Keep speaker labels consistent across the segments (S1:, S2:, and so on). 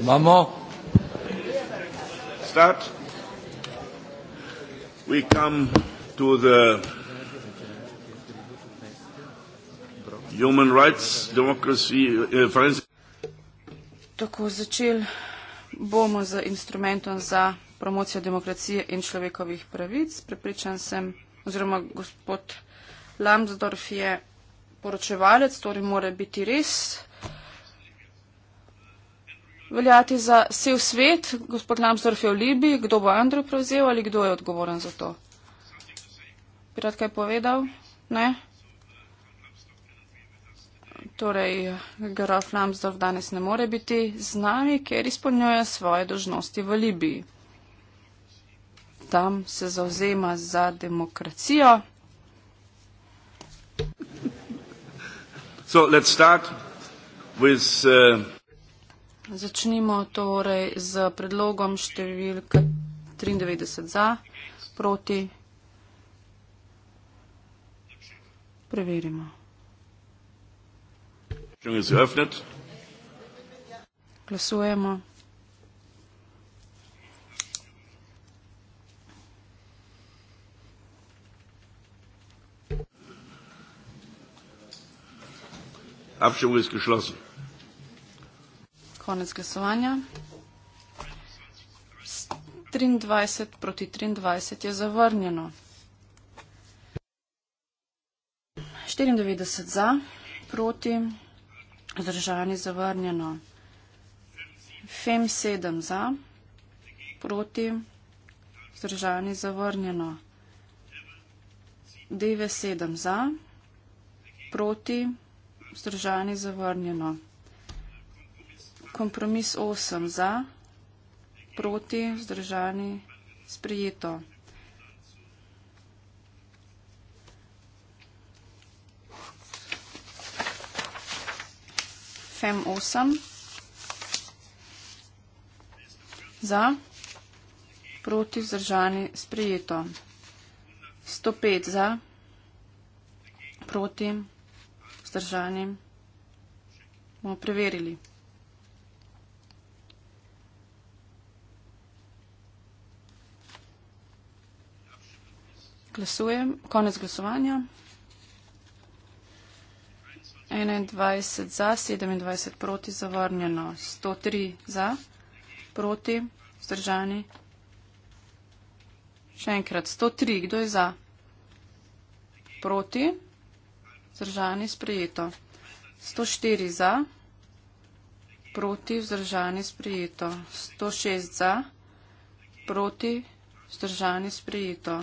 S1: imamo start we come to the human rights democracy uh,
S2: tako začel bomo z instrumentom za promocijo demokracije in človekovih pravic prepričan sem oziroma gospod Lambsdorff je poročevalec, torej mora biti res veljati za vse v svet, gospod Lambsdorff je v Libiji, kdo bo Andrej prevzel ali kdo je odgovoren za to? Bi rad kaj povedal? Ne? Torej, grof Lambsdorff danes ne more biti z nami, ker izpolnjuje svoje dožnosti v Libiji. Tam se zauzema za demokracijo.
S1: So, let's start with uh,
S2: Začnimo torej z predlogom številka 93 za, proti. Preverimo. Glasujemo.
S1: Abstimmung ist geschlossen
S2: konec glasovanja. 23 proti 23 je zavrnjeno. 94 za, proti, zdržani zavrnjeno. FEM 7 za, proti, zdržani zavrnjeno. DV 7 za, proti, zdržani zavrnjeno kompromis 8 za, proti, vzdržani, sprijeto. FEM 8 za, proti, vzdržani, sprijeto. 105 za, proti, vzdržani, bomo preverili. glasujem. Konec glasovanja. 21 za, 27 proti, zavrnjeno. 103 za, proti, vzdržani. Še enkrat, 103, kdo je za? Proti, vzdržani, sprejeto. 104 za, proti, vzdržani, sprejeto. 106 za, proti, vzdržani, sprejeto.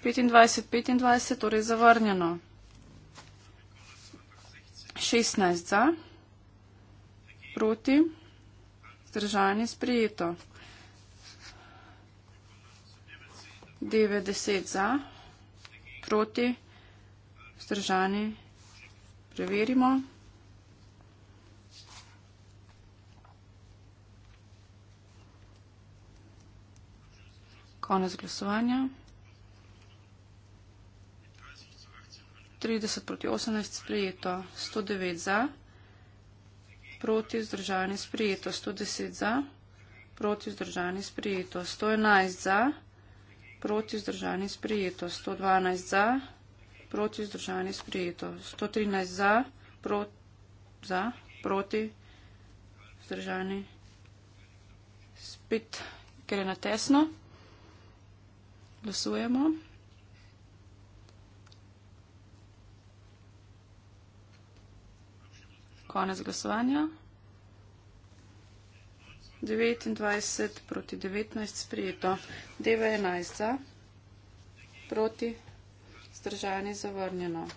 S2: 25, 25, torej zavrnjeno. 16 za, proti, zdržanje sprijeto. 90 za, proti, zdržanje preverimo. 好，那是个算呀。30 proti 18 sprejeto, 109 za, proti vzdržanje sprejeto, 110 za, proti vzdržanje sprejeto, 111 za, proti vzdržanje sprejeto, 112 za, proti vzdržanje sprejeto, 113 za, pro, za proti vzdržanje spet, ker je na tesno. Glasujemo. Konec glasovanja. 29 proti 19 sprijeto. Deva 11 za, proti, zdržanje zavrnjeno.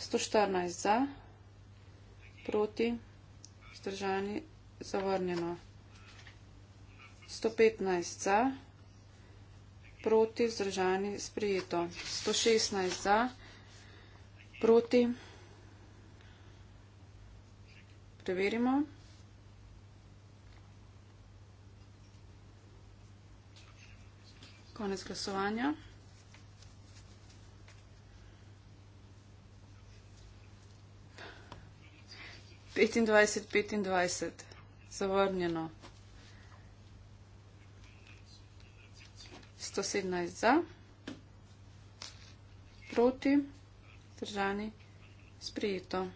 S2: 114 za, proti, zdržanje zavrnjeno. 115 za, proti, zdržanje sprijeto. 116 za, proti, zdržanje zavrnjeno preverimo. Konec glasovanja. Petindvajset, petindvajset, zavrnjeno. Sto sedemnajst za, proti, držani, sprijeto.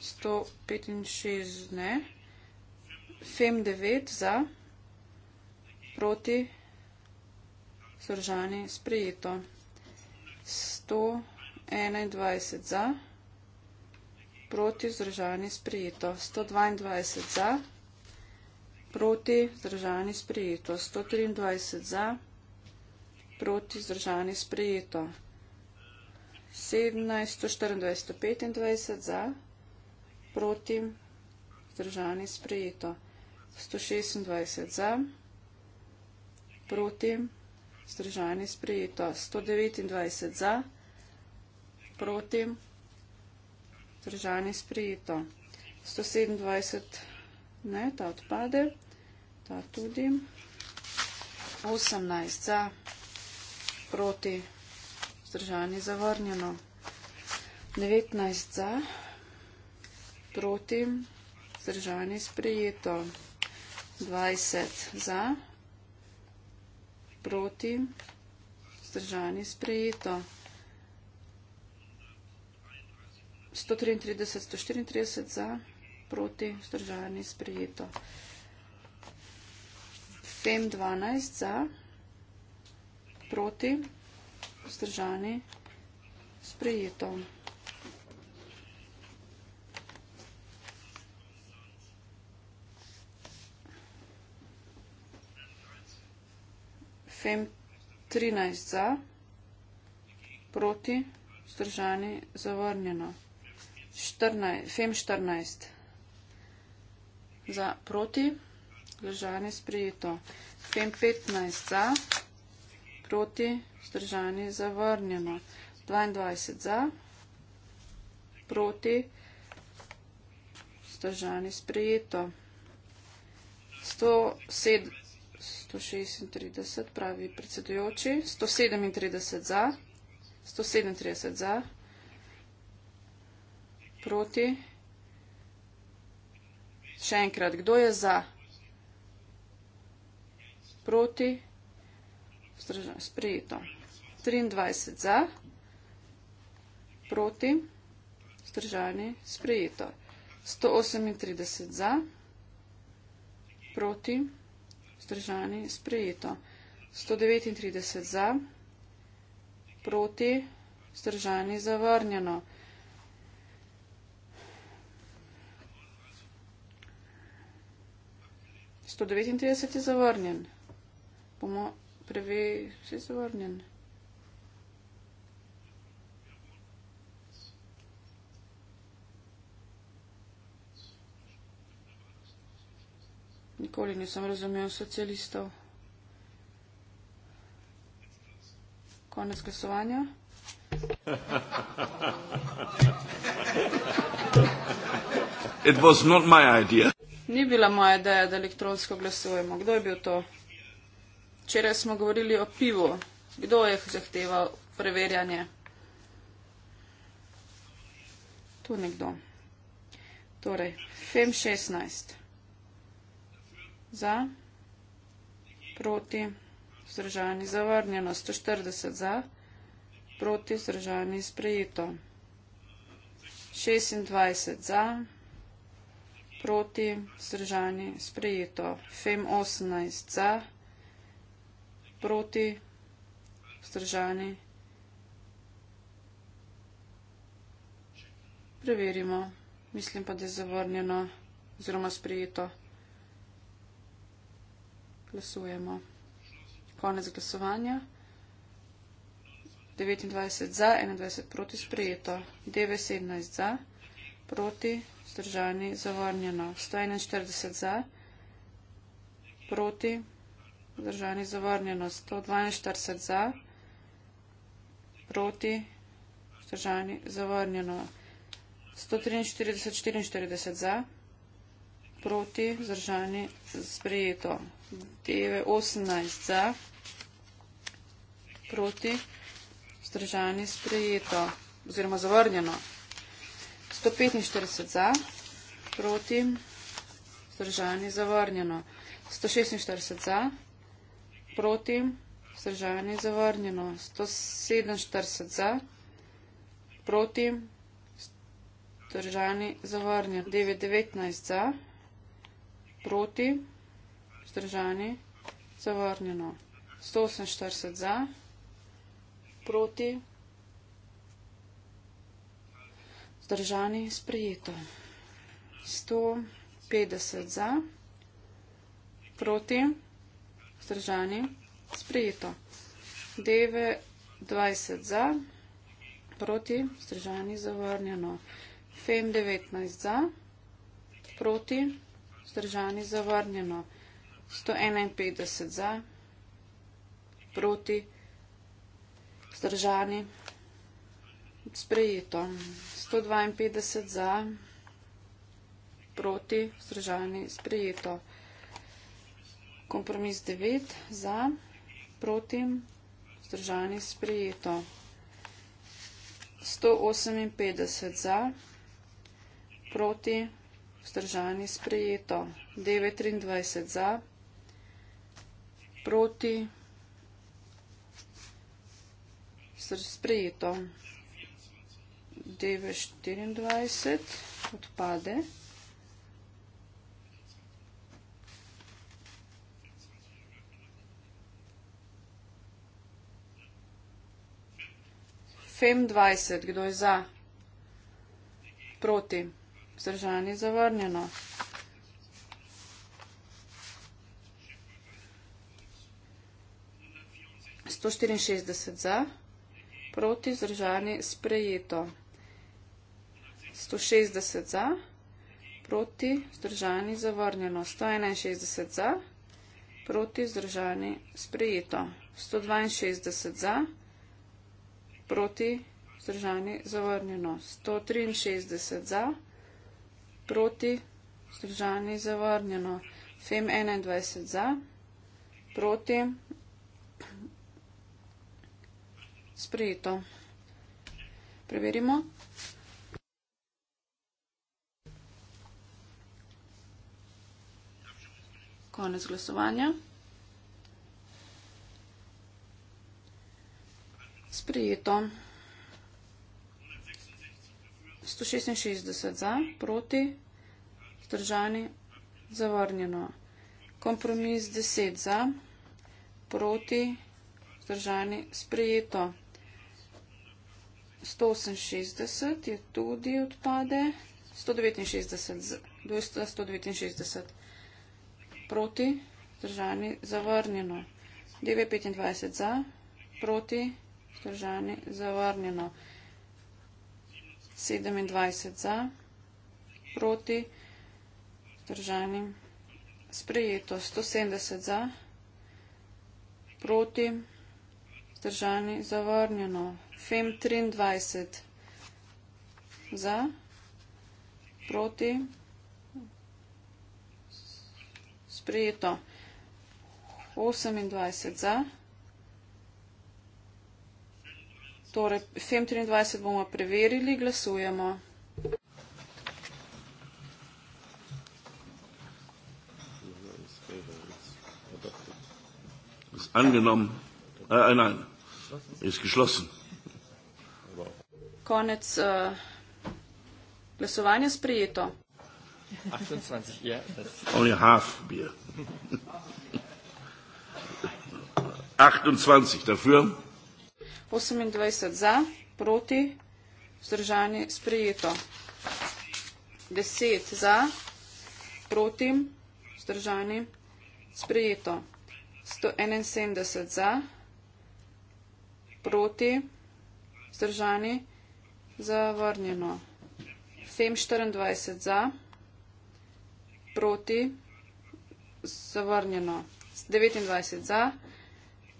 S2: 165, ne, FEM9 za, proti, sržani, sprejeto. 121 za, proti, sržani, sprejeto. 122 za, proti, sržani, sprejeto. 123 za, proti, sržani, sprejeto. 17, 124, 125 za proti, vzdržani sprejeto. 126 za, proti, vzdržani sprejeto. 129 za, proti, vzdržani sprejeto. 127 ne, ta odpade, ta tudi. 18 za, proti, vzdržani zavrnjeno. 19 za, proti, zdržani sprejeto, 20 za, proti, zdržani sprejeto, 133, 134 za, proti, zdržani sprejeto, FEM 12 za, proti, zdržani sprejeto. Zdržani sprejeto. Fem 13 za, proti, vzdržani, zavrnjeno. 14, fem 14 za, proti, vzdržani, sprejeto. Fem 15 za, proti, vzdržani, zavrnjeno. 22 za, proti, vzdržani, sprejeto. 107. 136 pravi predsedujoči, 137 za, 137 za, proti. Še enkrat, kdo je za? Proti. Sprejeto. 23 za, proti. Stržani, sprejeto. 138 za, proti vzdržani, sprejeto. 139 za, proti, vzdržani, zavrnjeno. Sto devetintrideset je zavrnjen. Bomo preve... Vse je zavrnjen. Nikoli nisem razumel socialistov. Konec glasovanja.
S3: It
S1: was not my idea.
S2: Ni bila moja ideja, da elektronsko glasujemo. Kdo je bil to? Včeraj smo govorili o pivu. Kdo je zahteval preverjanje? Tu nekdo. Torej, FEM 16 za, proti, vzdržani, zavrnjeno, 140 za, proti, vzdržani, sprejeto, 26 za, proti, vzdržani, sprejeto, FEM 18 za, proti, vzdržani, preverimo, mislim pa, da je zavrnjeno oziroma sprejeto. Glasujemo. Konec glasovanja. 29 za, 21 proti sprejeto, 917 za, proti zdržani zavrnjeno, 141 za, proti zdržani zavrnjeno, 142 za, proti zdržani zavrnjeno, 143, 44 za, proti zdržani sprejeto. 18 za, proti, vzdržani sprejeto oziroma zavrnjeno. 145 za, proti, vzdržani zavrnjeno. 146 za, proti, vzdržani zavrnjeno. 147 za, proti, vzdržani zavrnjeno. 919 za, proti, vzdržani zavrnjeno vzdržani, zavrnjeno. 148 za, proti, vzdržani, sprejeto. 150 za, proti, vzdržani, sprejeto. 920 za, proti, vzdržani, zavrnjeno. FEM 19 za, proti, vzdržani, zavrnjeno. 151 za, proti, zdržani, sprejeto. 152 za, proti, zdržani, sprejeto. Kompromis 9 za, proti, zdržani, sprejeto. 158 za, proti, vzdržani, sprejeto. 9.23 za, proti, vzdržani, sprejeto proti. Sprejeto. DV24 odpade. FEM20, kdo je za? Proti. Zdržanje zavrnjeno. 164 za, proti zdržani sprejeto. 160 za, proti zdržani zavrnjeno. 161 za, proti zdržani sprejeto. 162 za, proti zdržani zavrnjeno. 163 za, proti zdržani zavrnjeno. FEM 21 za, proti zdržani zavrnjeno. Sprejeto. Preverimo. Konec glasovanja. Sprejeto. 166 za, proti, vzdržani, zavrnjeno. Kompromis 10 za, proti, vzdržani, sprejeto. 168 je tudi odpade. 169 za 269 proti, držani zavrnjeno. 925 za, proti, držani zavrnjeno. 27 za, proti, držani sprejeto. 170 za, proti, držani zavrnjeno. FEM 23 za, proti, sprejeto 28 za. Torej, FEM 23 bomo preverili, glasujemo.
S1: Angenommen, äh, äh, nein, ist geschlossen
S2: konec uh, glasovanja sprejeto.
S4: 28, ja, yeah, dafür.
S2: 28 za, proti, vzdržanje sprejeto. 10 za, proti, vzdržanje sprejeto. 171 za, proti, vzdržanje sprejeto. Zavrnjeno. FEM 24 za, proti, zavrnjeno. 29 za,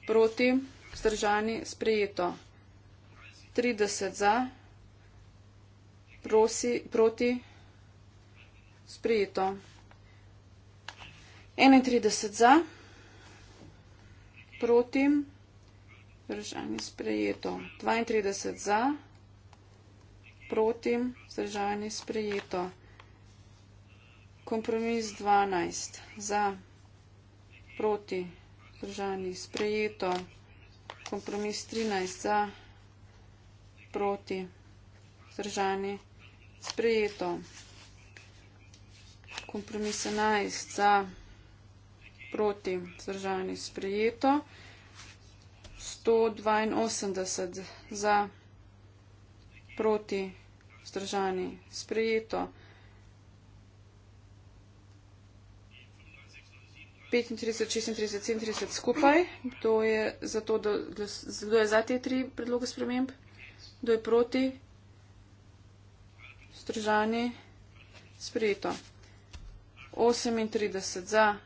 S2: proti, zdržani, sprejeto. 30 za, prosi, proti, sprejeto. 31 za, proti, zdržani, sprejeto. 32 za, proti proti, vzdržani sprejeto. Kompromis 12, za, proti, vzdržani sprejeto. Kompromis 13, za, proti, vzdržani sprejeto. Kompromis 11, za, proti, vzdržani sprejeto. 182 za proti, vzdržani, sprejeto. 35, 36, 37 skupaj. Kdo je za, to, da, kdo je za te tri predloge sprememb? Kdo je proti? Združani. Sprejeto. 38 za,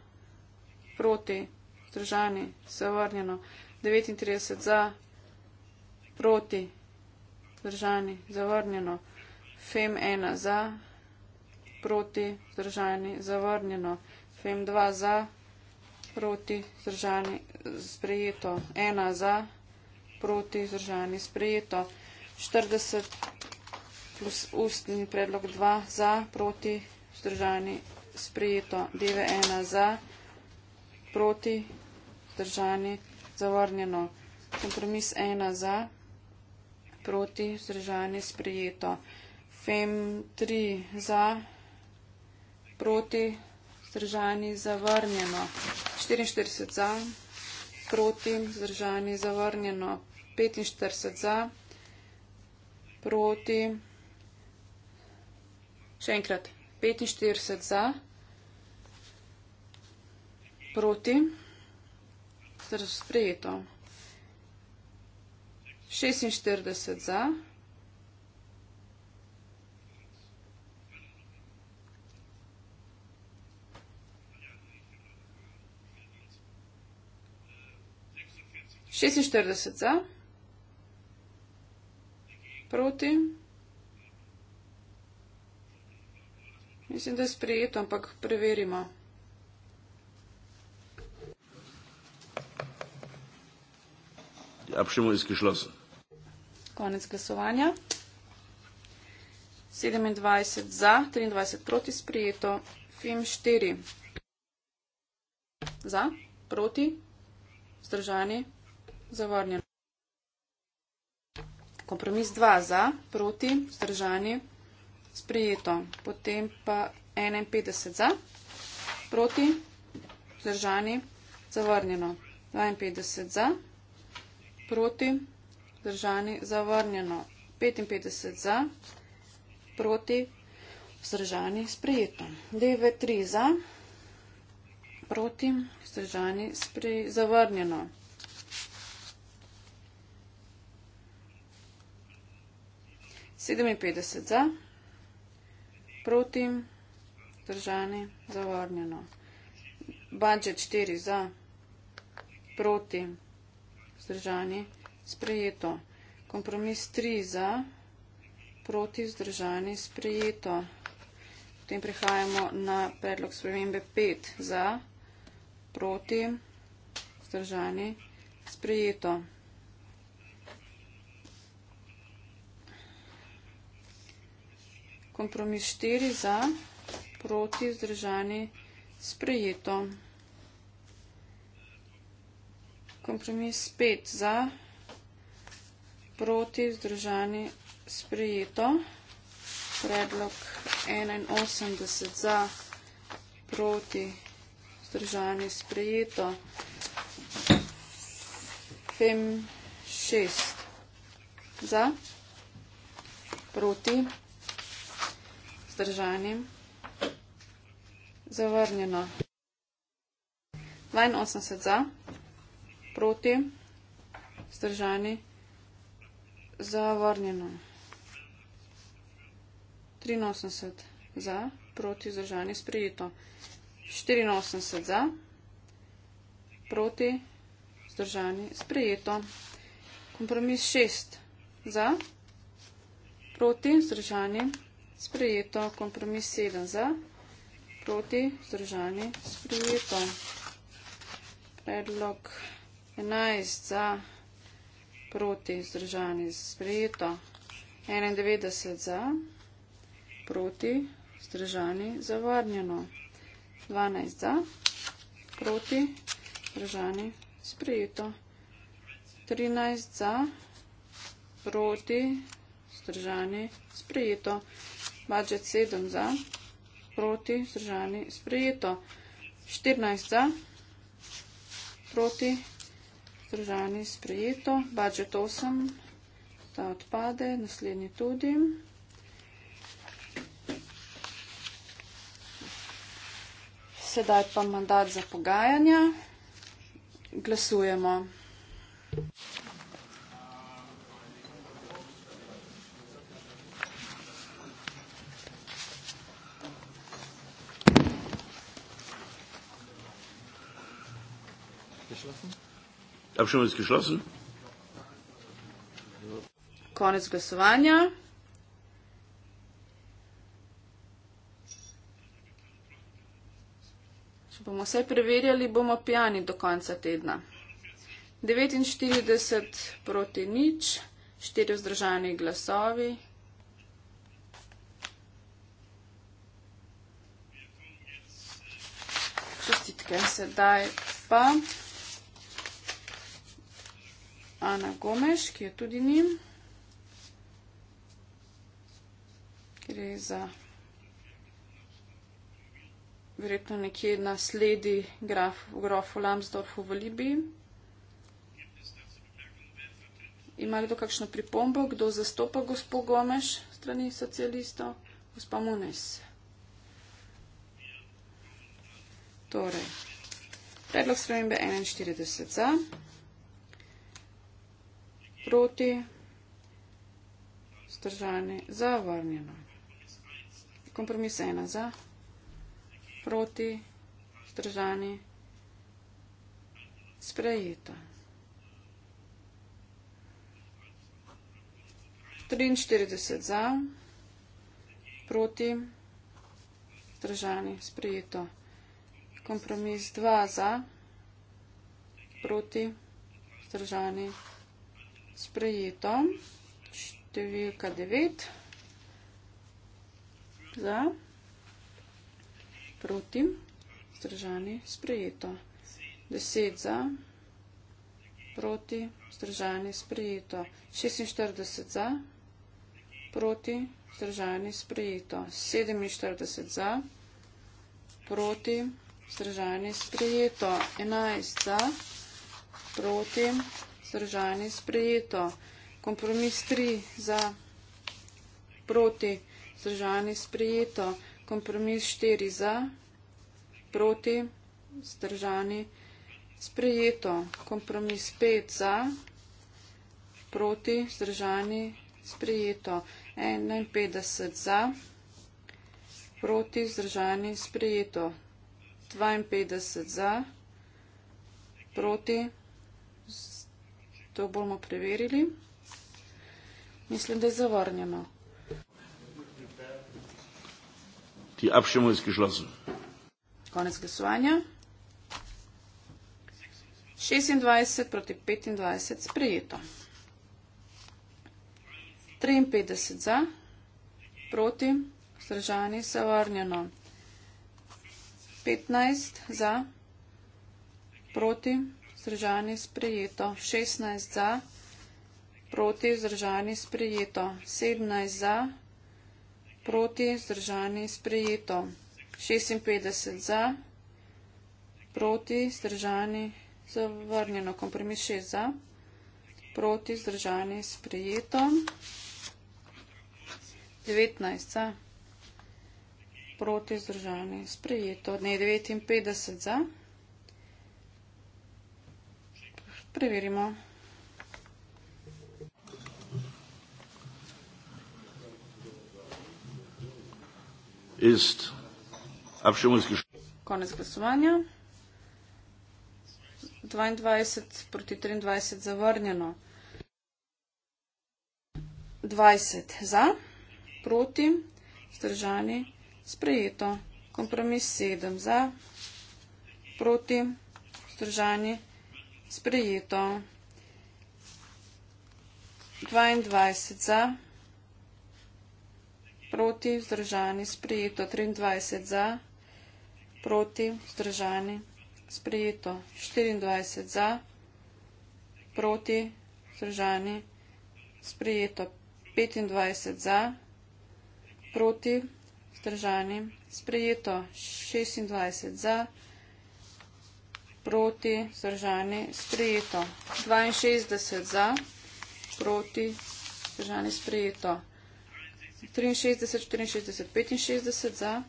S2: proti, združani, zavrnjeno. 39 za, proti, Zdržani, zavrnjeno. FEM 1 za, proti, zdržani, zavrnjeno. FEM 2 za, proti, zdržani, sprejeto. 1 za, proti, zdržani, sprejeto. 40 plus ustni predlog 2 za, proti, zdržani, sprejeto. DV 1 za, proti, zdržani, zavrnjeno. Kompromis 1 za proti, vzdržanje sprejeto. FEM 3 za, proti, vzdržanje zavrnjeno. 44 za, proti, vzdržanje zavrnjeno. 45 za, proti, še enkrat, 45 za, proti, vzdržanje sprejeto. 46 za. 46 za. Proti. Mislim, da je sprejeto, ampak preverimo.
S1: Abschimmel ist geschlossen.
S2: Konec glasovanja. 27 za, 23 proti sprijeto. FIM 4 za, proti, zdržani, zavrnjeno. Kompromis 2 za, proti, zdržani, sprijeto. Potem pa 51 za, proti, zdržani, zavrnjeno. 52 za, proti, zdržani vzdržani, zavrnjeno 55 za, proti vzdržani, sprejeto. 9-3 za, proti vzdržani, zavrnjeno. Sedeminpetdeset za, proti, držani, zavrnjeno. Budžet štiri za, proti, držani, zavrnjeno sprejeto. Kompromis 3 za, proti vzdržani sprejeto. Potem prehajamo na predlog spremembe 5 za, proti vzdržani sprejeto. Kompromis 4 za, proti vzdržani sprejeto. Kompromis 5 za, proti vzdržani sprejeto proti vzdržani sprejeto. Predlog 81 za proti vzdržani sprejeto. Fem 6 za proti vzdržanim zavrnjeno. 82 za proti vzdržani sprejeto zavrnjeno. 83 za, proti zažanje sprejeto. 84 za, proti zdržanje sprejeto. Kompromis 6 za, proti zdržanje sprejeto. Kompromis 7 za, proti zdržanje sprejeto. Predlog 11 za, proti, vzdržani, sprejeto. 91 za, proti, vzdržani, zavrnjeno. 12 za, proti, vzdržani, sprejeto. 13 za, proti, vzdržani, sprejeto. Budget 7 za, proti, vzdržani, sprejeto. 14 za, proti, vzdržani, sprejeto. Združani sprejeto. Budget 8. Ta odpade. Naslednji tudi. Sedaj pa mandat za pogajanja. Glasujemo.
S1: Abstimmung ist geschlossen.
S2: Konec glasovanja. Če bomo vse preverjali, bomo pijani do konca tedna. 49 proti nič, 4 vzdržani glasovi. Čestitke sedaj pa. Ana Gomeš, ki je tudi njim. Gre za verjetno nekje nasledi graf, grofu Lambsdorfu v Libiji. Ima kdo kakšno pripombo, kdo zastopa gospo Gomeš strani socialistov? Gospa Munes. Torej, predlog spremembe 41 za proti, stržani, zavrnjeno. Kompromis ena za, proti, stržani, sprejeto. 43 za, proti, stržani, sprejeto. Kompromis 2 za, proti, stržani, sprejeto sprejeto. Številka 9. Za. Proti. Zdržani. Sprejeto. 10 za. Proti. Zdržani. Sprejeto. 46 za. Proti. Zdržani. Sprejeto. 47 za. Proti. Zdržani. Sprejeto. 11 za. Proti. Zdržani. Sprejeto vzdržanje sprejeto. Kompromis 3 za proti vzdržanje sprejeto. Kompromis 4 za proti vzdržanje sprejeto. Kompromis 5 za proti vzdržanje sprejeto. 51 za proti vzdržanje sprejeto. 52 za proti vzdržanje sprejeto. To bomo preverili. Mislim, da je zavrnjeno.
S1: Ti apšemo iz kišlasu.
S2: Konec glasovanja. 26 proti 25 sprejeto. 53 za, proti, sržani, zavrnjeno. 15 za, proti, sržani. Zdržani sprejeto. 16 za, proti zdržani sprejeto. 17 za, proti zdržani sprejeto. 56 za, proti zdržani zavrnjeno. Kompromis 6 za, proti zdržani sprejeto. 19 za, proti zdržani sprejeto. Dne 59 za. Preverimo. Ist Konec glasovanja. 22 proti 23 zavrnjeno. 20 za, proti, zdržani, sprejeto. Kompromis 7 za, proti, zdržani, Sprejeto. 22 za. Proti vzdržani. Sprejeto. 23 za. Proti vzdržani. Sprejeto. 24 za. Proti vzdržani. Sprejeto. 25 za. Proti vzdržani. Sprejeto. 26 za. Proti vzdržani proti, zdržani, sprejeto. 62 za, proti, zdržani, sprejeto. 63, 64, 65 za,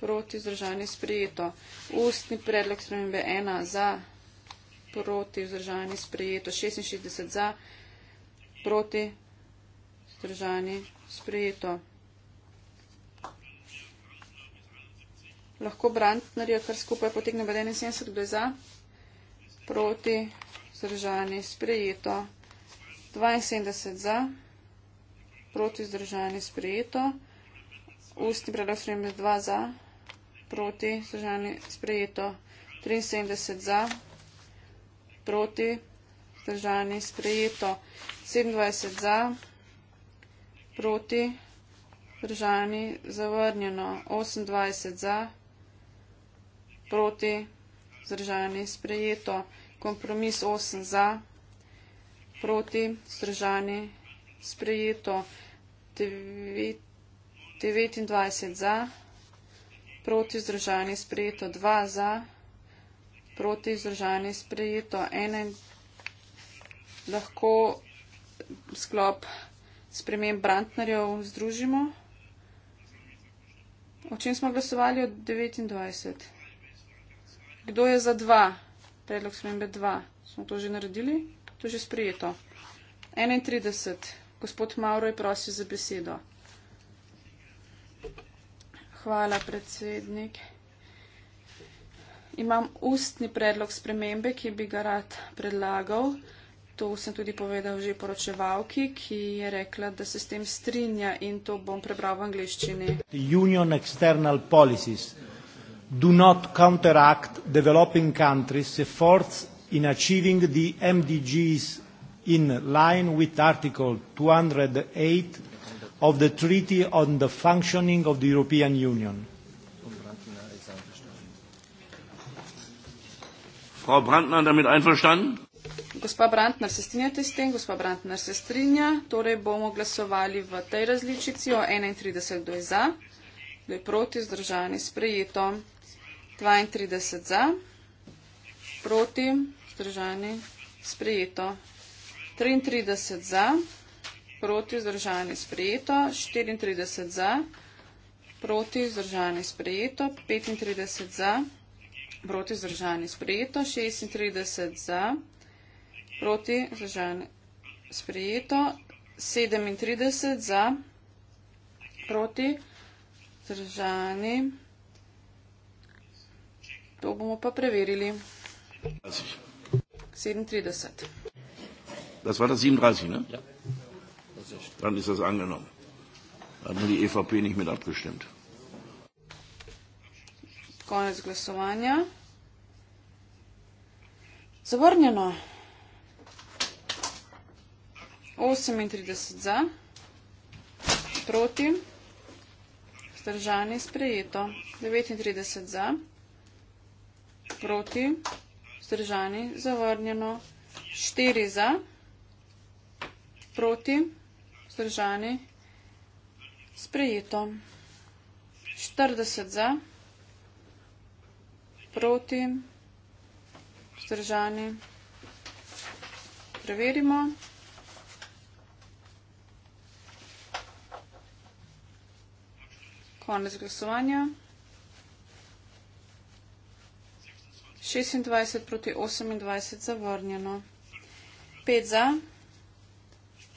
S2: proti, zdržani, sprejeto. Ustni predlog spremembe 1 za, proti, zdržani, sprejeto. 66 za, proti, zdržani, sprejeto. lahko Brantnerja kar skupaj potegne v 71 gleza, proti zdržani sprejeto, 72 za, proti zdržani sprejeto, ustni predlog spremembe 2 za, proti zdržani sprejeto, 73 za, proti zdržani sprejeto, 27 za, proti zdržani zavrnjeno, 28 za, proti, zdržani sprejeto, kompromis 8 za, proti, zdržani sprejeto, 29 za, proti, zdržani sprejeto, 2 za, proti, zdržani sprejeto, 1 lahko sklop sprememb Brantnerjev združimo. O čem smo glasovali od 29? Kdo je za dva? Predlog smembe dva. Smo to že naredili? To je že sprijeto. 31. Gospod Mauro je prosil za besedo. Hvala, predsednik. Imam ustni predlog spremembe, ki bi ga rad predlagal. To sem tudi povedal že poročevalki, ki je rekla, da se s tem strinja in to bom prebral v angliščini
S5: do not counteract developing countries' efforts in achieving the MDGs in line with Article 208 of the Treaty on the Functioning of the European Union.
S1: Frau Brandner damit einverstanden?
S2: Gospa Brandner, se strinjate s tem? Gospa Brandner se strinja. Torej bomo glasovali v tej različici o 31 do je za, do je proti, zdržani, sprejeto. 32 za, proti, vzdržani, sprejeto. 33 za, proti, vzdržani, sprejeto. 34 za, proti, vzdržani, sprejeto. 35 za, proti, vzdržani, sprejeto. 36 za, proti, vzdržani, sprejeto. 37 za, proti, vzdržani, sprejeto. To bomo pa preverili. 37.
S1: Das war das 37, ne? Ja. Das ist Dann ist das angenommen. Da hat nur die EVP nicht mit abgestimmt.
S2: Konec glasovanja. Zavrnjeno. 38 za. Proti. Zdržani sprejeto. 39 za proti, vzdržani, zavrnjeno, 4 za, proti, vzdržani, sprejeto, 40 za, proti, vzdržani, preverimo. Konec glasovanja. 26 proti 28 zavrnjeno. 5 za,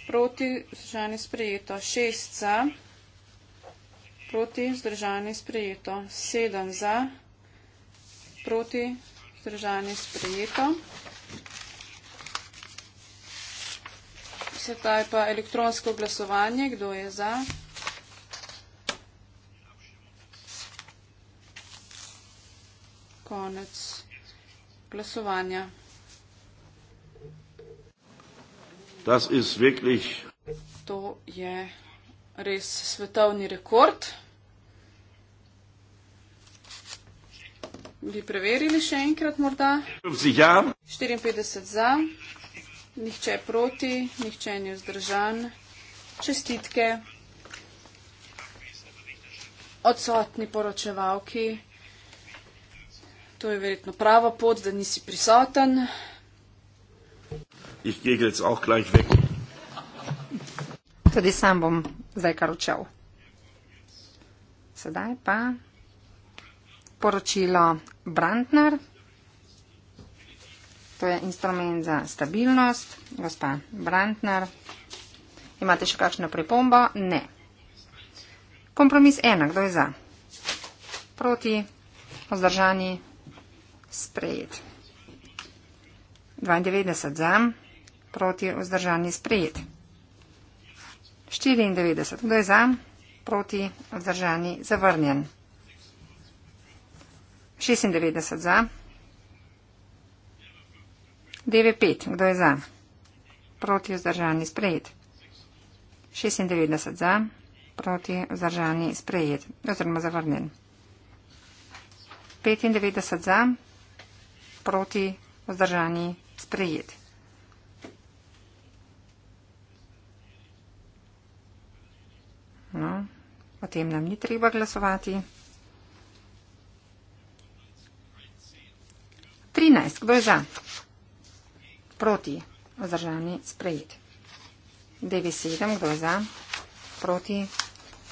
S2: proti vzdržani sprejeto. 6 za, proti vzdržani sprejeto. 7 za, proti vzdržani sprejeto. Sedaj pa elektronsko glasovanje, kdo je za. Konec glasovanja.
S1: Wirklich...
S2: To je res svetovni rekord. Bi preverili še enkrat morda?
S1: 54
S2: za, nihče proti, nihče ni vzdržan. Čestitke odsotni poročevalki. To je verjetno prava pot, da nisi prisoten.
S4: Tudi sam bom zdaj kar učel. Sedaj pa poročilo Brandner. To je instrument za stabilnost. Gospa Brandner, imate še kakšno pripombo? Ne. Kompromis ena, kdo je za? Proti, vzdržani, sprejet. 92 za, proti vzdržani sprejet. 94, kdo je za, proti vzdržani zavrnjen. 96 za, 95, kdo je za, proti vzdržani sprejet. 96 za, proti vzdržani sprejet, oziroma zavrnjen. 95 za, proti vzdržani sprejet. No, o tem nam ni treba glasovati. 13. Kdo je za? Proti. Vzdržani sprejet. 9.7. Kdo je za? Proti.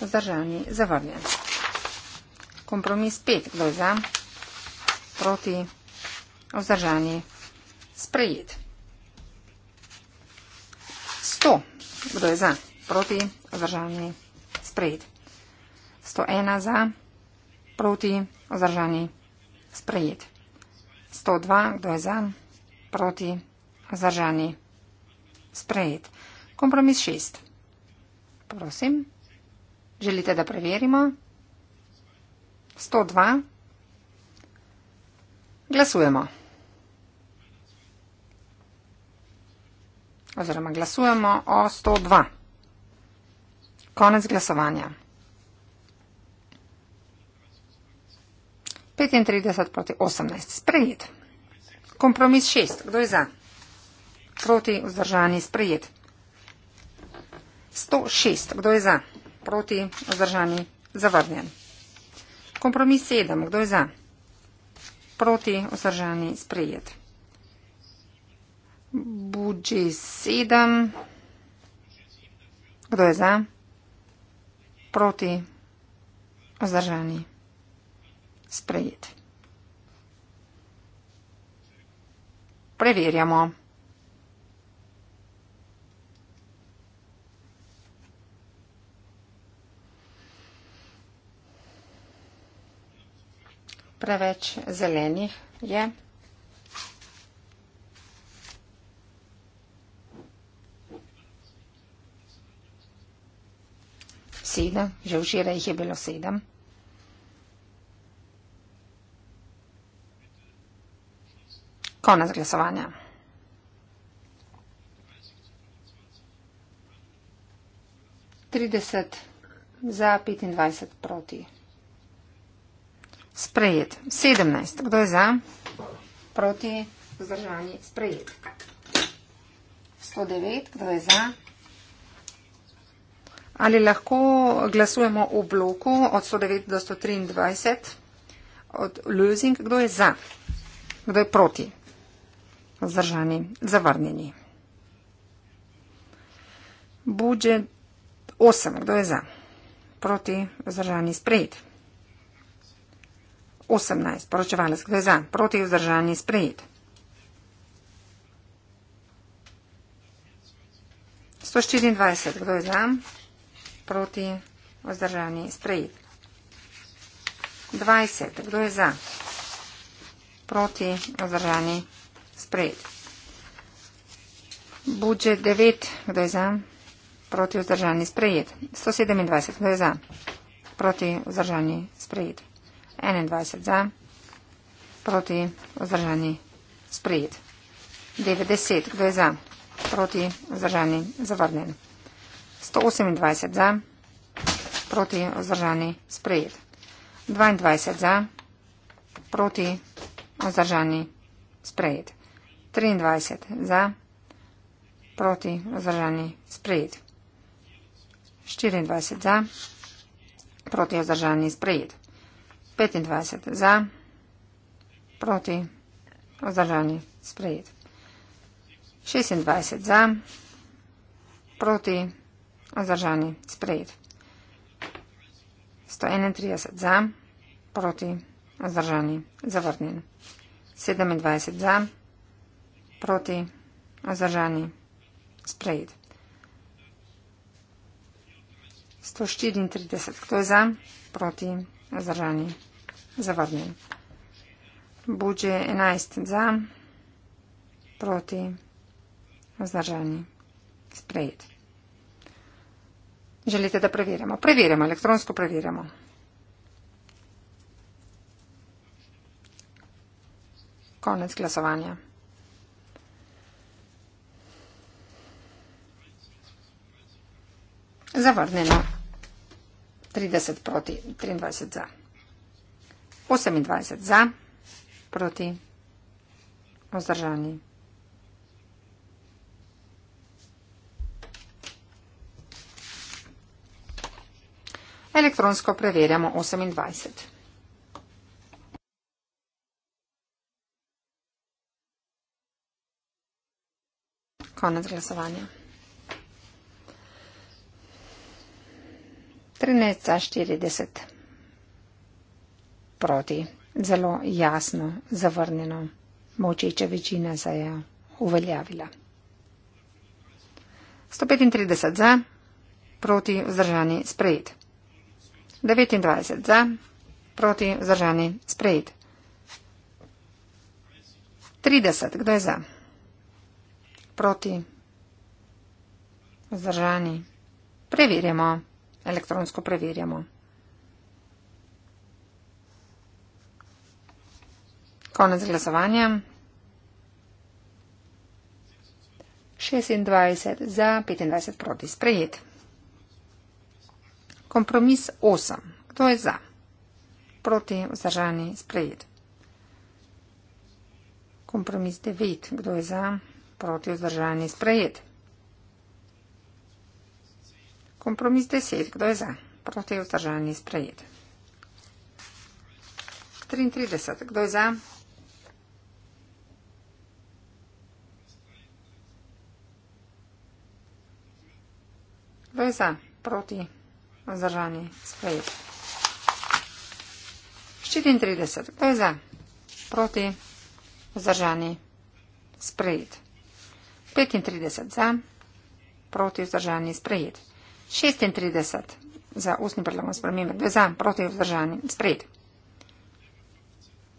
S4: Vzdržani zavrnjen. Kompromis 5. Kdo je za? Proti. Vzdržani sprejet. Vzdržani. Sprejet. 100. Kdo je za? Proti. Vzdržani. Sprejet. 101 za. Proti. Vzdržani. Sprejet. 102. Kdo je za? Proti. Vzdržani. Sprejet. Kompromis 6. Prosim. Želite, da preverimo? 102. Glasujemo. Oziroma glasujemo o 102. Konec glasovanja. 35 proti 18. Sprejet. Kompromis 6. Kdo je za? Proti vzdržani sprejet. 106. Kdo je za? Proti vzdržani zavrnjen. Kompromis 7. Kdo je za? proti vzdržani sprejet. Budži sedem. Kdo je za? Proti vzdržani sprejet. Preverjamo. preveč zelenih je. Sedem, že včeraj jih je bilo sedem. Konec glasovanja. Trideset za petindvajset proti. Sprejet. 17. Kdo je za? Proti. Zdržanje. Sprejet. 109. Kdo je za? Ali lahko glasujemo v bloku od 109 do 123? Od losing. Kdo je za? Kdo je proti? Zdržanje. Zavrnjeni. Budžet 8. Kdo je za? Proti. Zdržanje. Sprejet. 18. Poročevalec gre za proti vzdržanje sprejet. 124. Kdo je za? Proti vzdržanje sprejet. 20. Kdo je za? Proti vzdržanje sprejet. Budže 9. Kdo je za? Proti vzdržanje sprejet. 127. Kdo je za? Proti vzdržanje sprejet. 21 za, proti vzdržani sprejet. 90, kdo je za, proti vzdržani zavrnen. 128 za, proti vzdržani sprejet. 22 za, proti vzdržani sprejet. 23 za, proti vzdržani sprejet. 24 za, proti vzdržani sprejet. 25 za, proti, vzdržani, sprejet. 26 za, proti, vzdržani, sprejet. 131 za, proti, vzdržani, zavrnjen. 27 za, proti, vzdržani, sprejet. 134, kdo je za, proti, vzdržani, sprejet zavrnil. Budži 11 za, proti, vzdržani, sprejet. Želite, da preverjamo? Preverjamo, elektronsko preverjamo. Konec glasovanja. Zavrnjeno. 30 proti 23 za. 28 za, proti, vzdržani. Elektronsko preverjamo 28. Konec glasovanja. 13.40 proti. Zelo jasno zavrnjeno. Močeča večina se je uveljavila. 135 za, proti vzdržani sprejet. 29 za, proti vzdržani sprejet. 30, kdo je za? Proti vzdržani. Preverjamo, elektronsko preverjamo. Konec glasovanja. 26 za, 25 proti sprejet. Kompromis 8. Kdo je za? Proti vzdržani sprejet. Kompromis 9. Kdo je za? Proti vzdržani sprejet. Kompromis 10. Kdo je za? Proti vzdržani sprejet. 33. Kdo je za? Kongresa proti zdržani sprejet. 34. Kongresa proti zdržani sprejet. 35 za, proti vzdržani sprejet. 36 za ustni predlog o spremembe, kdo je za, proti vzdržani sprejet.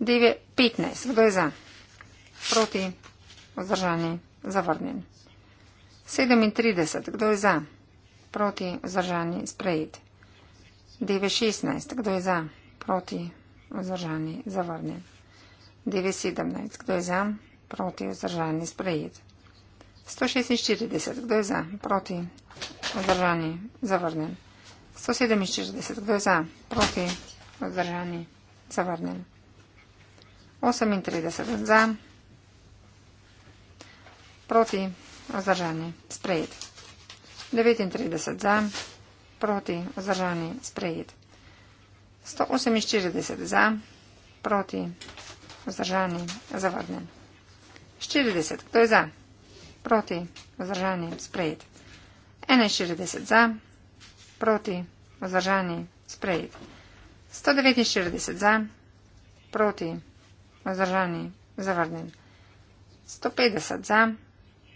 S4: 9, 15, kdo je za, proti vzdržani zavrnjen. 37, kdo je za, Proti vzdržani sprejet. DV16. Kdo je za? Proti vzdržani zavrnjen. DV17. Kdo je za? Proti vzdržani sprejet. 146. Kdo je za? Proti vzdržani zavrnjen. 147. Kdo je za? Proti vzdržani zavrnjen. 38. Za. Proti vzdržani sprejet. 39 za, proti, vzdržani, sprejet. 148 za, proti, vzdržani, zavrnjen. 40, kdo je za? Proti, vzdržani, sprejet. 41 za, proti, vzdržani, sprejet. 149 za, proti, vzdržani, zavrnjen. 150 za,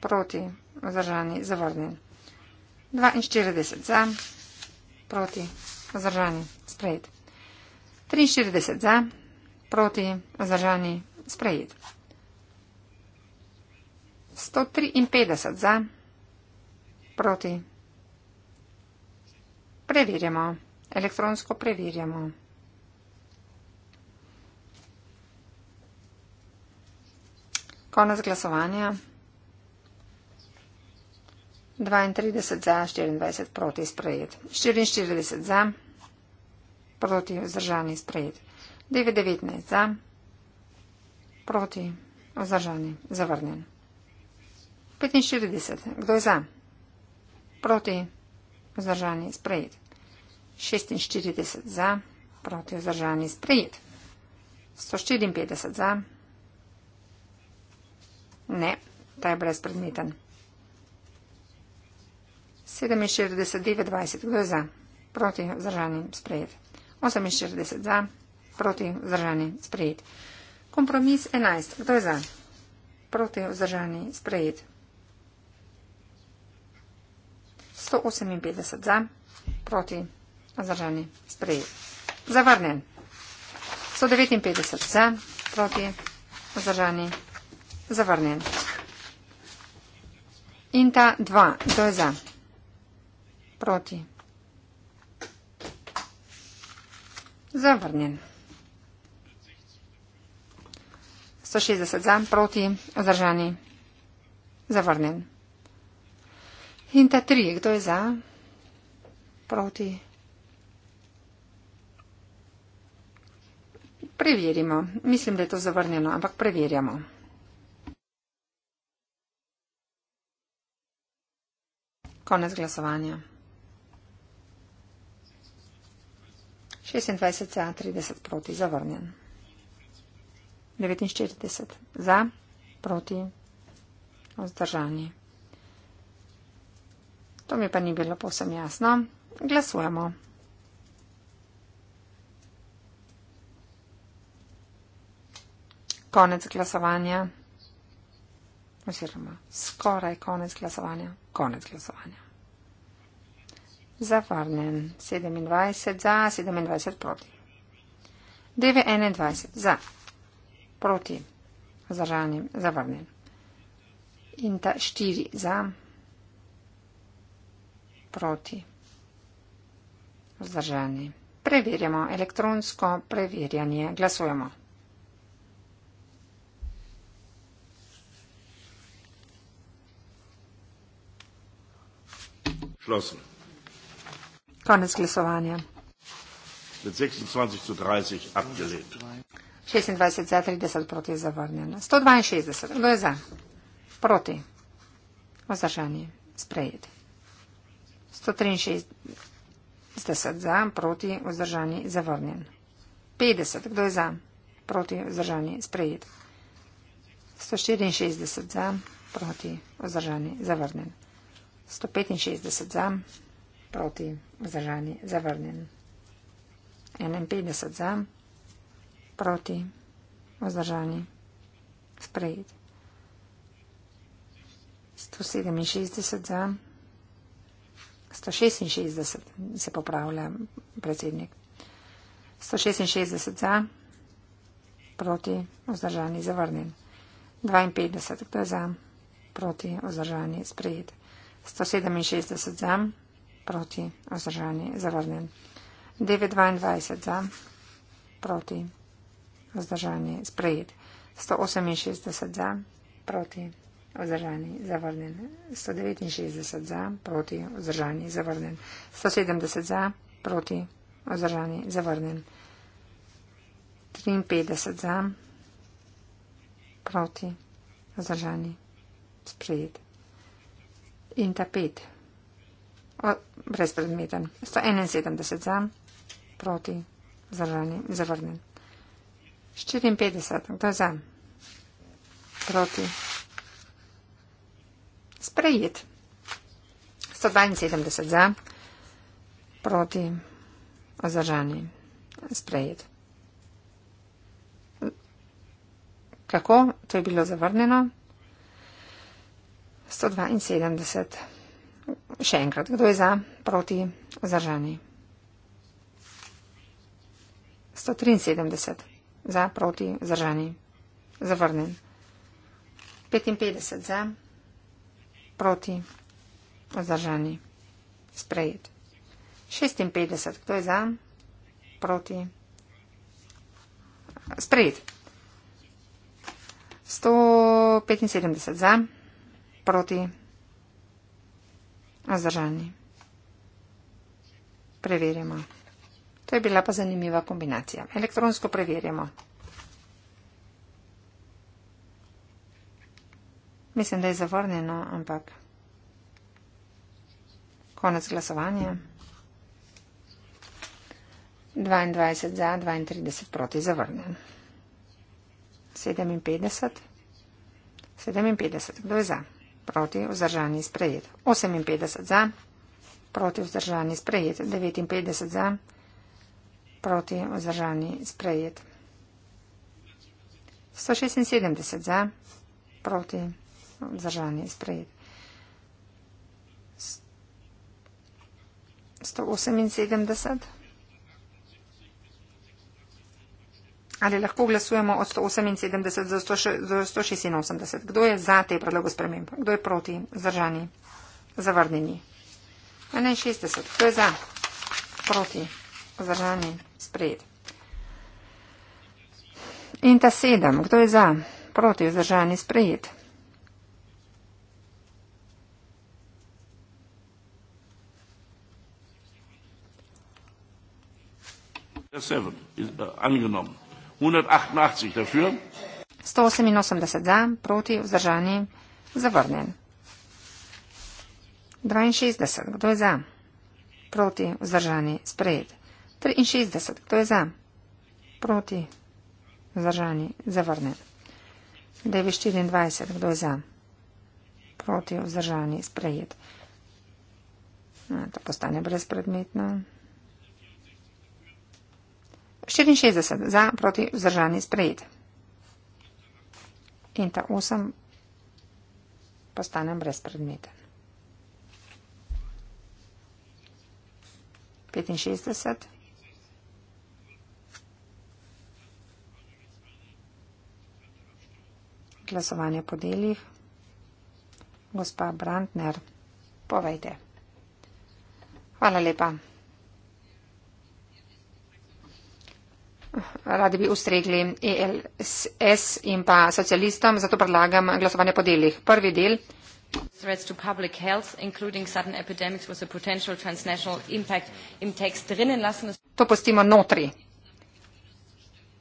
S4: proti, vzdržani, zavrnjen. 42 za, proti, vzdržani, sprejet. 43 za, proti, vzdržani, sprejet. 153 za, proti. Preverjamo, elektronsko preverjamo. Konec glasovanja. 32 za, 24 proti sprejet. 44 za, proti vzdržani sprejet. 19 za, proti vzdržani zavrnjen. 45. Kdo je za? Proti vzdržani sprejet. 46 za, proti vzdržani sprejet. 154 za, ne, ta je brezpredmeten. 67, 29 za, proti vzdržani sprejet. 48 za, proti vzdržani sprejet. Kompromis 11, kdo je za, proti vzdržani sprejet. 158 za, proti vzdržani sprejet. Zavrnen. 159 za, proti vzdržani zavrnen. In ta dva, kdo je za proti. Zavrnjen. 160 za, proti, vzdržani. Zavrnjen. In ta tri, kdo je za, proti. Preverimo. Mislim, da je to zavrnjeno, ampak preverjamo. Konec glasovanja. 26 za, 30 proti, zavrnjen. 49 za, proti, vzdržanje. To mi pa ni bilo povsem jasno. Glasujemo. Konec glasovanja. Oziroma, skoraj konec glasovanja. Konec glasovanja za Varnen, 27 za, 27 proti. 9-21 za, proti, zaržanim, za Varnen. In ta 4 za, proti, zaržani. Preverjamo elektronsko preverjanje, glasujemo. Schlossen. Konec glasovanja.
S1: 26
S4: za 30 proti je zavrnjeno. 162. Kdo je za? Proti. Ozdržani. Sprejeti. 163 za, proti, vzdržani, zavrnjen. 50, kdo je za, proti, vzdržani, sprejet. 164 za, proti, vzdržani, zavrnjen. 165 za, proti zdržani zavrnjen. 51 za, proti vzdržani sprejet. 167 za, 166 se popravlja predsednik. 166 za, proti vzdržani zavrnjen. 52 kdo je za, proti vzdržani sprejet. 167 za, proti vzdržanju zavrnjen. 922 za proti vzdržanju sprejet. 168 za proti vzdržanju zavrnjen. 169 za proti vzdržanju zavrnjen. 170 za proti vzdržanju zavrnjen. 53 za proti vzdržanju sprejet. In ta pet brezpredmeten. 171 za, proti, zavrnjen. 54, kdo je za, proti, sprejet. 172 za, proti, ozdržani, sprejet. Kako? To je bilo zavrnjeno. 172. Še enkrat, kdo je za proti zdržani? 173 za proti zdržani. Zavrnen. 55 za proti zdržani. Sprejet. 56, kdo je za proti. Sprejet. 175 za proti zdržani zdržani. Preverimo. To je bila pa zanimiva kombinacija. Elektronsko preverimo. Mislim, da je zavrnjeno, ampak konec glasovanja. 22 za, 32 proti zavrnjen. 57. 57. Kdo je za? proti vzdržani sprejet. 58 za, proti vzdržani sprejet. 59 za, proti vzdržani sprejet. 176 za, proti vzdržani sprejet. 178. Ali lahko glasujemo od 178 do 186? Kdo je za te predloge sprememb? Kdo je proti? Zdržani? Zavrnjeni? 61. Kdo je za? Proti? Zdržani? Sprejet. In ta sedem. Kdo je za? Proti? Zdržani? Sprejet.
S1: Seven. Uh, Angenommen. 188
S4: dafür. 188 za, proti, vzdržani, zavrnjen. 62, kdo je za? Proti, vzdržani, sprejet. 63, kdo je za? Proti, vzdržani, zavrnjen. 924, kdo je za? Proti, vzdržani, sprejet. To postane brezpredmetno. 64 za proti vzdržani sprejet. In ta 8 postane brezpredmeten. 65. Glasovanje po delih. Gospa Brandner, povejte. Hvala lepa. radi bi ustregli ELS in pa socialistom, zato predlagam glasovanje po delih. Prvi del.
S1: Threats to public health, including sudden epidemics with a potential transnational impact in text
S4: drinnen lassen. To postimo notri.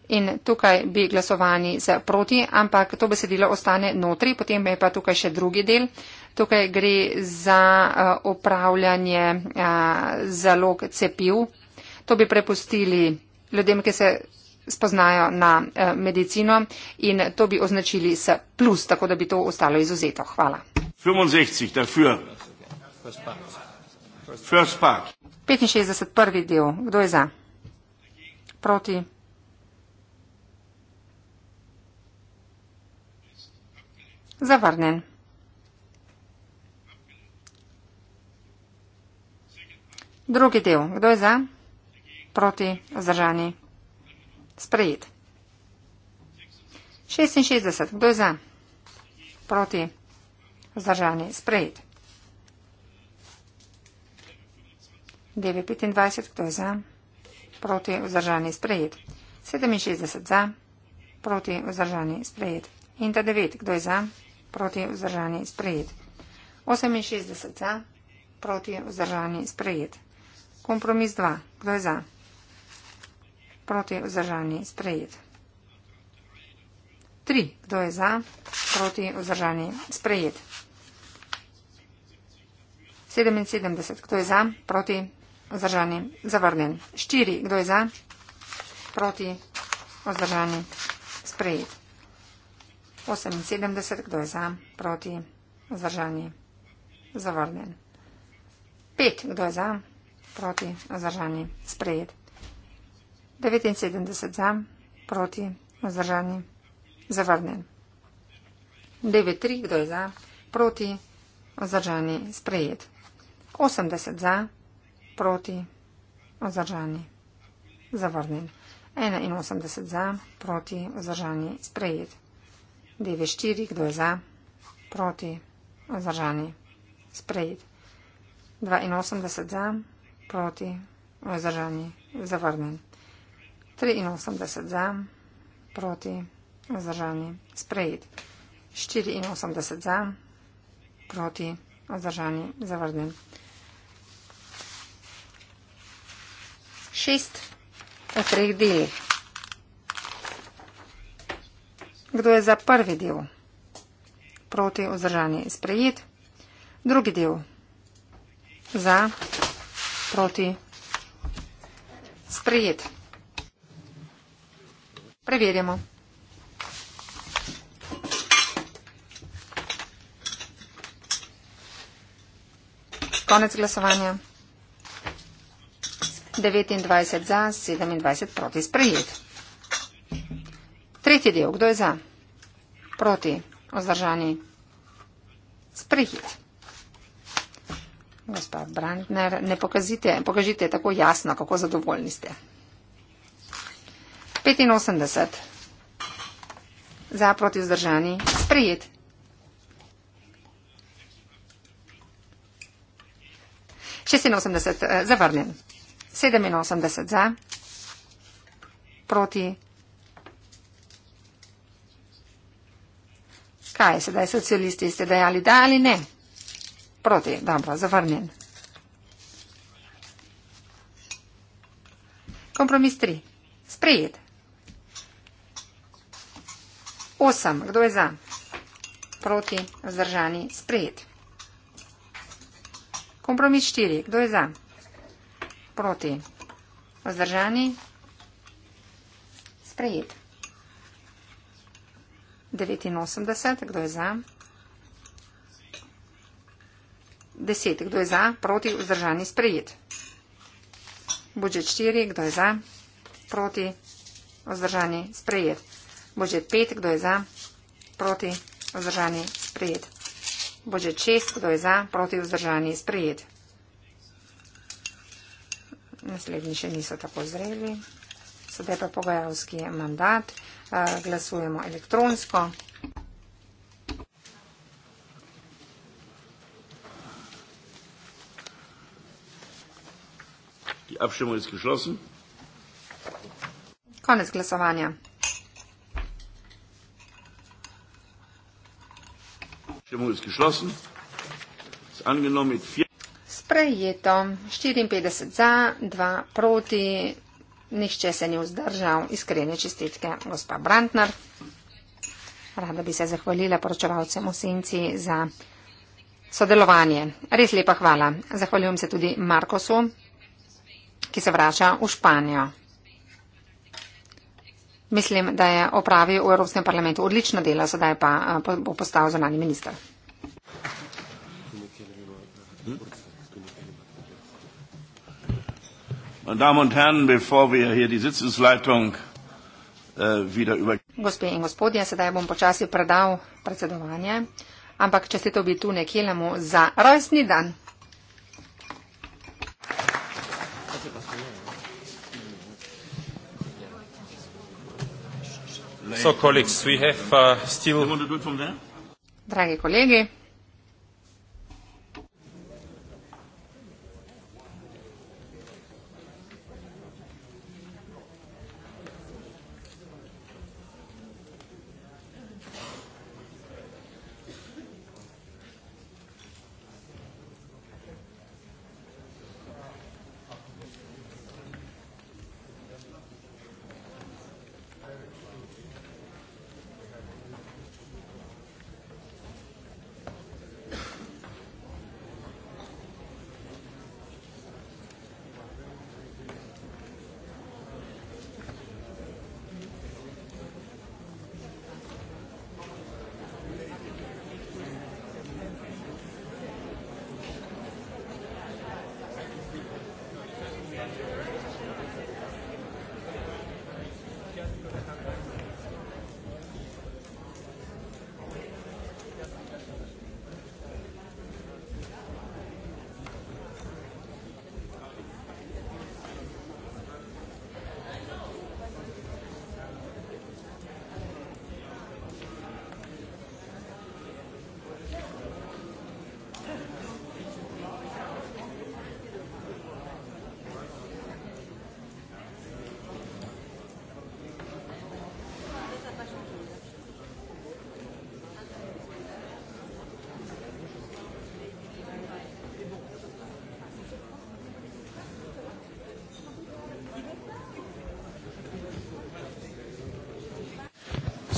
S4: In tukaj bi glasovani za proti, ampak to besedilo ostane notri, potem je pa tukaj še drugi del. Tukaj gre za eh, upravljanje eh, zalog cepiv. To bi prepustili ljudem, ki se spoznajo na eh, medicino in to bi označili s plus, tako da bi to ostalo izuzeto. Hvala.
S1: 65.
S4: prvi del. Kdo je za? Proti. Zavrnen. Drugi del. Kdo je za? proti zdržani. Sprejet. 66. Kdo je za? Proti zdržani. Sprejet. 9.25. Kdo je za? Proti vzdržani. Sprejet. 67. Za. Proti vzdržani. Sprejet. In ta 9. Kdo je za? Proti vzdržani. Sprejet. 68. Za. Proti vzdržani. Sprejet. Kompromis 2. Kdo je za? proti vzdržani sprejet. Tri, kdo je za, proti vzdržani sprejet. 77, kdo je za, proti vzdržani zavrnjen. 4, kdo je za, proti vzdržani sprejet. 78, kdo je za, proti vzdržani zavrnjen. 5, kdo je za, proti vzdržani sprejet. 79 za, proti, vzdržani, zavrnjen. 9-3, kdo je za, proti, vzdržani, sprejet. 80 za, proti, vzdržani, zavrnjen. 81 za, proti, vzdržani, sprejet. 9-4, kdo je za, proti, vzdržani, sprejet. 82 za, proti, vzdržani, zavrnjen. 83 za, proti, vzdržani, sprejet. 84 za, proti, vzdržani, zavrnen. Šest v treh delih. Kdo je za prvi del? Proti, vzdržani, sprejet. Drugi del. Za, proti, sprejet. Sprejet. Preverjamo. Konec glasovanja. 29 za, 27 proti. Sprejet. Tretji del. Kdo je za? Proti. Ozdržani. Sprejet. Gospod Brandner, ne pokazite, pokažite tako jasno, kako zadovoljni ste. 85. Za proti vzdržani. Sprejet. Šestinosemdeset eh, zavrnjen. Sedeminosemdeset za. Proti. Kaj je sedaj socialisti? Ste dejali da ali ne? Proti. Dobro, zavrnjen. Kompromis tri. Sprejet. 8. Kdo je za? Proti vzdržani sprejet. Kompromis 4. Kdo je za? Proti vzdržani sprejet. 89. Kdo je za? 10. Kdo je za? Proti vzdržani sprejet. Budžet 4. Kdo je za? Proti vzdržani sprejet. Bože 5, kdo je za, proti, vzdržani, sprejet. Bože 6, kdo je za, proti, vzdržani, sprejet. Naslednji še niso tako zreli. Sedaj pa pogajalski mandat. Glasujemo elektronsko.
S1: Abšemo izkišlosen.
S4: Konec glasovanja. Sprejeto. 54 za, 2 proti. Nihče se ni vzdržal. Iskrene čestitke, gospa Brantner. Rada bi se zahvalila poročevalcem v senci za sodelovanje. Res lepa hvala. Zahvaljujem se tudi Markosu, ki se vrača v Španijo. Mislim, da je opravil v Evropskem parlamentu odlično delo, sedaj pa eh, bo postal zunani minister.
S1: Äh,
S4: Gospe in gospodje, sedaj bom počasi predal predsedovanje, ampak čestito bi tu nekelemu za rojstni dan.
S3: So, colleagues, we have uh, still.
S4: Dragi kolegi,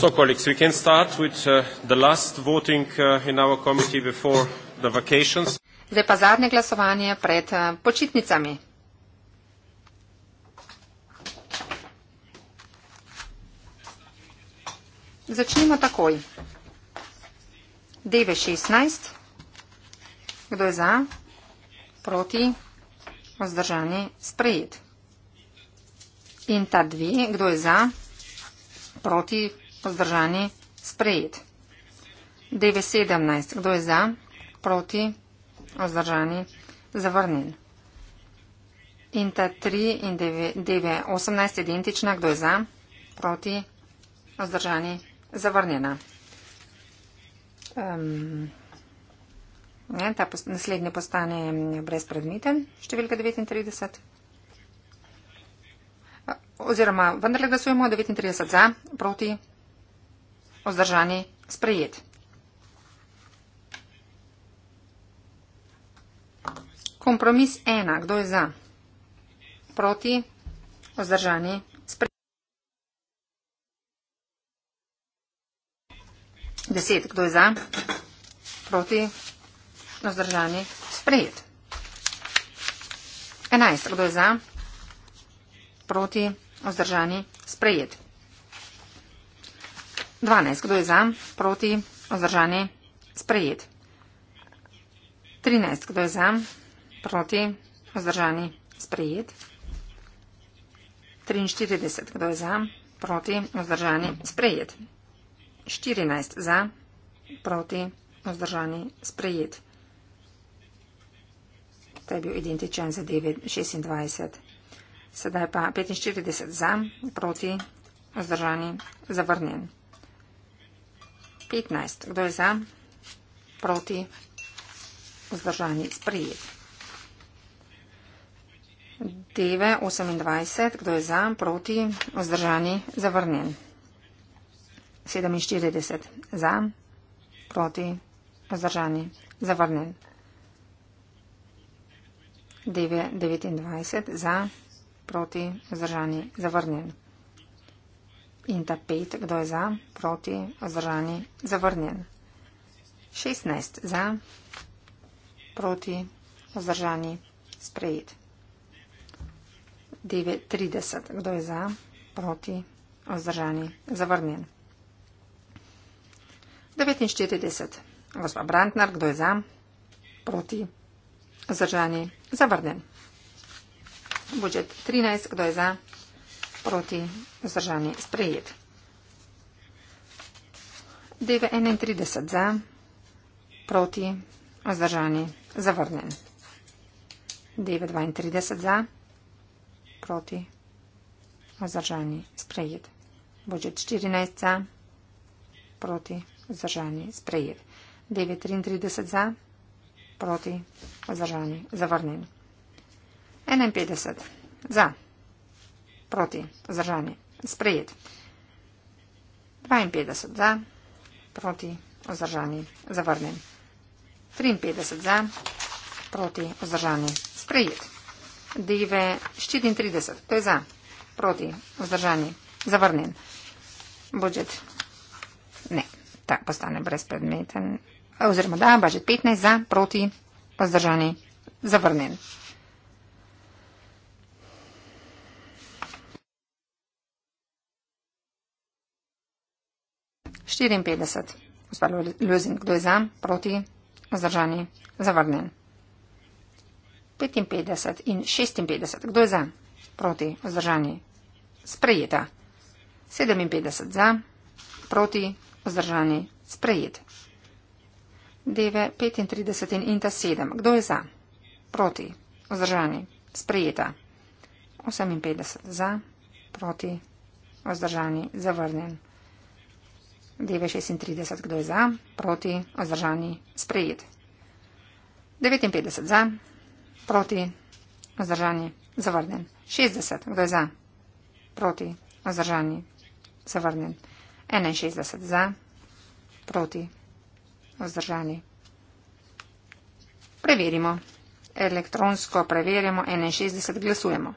S3: So, colleagues, we can start with uh, the last voting uh, in our committee before the vacations.
S4: Zdaj pa zadnje glasovanje pred uh, počitnicami. Začnimo takoj. DV16. Kdo je za? Proti? Vzdržani? Sprejet. In ta dve. Kdo je za? Proti? vzdržani sprejet. DV17, kdo je za, proti, vzdržani, zavrnen. In ta 3 in DV18 identična, kdo je za, proti, vzdržani, zavrnjena. Um, ne, ta post naslednji postane brezpredmeten, številka 39. Oziroma, vendarle glasujemo 39 za, proti vzdržani, sprejet. Kompromis ena, kdo je za? Proti, vzdržani, sprejet. Deset, kdo je za? Proti, vzdržani, sprejet. Enajst, kdo je za? Proti, vzdržani, sprejet. 12. Kdo je za, proti, vzdržani, sprejet? 13. Kdo je za, proti, vzdržani, sprejet? 43. Kdo je za, proti, vzdržani, sprejet? 14. Za, proti, vzdržani, sprejet? To je bil identičen za 9, 26. Sedaj pa 45 za, proti, vzdržani, zavrnjen. 15. Kdo je za? Proti. Vzdržani. Sprijet. Deve 28. Kdo je za? Proti. Vzdržani. Zavrnjen. 47. Za. Proti. Vzdržani. Zavrnjen. Deve 29. Za. Proti. Vzdržani. Zavrnjen in ta pet, kdo je za, proti, vzdržani, zavrnjen. 16 za, proti, vzdržani, sprejet. 30, kdo je za, proti, vzdržani, zavrnjen. 49, gospa Brantner, kdo je za, proti, vzdržani, zavrnjen. Budžet 13, kdo je za, proti vzdržani sprejet. DV 31 za, proti vzdržani zavrnen. DV 32 za, proti vzdržani sprejet. Budžet 14 za, proti vzdržani sprejet. DV 33 za, proti vzdržani zavrnen. 51 za proti, vzdržani, sprejet. 52 za, proti, vzdržani, zavrnen. 53 za, proti, vzdržani, sprejet. Dive 34, to je za, proti, vzdržani, zavrnen. Budžet ne, tak postane brezpredmeten. Oziroma da, budžet 15 za, proti, vzdržani, zavrnen. 54. Gospod Ljuzin, kdo je za? Proti? Vzdržani? Zavrnen. 55 in 56. Kdo je za? Proti? Vzdržani? Sprejeta. 57 za? Proti? Vzdržani? Sprejet. 9, 35 in ta 7. Kdo je za? Proti? Vzdržani? Sprejeta. 58 za? Proti? Vzdržani? Zavrnen. Deve 36, kdo je za, proti, vzdržani, sprejet. 59 za, proti, vzdržani, zavrnen. 60, kdo je za, proti, vzdržani, zavrnen. 61 za, proti, vzdržani. Preverimo. Elektronsko preverimo. 61 glasujemo.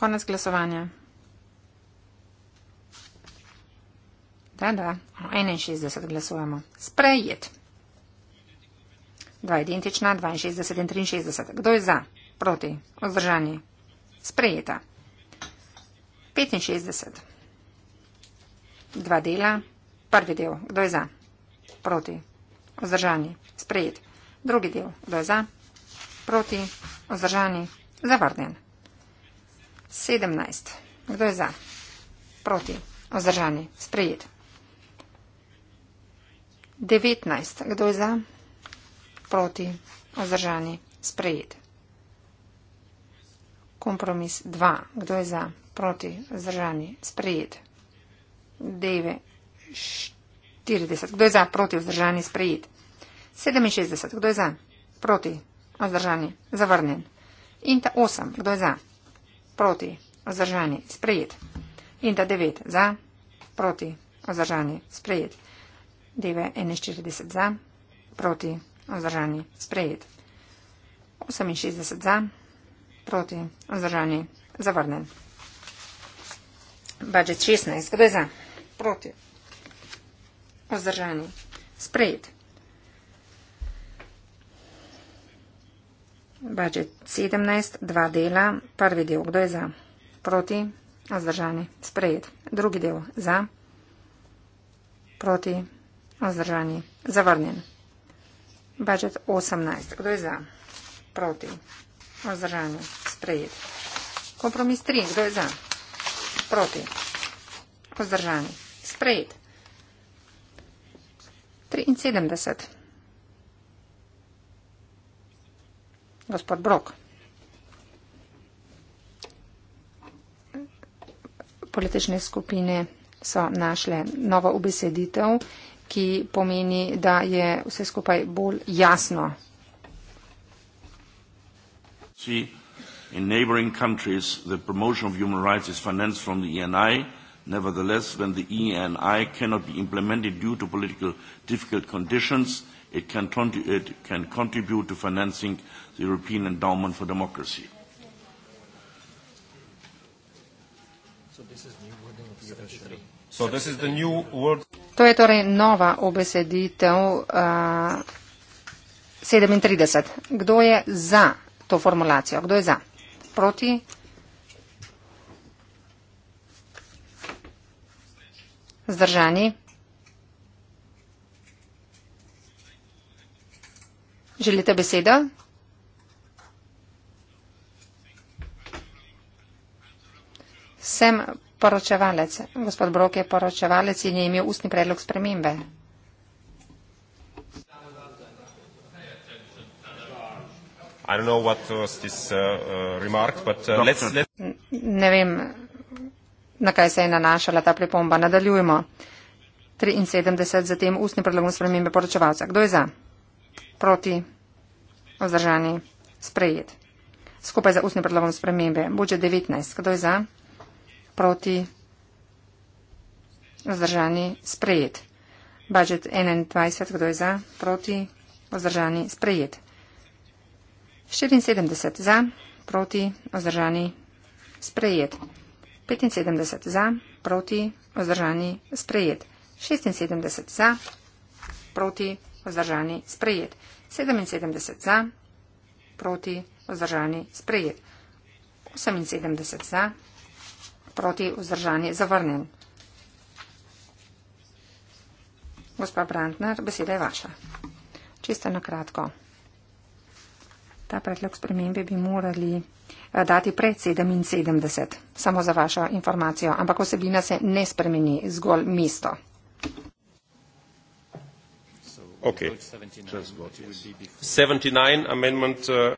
S4: Konec glasovanja. Da, da, o 61 glasujemo. Sprejet. Dva identična, 62 in 63. Kdo je za? Proti? Ozdržanje? Sprejeta. 65. Dva dela. Prvi del. Kdo je za? Proti? Ozdržanje? Sprejet. Drugi del. Kdo je za? Proti? Ozdržanje? Zavrnjen. 17. Kdo je za? Proti. Ozdržani. Sprejet. 19. Kdo je za? Proti. Ozdržani. Sprejet. Kompromis 2. Kdo je za? Proti. Ozdržani. Sprejet. 40. Kdo je za? Proti. Ozdržani. Sprejet. 67. Kdo je za? Proti. Ozdržani. Zavrnen. In ta 8. Kdo je za? Proti proti, vzdržani, sprejet. In da 9 za, proti, vzdržani, sprejet. 41 za, proti, vzdržani, sprejet. 68 za, proti, vzdržani, zavrnen. Budget 16, gre za, proti, vzdržani, sprejet. Budget 17, dva dela. Prvi del, kdo je za? Proti, a zdržani, sprejet. Drugi del, za? Proti, a zdržani, zavrnjen. Budget 18, kdo je za? Proti, a zdržani, sprejet. Kompromis 3, kdo je za? Proti, a zdržani, sprejet. 73, Gospod Brok. Politične skupine so našle novo ubeseditev, ki pomeni, da je vse skupaj bolj jasno.
S1: E Nevertheless, when the ENI cannot be implemented due to political difficult conditions, it can, it can contribute to financing the European Endowment for Democracy.
S3: So this is the new word.
S4: To je torej nova obeseditev uh, 37. Kdo je za to formulacijo? Kdo je za? Proti? Zdržani? Želite besedo? Sem poročevalec. Gospod Brok je poročevalec in je imel ustni predlog spremembe.
S3: This, uh, uh, remark, but, uh, let's, let's...
S4: Ne vem, na kaj se je nanašala ta pripomba. Nadaljujemo. 73 zatem ustni predlog spremembe poročevalca. Kdo je za? proti vzdržani sprejet. Skupaj za ustnim predlogom spremembe. Budžet 19. Kdo je za? Proti vzdržani sprejet. Budžet 21. Kdo je za? Proti vzdržani sprejet. 74 za, proti, vzdržani, sprejet. 75 za, proti, vzdržani, sprejet. 76 za, proti, vzdržani vzdržani sprejet. 77 za, proti vzdržani sprejet. 78 za, proti vzdržani zavrnen. Gospa Brandner, beseda je vaša. Čisto na kratko. Ta predlog spremembe bi morali eh, dati pred 77, samo za vašo informacijo, ampak osebina se ne spremeni, zgolj mesto.
S3: Okay. 79 amendment. Uh,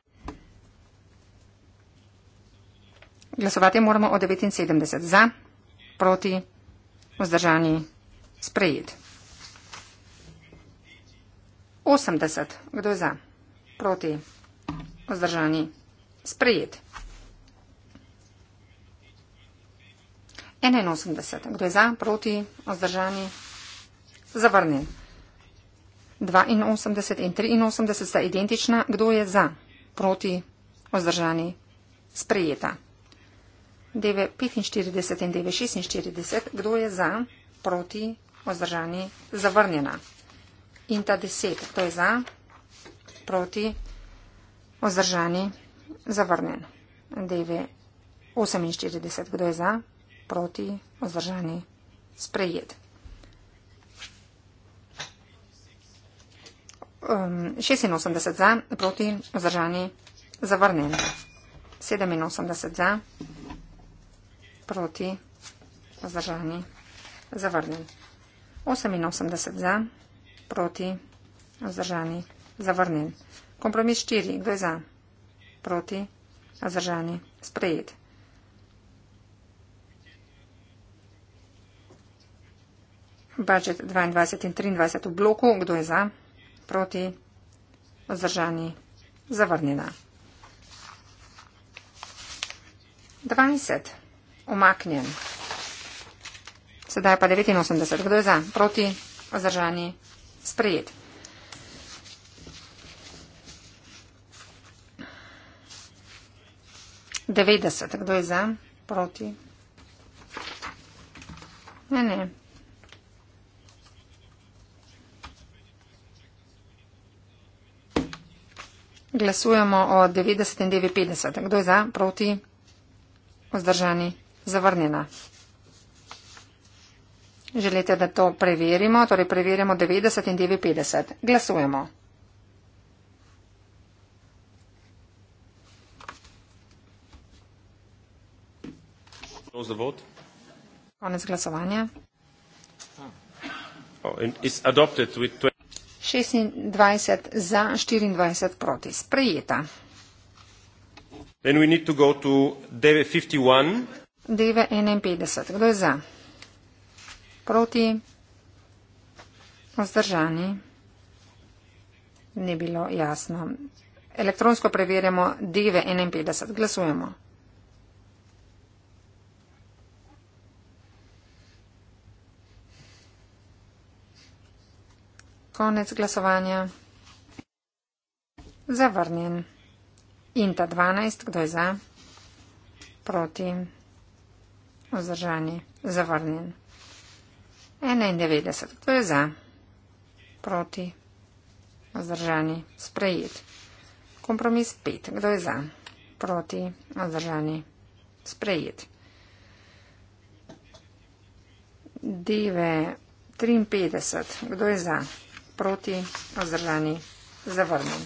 S4: Glasovati moramo o 79 za, proti, vzdržani, sprejet. 80, kdo je za, proti, vzdržani, sprejet. 81, kdo je za, proti, vzdržani, zavrnjen. 82 in 83 sta identična, kdo je za, proti, vzdržani, sprejeta. 945 in 946, kdo je za, proti, vzdržani, zavrnjena. In ta 10, kdo je za, proti, vzdržani, zavrnjen. 948, kdo je za, proti, vzdržani, sprejeta. 86 um, za, proti vzdržani zavrnen. 87 za, proti vzdržani zavrnen. 88 za, proti vzdržani zavrnen. Kompromis 4, kdo je za, proti vzdržani sprejet. Budžet 22 in 23 v bloku, kdo je za, proti vzdržani zavrnen proti, vzdržani, zavrnjena. 20, umaknjen. Sedaj pa 89, kdo je za, proti, vzdržani, sprejet. Devetdeset, kdo je za, proti? Ne, ne, Glasujemo o 90 in 59. Kdo je za, proti, vzdržani, zavrnjena? Želite, da to preverimo? Torej preverimo 90 in 59. Glasujemo. Konec glasovanja. Oh, 26 za, 24 proti. Sprejeta.
S3: To to 51.
S4: Kdo je za? Proti? Ozdržani? Ni bilo jasno. Elektronsko preverjamo DV51. Glasujemo. Konec glasovanja. Zavrnjen. In ta 12, kdo je za? Proti. Ozdržani. Zavrnjen. 91, kdo je za? Proti. Ozdržani. Sprejet. Kompromis 5, kdo je za? Proti. Ozdržani. Sprejet. Dive 53, kdo je za? proti, vzdržani, zavrnjen.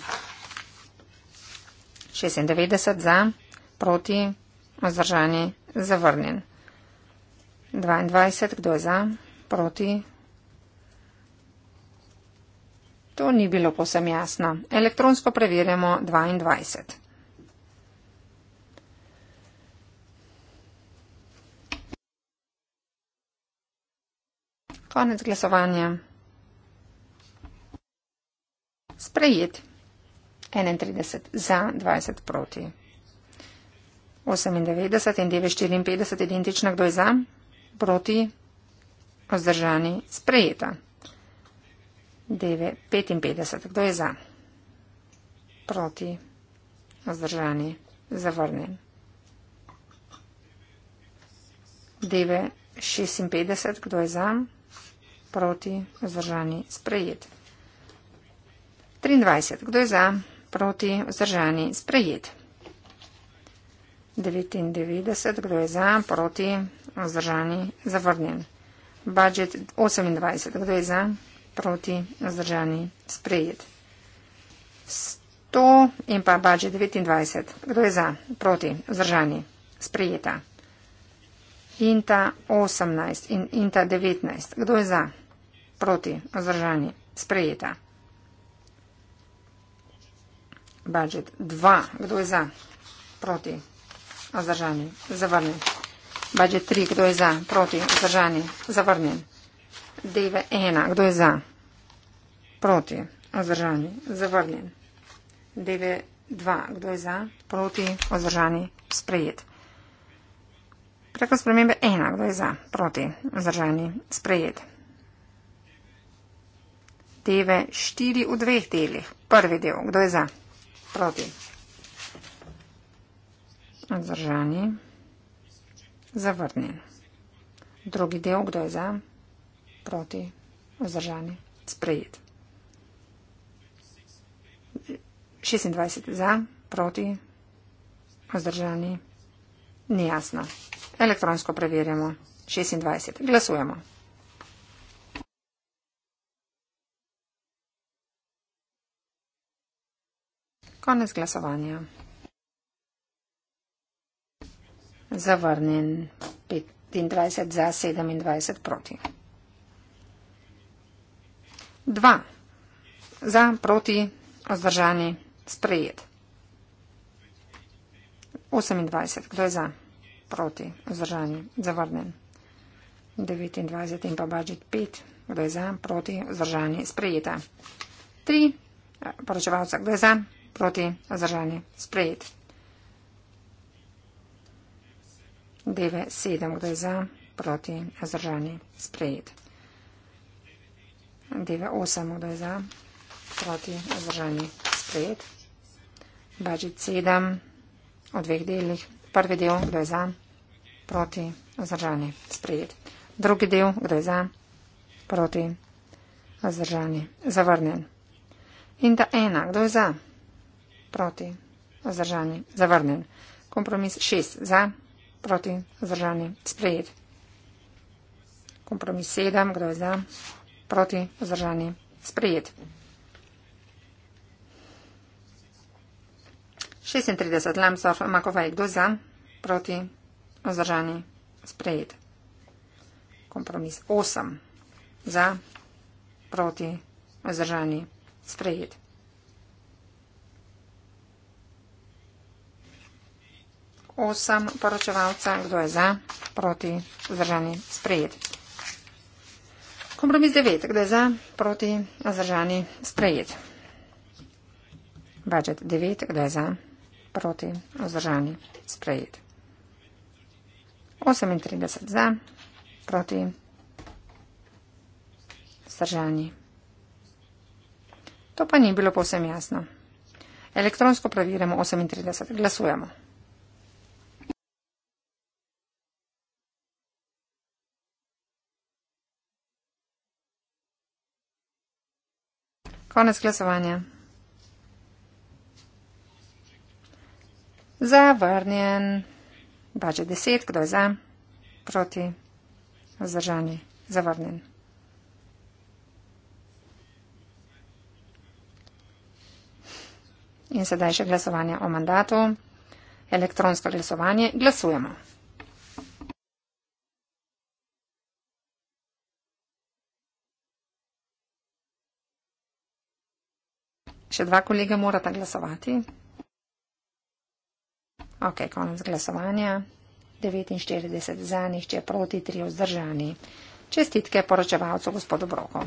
S4: 96 za, proti, vzdržani, zavrnjen. 22, kdo je za, proti. To ni bilo posem jasno. Elektronsko preverjamo 22. Konec glasovanja. Sprejet. 31 za, 20 proti. 98 in 954 identična, kdo je za, proti, vzdržani, sprejeta. 955, kdo je za, proti, vzdržani, zavrnjen. 956, kdo je za, proti, vzdržani, sprejeta. 23. Kdo je za, proti, vzdržani, sprejet? 99. Kdo je za, proti, vzdržani, zavrnjen? Budget 28. Kdo je za, proti, vzdržani, sprejet? 100 in pa budžet 29. Kdo je za, proti, vzdržani, sprejeta? Inta 18 in inta 19. Kdo je za, proti, vzdržani, sprejeta? budget. Dva. Kdo je za? Proti. Zdržani. Zavrnjen. Budget tri. Kdo je za? Proti. Zdržani. Zavrnjen. Deve ena. Kdo je za? Proti. Zdržani. Zavrnjen. Deve dva. Kdo je za? Proti. Zdržani. Sprejet. Preko spremembe ena. Kdo je za? Proti. Zdržani. Sprejet. Deve štiri v dveh delih. Prvi del. Kdo je za? Proti proti. Zdržani. Zavrnjen. Drugi del, kdo je za, proti, vzdržani, sprejet. 26 za, proti, vzdržani, nejasno. Elektronsko preverjamo. 26. Glasujemo. Konec glasovanja. Zavrnjen 25 za 27 proti. 2. Za proti vzdržani sprejet. 28. Kdo je za proti vzdržani zavrnjen? 29 in pa budget 5. Kdo je za proti vzdržani sprejeta? 3. Poročevalca. Kdo je za? proti zdržanje sprejet. Deve sedem, kdo je za proti zdržanje sprejet. Deve osem, kdo je za proti zdržanje sprejet. Budget sedem o dveh delih. Prvi del, kdo je za proti zdržanje sprejet. Drugi del, kdo je za proti zdržanje zavrnjen. In ta ena, kdo je za? proti, vzdržani, zavrnen. Kompromis šest za, proti, vzdržani, sprejet. Kompromis sedem, kdo je za, proti, vzdržani, sprejet. 36 Lamsov, Makovaj, kdo za, proti, vzdržani, sprejet. Kompromis 8 za, proti, vzdržani, sprejet. osem poročevalca, kdo je za, proti, vzdržani, sprejet. Kompromis devet, kdo je za, proti, vzdržani, sprejet. Budget devet, kdo je za, proti, vzdržani, sprejet. 38 za, proti, vzdržani. To pa ni bilo povsem jasno. Elektronsko preverjamo 38, glasujemo. Konec glasovanja. Zavrnjen. Bače deset, kdo je za? Proti. Zdržani. Zavrnjen. In sedaj še glasovanje o mandatu. Elektronsko glasovanje. Glasujemo. Še dva kolega morata glasovati. Ok, konec glasovanja. 49 za, nihče proti, 3 vzdržani. Čestitke poročevalcu gospodu Broko.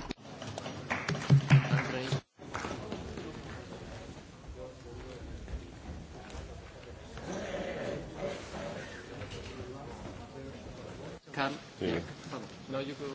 S4: Come. Yeah. Now you go.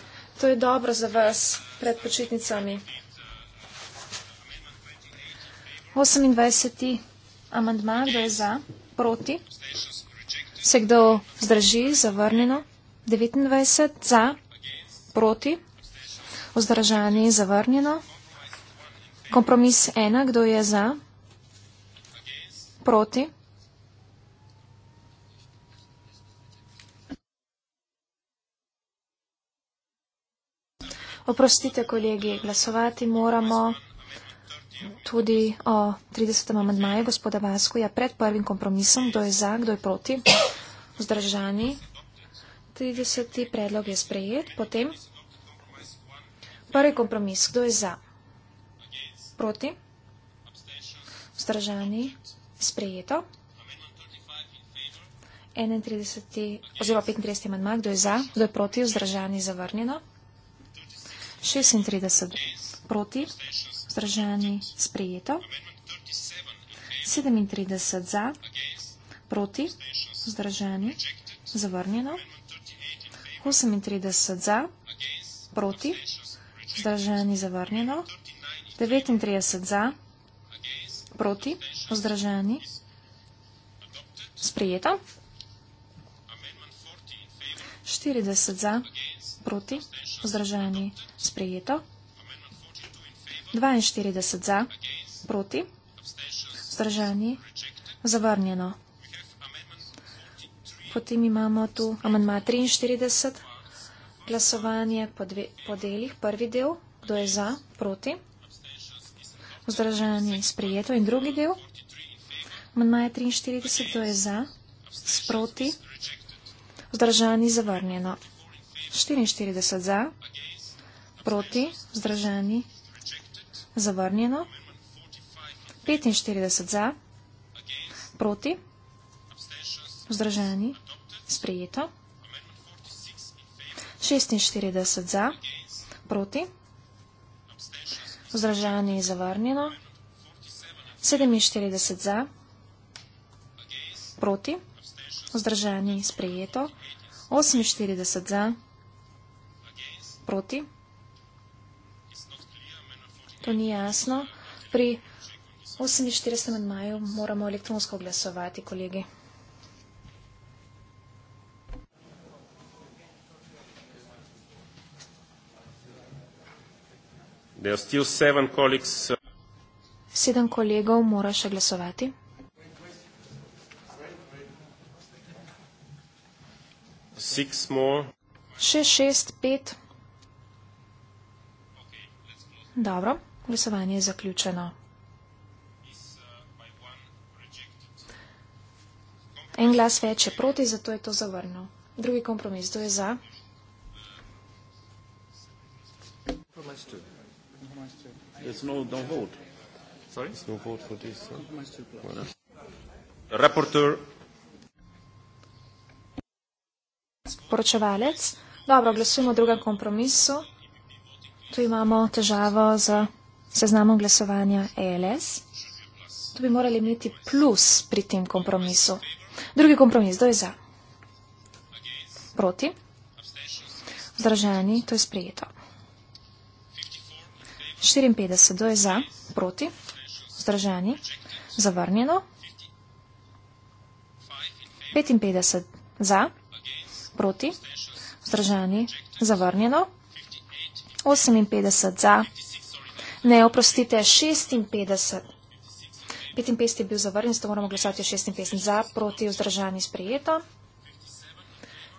S5: To je dobro za vas pred počitnicami. 28. amandma, kdo je za, proti, se kdo vzdrži, zavrnjeno, 29. za, proti, vzdržani, zavrnjeno, kompromis 1, kdo je za, proti. Oprostite, kolegi, glasovati moramo tudi o 30. amandmaju gospoda Vaskoja pred prvim kompromisom. Kdo je za, kdo je proti? Vzdržani. 30. predlog je sprejet. Potem prvi kompromis. Kdo je za? Proti? Vzdržani. Sprejeto. 31. oziroma 35. amandma. Kdo je za? Kdo je proti? Vzdržani. Zavrnjeno. 36 proti, vzdržani, sprejeto. 37 za, proti, vzdržani, zavrnjeno. 38 za, proti, vzdržani, zavrnjeno. 39 za, proti, vzdržani, sprejeto. 40 za, proti, vzdržani, sprejeto. 42 za, proti, vzdržani, zavrnjeno. Potem imamo tu amandma 43, glasovanje po delih, prvi del, kdo je za, proti, vzdržani, sprejeto in drugi del. Amandma je 43, kdo je za, sproti, vzdržani, zavrnjeno. 44 za, proti, vzdržani, zavrnjeno, 45 za, proti, vzdržani, sprejeto, 46 za, proti, vzdržani, zavrnjeno, 47 za, proti, vzdržani, sprejeto, 48 za, proti, proti. To ni jasno. Pri 48. maju moramo elektronsko glasovati, kolegi.
S3: Uh,
S5: Sedem kolegov mora še glasovati. Še šest, pet. Dobro, glasovanje je zaključeno. En glas več je proti, zato je to zavrnil. Drugi kompromis, kdo je za? Sporočevalec. No, no no Dobro, glasujemo o drugem kompromisu. Tu imamo težavo z seznamom glasovanja ELS. Tu bi morali imeti plus pri tem kompromisu. Drugi kompromis, kdo je za? Proti? Zdržani, to je sprejeto. 54, kdo je za? Proti? Zdržani, zavrnjeno. 55, za? Proti? Zdržani, zavrnjeno. 58 za, ne, oprostite, 56. 55 je bil zavrnjen, zato moramo glasovati 56 za, proti vzdržani sprejeto.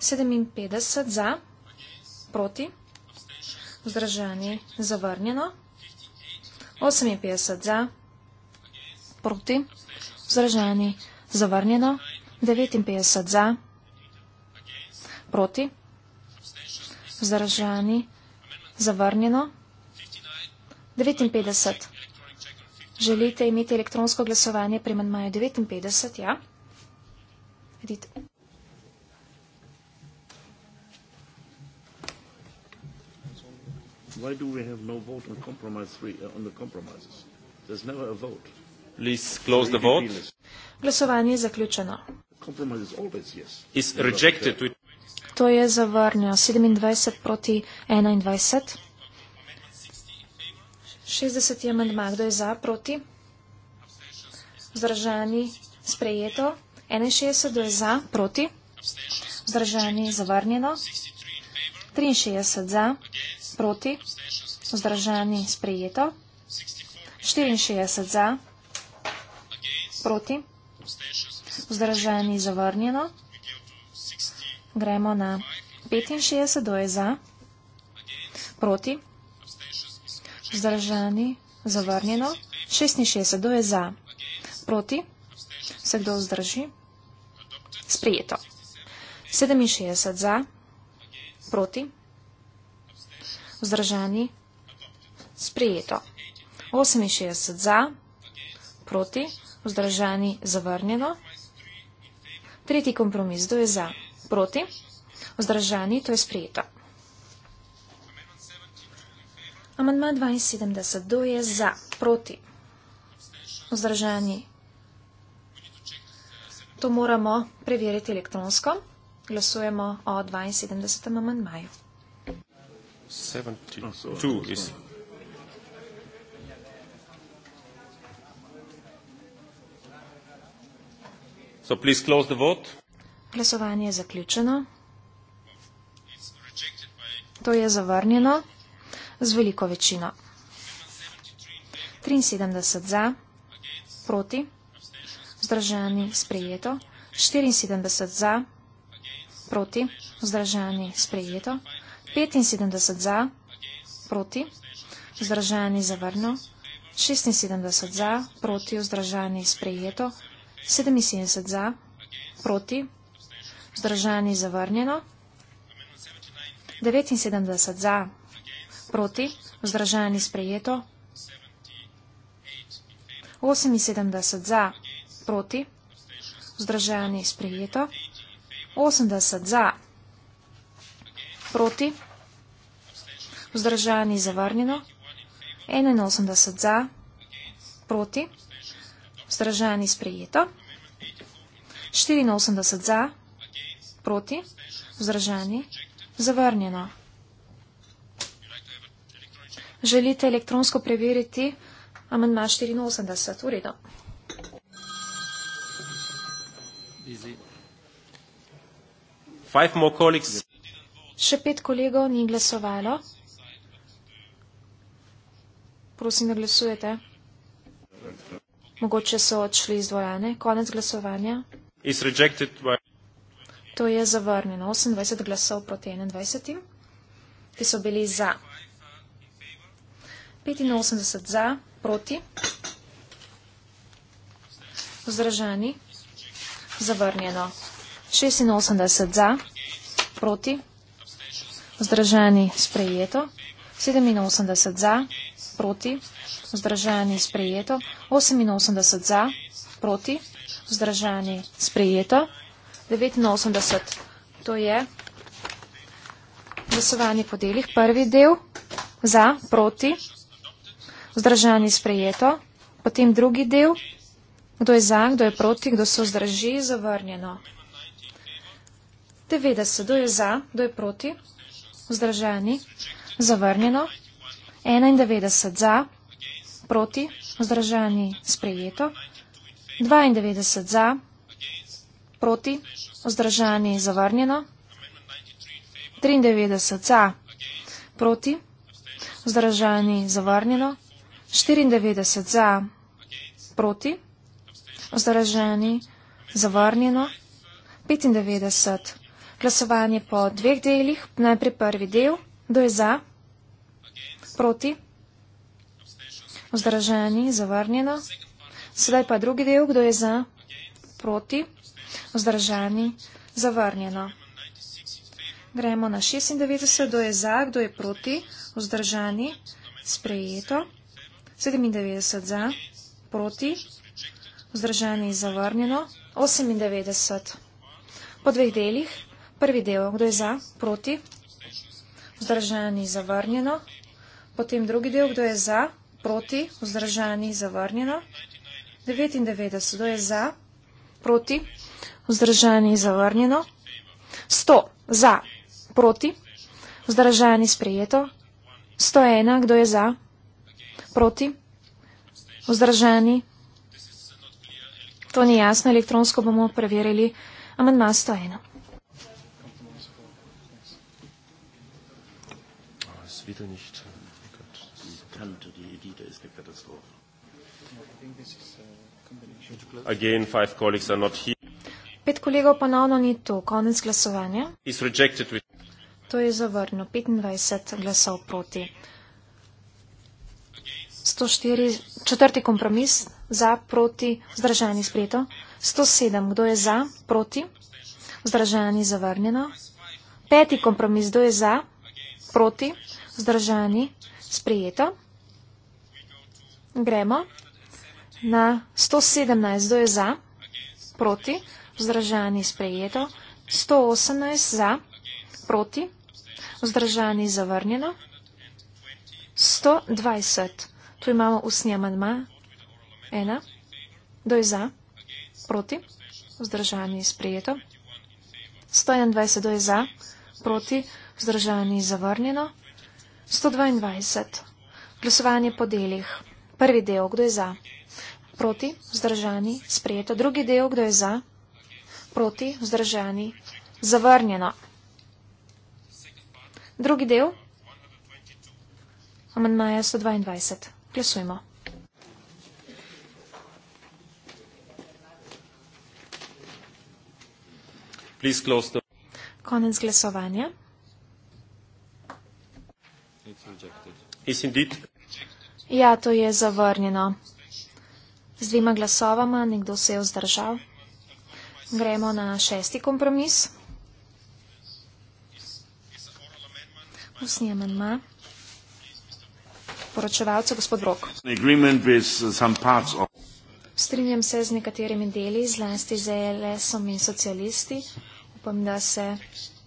S5: 57 za, proti, vzdržani zavrnjeno. 58 za, proti, vzdržani zavrnjeno. 59 za, proti, vzdržani zavrnjeno. Zavrnjeno. 59. Želite imeti elektronsko glasovanje pri menmaju 59? Ja. Edite.
S1: Why do we have no vote on compromise three, uh, on the compromises? There's never a vote.
S3: Please close the vote.
S5: Glasovanje je zaključeno.
S3: Compromise is always yes. Is rejected. With
S5: to je zavrnil 27 proti 21. 60 je amendma, kdo je za, proti? Vzdržani, sprejeto. 61, kdo je za, proti? Vzdržani, zavrnjeno. 63 za, proti? Vzdržani, sprejeto. 64 za, proti? Vzdržani, zavrnjeno. Gremo na 65, kdo je za? Proti? Vzdržani? Zavrnjeno? 66, kdo je za? Proti? Se kdo vzdrži? Sprijeto. 67 za, proti, vzdržani, sprijeto. 68 za, proti, vzdržani, zavrnjeno. Tretji kompromis, kdo je za? proti. Vzdržani, to je sprejeto. Amandma 72, do je za, proti. Vzdržani. To moramo preveriti elektronsko. Glasujemo o 72. amandmaju.
S3: So please close the vote.
S5: Glasovanje je zaključeno. To je zavrnjeno z veliko večino. 73 za, proti, vzdržani sprejeto. 74 za, proti, vzdržani sprejeto. 75 za, proti, vzdržani zavrno. 76 za, proti, vzdržani sprejeto. 77 za, proti, vzdržani sprejeto vzdržani zavrnjeno, 79 za, proti, vzdržani sprejeto, 78 za, proti, vzdržani sprejeto, 80 za, proti, vzdržani zavrnjeno, 81 za, proti, vzdržani sprejeto, 84 za, proti, proti? Vzraženi? Zavrnjeno. Želite elektronsko preveriti amendma 84? V redu. Še pet kolegov ni glasovalo. Prosim, da glasujete. Mogoče so odšli iz dvojane. Konec glasovanja.
S3: It's rejected by...
S5: To je zavrnjeno. 28 glasov proti 21, ki so bili za. 85 za, proti. Vzdržani. Zavrnjeno. 86 za, proti. Vzdržani. Sprejeto. 87 za, proti. Vzdržani. Sprejeto. 88 za, proti. Vzdržani. Sprejeto. 89. To je glasovanje po delih. Prvi del za, proti, vzdržanje sprejeto. Potem drugi del, kdo je za, kdo je proti, kdo so vzdrži, zavrnjeno. 90. Kdo je za, kdo je proti, vzdržani, zavrnjeno. 91. Za, proti, vzdržani, sprejeto. 92. Za, proti, vzdržani zavrnjeno, 93 za, proti, vzdržani zavrnjeno, 94 za, proti, vzdržani zavrnjeno, 95. Glasovanje po dveh delih, najprej prvi del, do je za, proti, vzdržani zavrnjeno, sedaj pa drugi del, kdo je za, proti. Vzdržani, zavrnjeno. Gremo na 96, kdo je za, kdo je proti. Vzdržani, sprejeto. 97 za, proti. Vzdržani, zavrnjeno. 98. Po dveh delih. Prvi del, kdo je za, proti. Vzdržani, zavrnjeno. Potem drugi del, kdo je za, proti. Vzdržani, zavrnjeno. 99, kdo je za, proti vzdržani zavrnjeno, 100 za, proti, vzdržani sprejeto, 101 kdo je za, proti, vzdržani, to ni jasno, elektronsko bomo preverili, amandma 101.
S3: Again, five colleagues are not here.
S5: Pet kolegov ponovno ni tu. Konec glasovanja. To je zavrnil. 25 glasov proti. 104, četrti kompromis za, proti, vzdržani sprejeto. 107, kdo je za, proti, vzdržani zavrnjeno. Peti kompromis, kdo je za, proti, vzdržani sprejeto. Gremo na 117, kdo je za, proti, vzdržani sprejeto, 118 za, proti, vzdržani zavrnjeno, 120. Tu imamo usni amanma, ena, do je za, proti, vzdržani sprejeto, 121 do je za, proti, vzdržani zavrnjeno, 122. Glasovanje po delih. Prvi del, kdo je za? Proti, vzdržani, sprejeto. Drugi del, kdo je za? proti, vzdržani, zavrnjeno. Drugi del, amantmaja 122, glasujmo. Konec glasovanja. Ja, to je zavrnjeno. Z dvima glasovama nekdo se je vzdržal. Gremo na šesti kompromis. Usni amenma. Poročevalce, gospod Brok. Uh, Strinjam se z nekaterimi deli, zlasti z ELS-om in socialisti. Upam, da se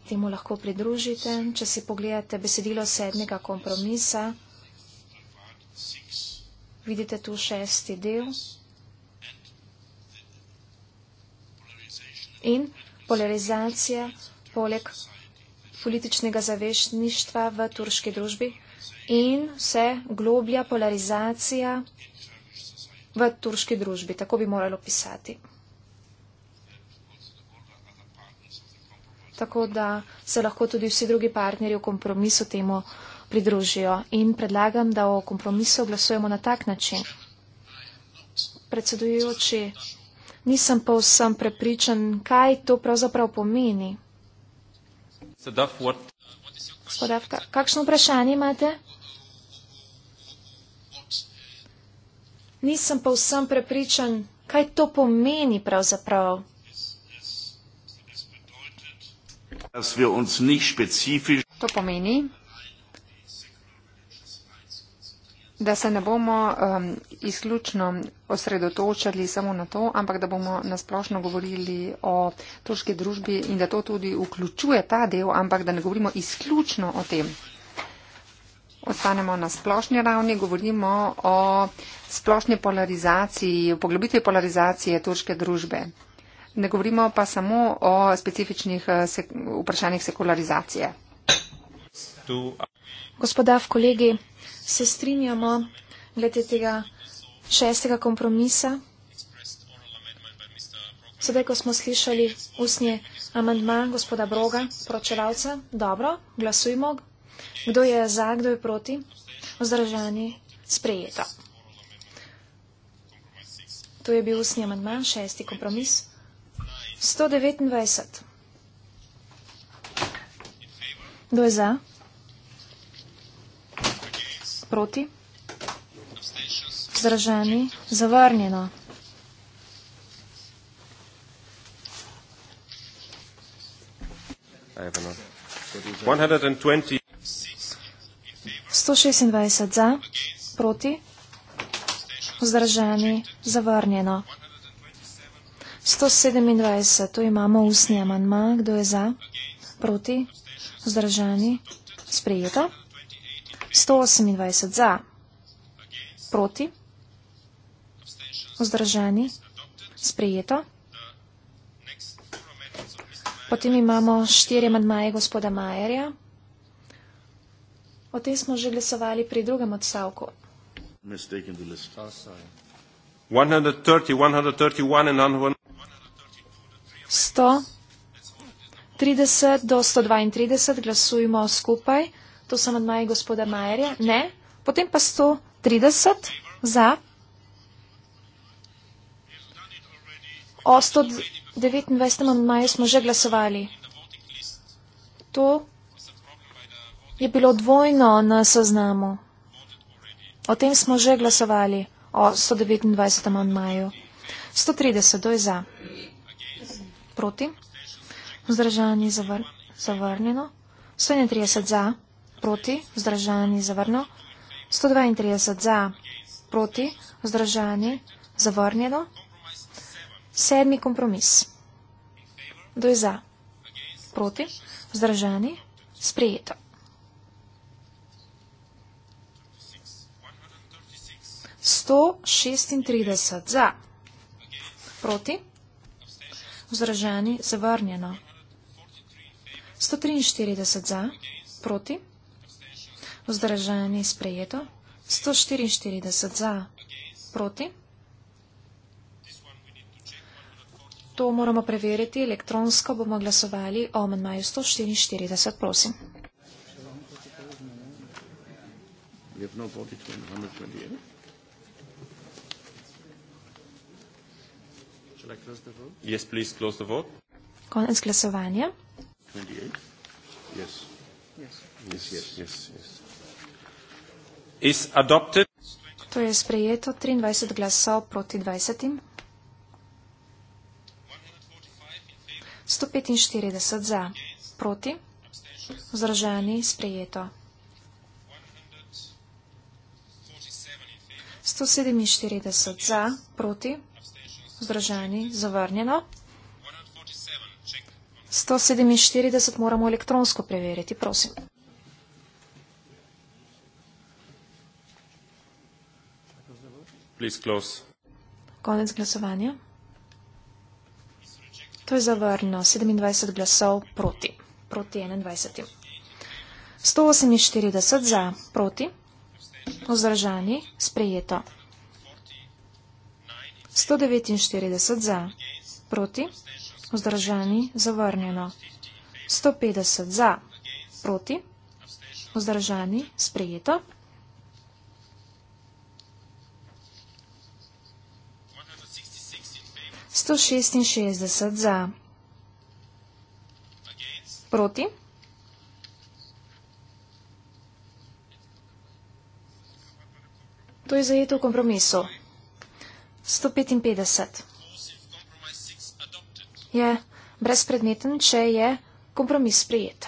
S5: temu lahko pridružite. Če si pogledate besedilo sedmega kompromisa, vidite tu šesti del. in polarizacija poleg političnega zavešništva v turški družbi in vse globlja polarizacija v turški družbi. Tako bi moralo pisati. Tako da se lahko tudi vsi drugi partnerji v kompromisu temu pridružijo. In predlagam, da o kompromisu glasujemo na tak način. Predsedujoči, nisem pa vsem prepričan, kaj to pravzaprav pomeni. Gospodav, kakšno vprašanje imate? Nisem pa vsem prepričan, kaj to pomeni pravzaprav.
S4: To pomeni, da se ne bomo um, izključno osredotočali samo na to, ampak da bomo nasplošno govorili o turški družbi in da to tudi vključuje ta del, ampak da ne govorimo izključno o tem. Ostanemo na splošni ravni, govorimo o splošni polarizaciji, o poglobitvi polarizacije turške družbe. Ne govorimo pa samo o specifičnih eh, sek vprašanjih sekularizacije. Gospoda v kolegi,
S5: se strinjamo glede tega šestega kompromisa. Sedaj, ko smo slišali usnje amandma gospoda Broga, poročevalca, dobro, glasujmo. Kdo je za, kdo je proti? Vzdržani sprejeto. To je bil usnje amandma, šesti kompromis. 129. Kdo je za? proti? Vzdrženi, zavrnjeno. Sto šestindvajset za, proti, vzdrženi, zavrnjeno. Sto sedemindvajset, tu imamo usni amanma, kdo je za, proti, vzdrženi, sprejeto. 128 za, proti, vzdržani, sprejeto. Potem imamo štiri amadmaje gospoda Majerja. O tem smo že glasovali pri drugem odstavku. 130 do 132 glasujemo skupaj. To so amantmaji gospoda Majerja. Ne. Potem pa 130 za. O 129 amantmaju smo že glasovali. To je bilo dvojno na seznamu. O tem smo že glasovali. O 129 amantmaju. 130, kdo je za? Proti? Vzdržanje zavr zavrnjeno. 131 za proti, vzdržani, zavrnjeno, 132 za, proti, vzdržani, zavrnjeno, sedmi kompromis, kdo je za, proti, vzdržani, sprejeto. Sto šestintrideset za, proti, vzdržani, zavrnjeno, sto triinštirideset za, proti, vzdržani, zavrnjeno, Vzdržanje je sprejeto. 144 za, proti. To moramo preveriti. Elektronsko bomo glasovali o menmaju 144, prosim. No Konec glasovanja.
S3: Yes. Yes. Yes, yes, yes, yes.
S5: To je sprejeto 23 glasov proti 20. 145 za, proti, vzdržani, sprejeto. 147 za, proti, vzdržani, zavrnjeno. 147 moramo elektronsko preveriti, prosim. Please close. Konec glasovanja. To je zavrno. 27 glasov proti. Proti 21. 148 za, proti. Vzdržani, sprejeto. 149 za, proti. Vzdržani, zavrnjeno. 150 za, proti. Vzdržani, sprejeto. 166 za. Proti? To je zajeto v kompromisu. 155. Je brezpredmeten, če je kompromis sprejet.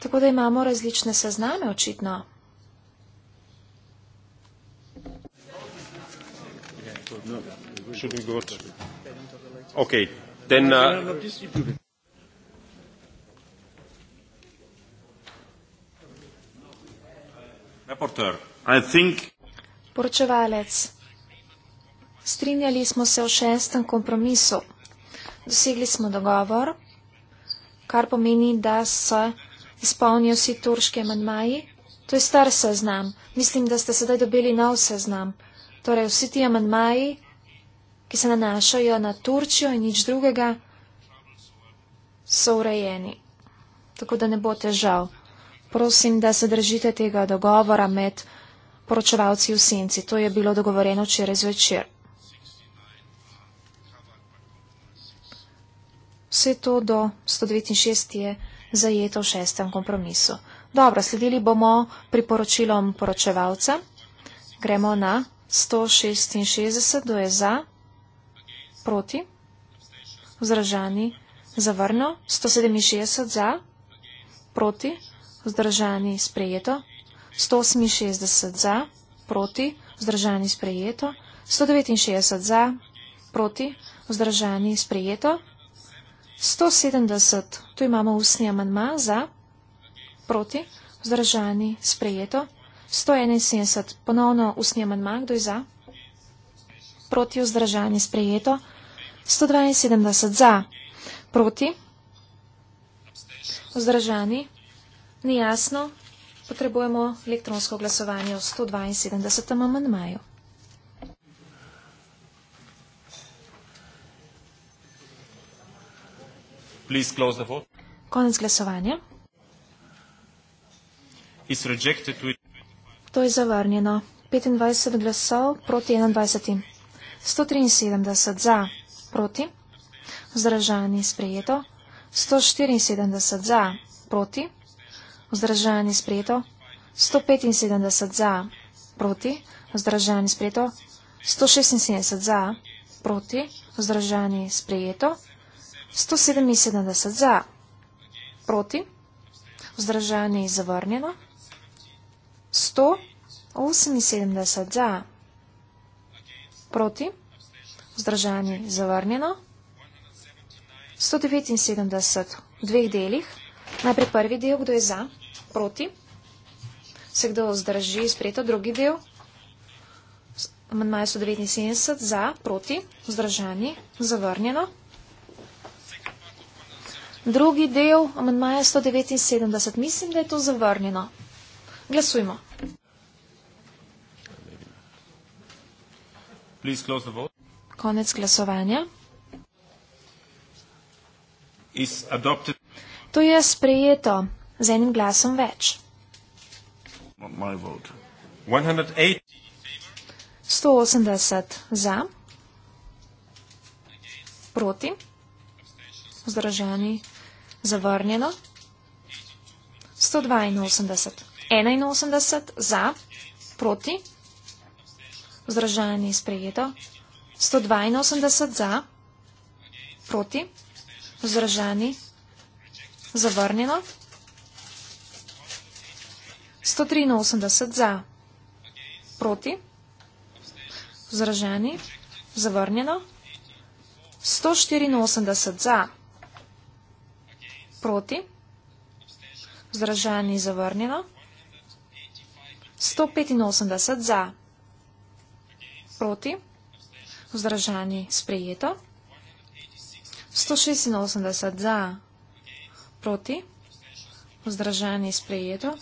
S5: Tako da imamo različne sezname, očitno.
S3: No, we should be good. Okay, then, uh- They are not distributed. Reporter, I think-
S5: Poročevalec, strinjali smo se o šestem kompromisu. Dosegli smo dogovor, kar pomeni, da se izpolnijo vsi turški amandmaji. To je star seznam. Mislim, da ste sedaj dobili nov seznam. Torej, vsi ti amantmaji, ki se nanašajo na Turčijo in nič drugega, so urejeni. Tako da ne bo težav. Prosim, da se držite tega dogovora med poročevalci v senci. To je bilo dogovoreno včeraj zvečer. Vse to do 169 je zajeto v šestem kompromisu. Dobro, sledili bomo priporočilom poročevalca. Gremo na 166, kdo je za? Proti? Vzdržani? Zavrno? 167 za? Proti? Vzdržani? Sprejeto? 168 za? Proti? Vzdržani? Sprejeto? 169 za? Proti? Vzdržani? Sprejeto? 170, tu imamo usni amanma za? Proti? Vzdržani? Sprejeto? 171. Ponovno usni amandman, kdo je za? Proti vzdržanje sprejeto. 172 za. Proti? Vzdržani? Ni jasno. Potrebujemo elektronsko glasovanje v 172. amandmaju.
S3: Please close the vote.
S5: Konec glasovanja.
S3: It's rejected with...
S5: To je zavrnjeno. 25 glasov proti 21. 173 za, proti. Vzdržanje sprejeto. 174 za, proti. Vzdržanje sprejeto. 175 za, proti. Vzdržanje sprejeto. 176 za, proti. Vzdržanje sprejeto. 177 za, proti. Vzdržanje je zavrnjeno. 170 za, proti, vzdržani, zavrnjeno, 179 v dveh delih. Najprej prvi del, kdo je za, proti, se kdo vzdrži, sprejeto, drugi del, amandmaj 179 za, proti, vzdržani, zavrnjeno. Drugi del, amandmaj 179, mislim, da je to zavrnjeno. Glasujmo. Konec glasovanja. To je sprejeto z enim glasom več. 180 za, proti, vzdržani, zavrnjeno, 182. 81 za, proti, vzdržanje je sprejeto, 182 za, proti, vzdržanje zavrnjeno, 183 za, proti, vzdržanje zavrnjeno, 184 za, proti, vzdržanje zavrnjeno, 184 za, proti, 185 za. Proti? Vzdržani sprejeto. 186 za. Proti? Vzdržani sprejeto.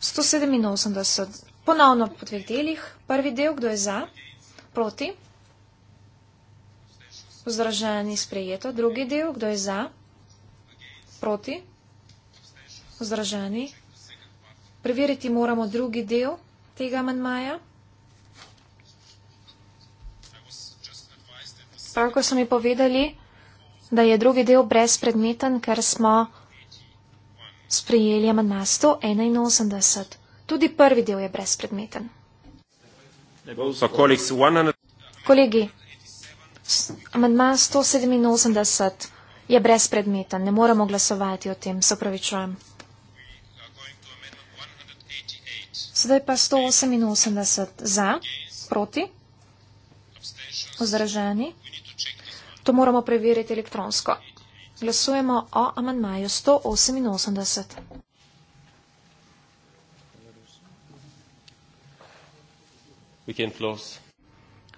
S5: 187. Ponovno po dveh delih. Prvi del, kdo je za? Proti? Vzdržani sprejeto. Drugi del, kdo je za? Proti? Vzdržani sprejeto. Preveriti moramo drugi del tega manjmaja. Pravko so mi povedali, da je drugi del brezpredmeten, ker smo sprejeli manjma 181. Tudi prvi del je brezpredmeten. Kolegi, manjma 187 je brezpredmeten, ne moramo glasovati o tem, se pravičujem. Sedaj pa 188 za, proti, vzdržani. To moramo preveriti elektronsko. Glasujemo o amandmaju 188.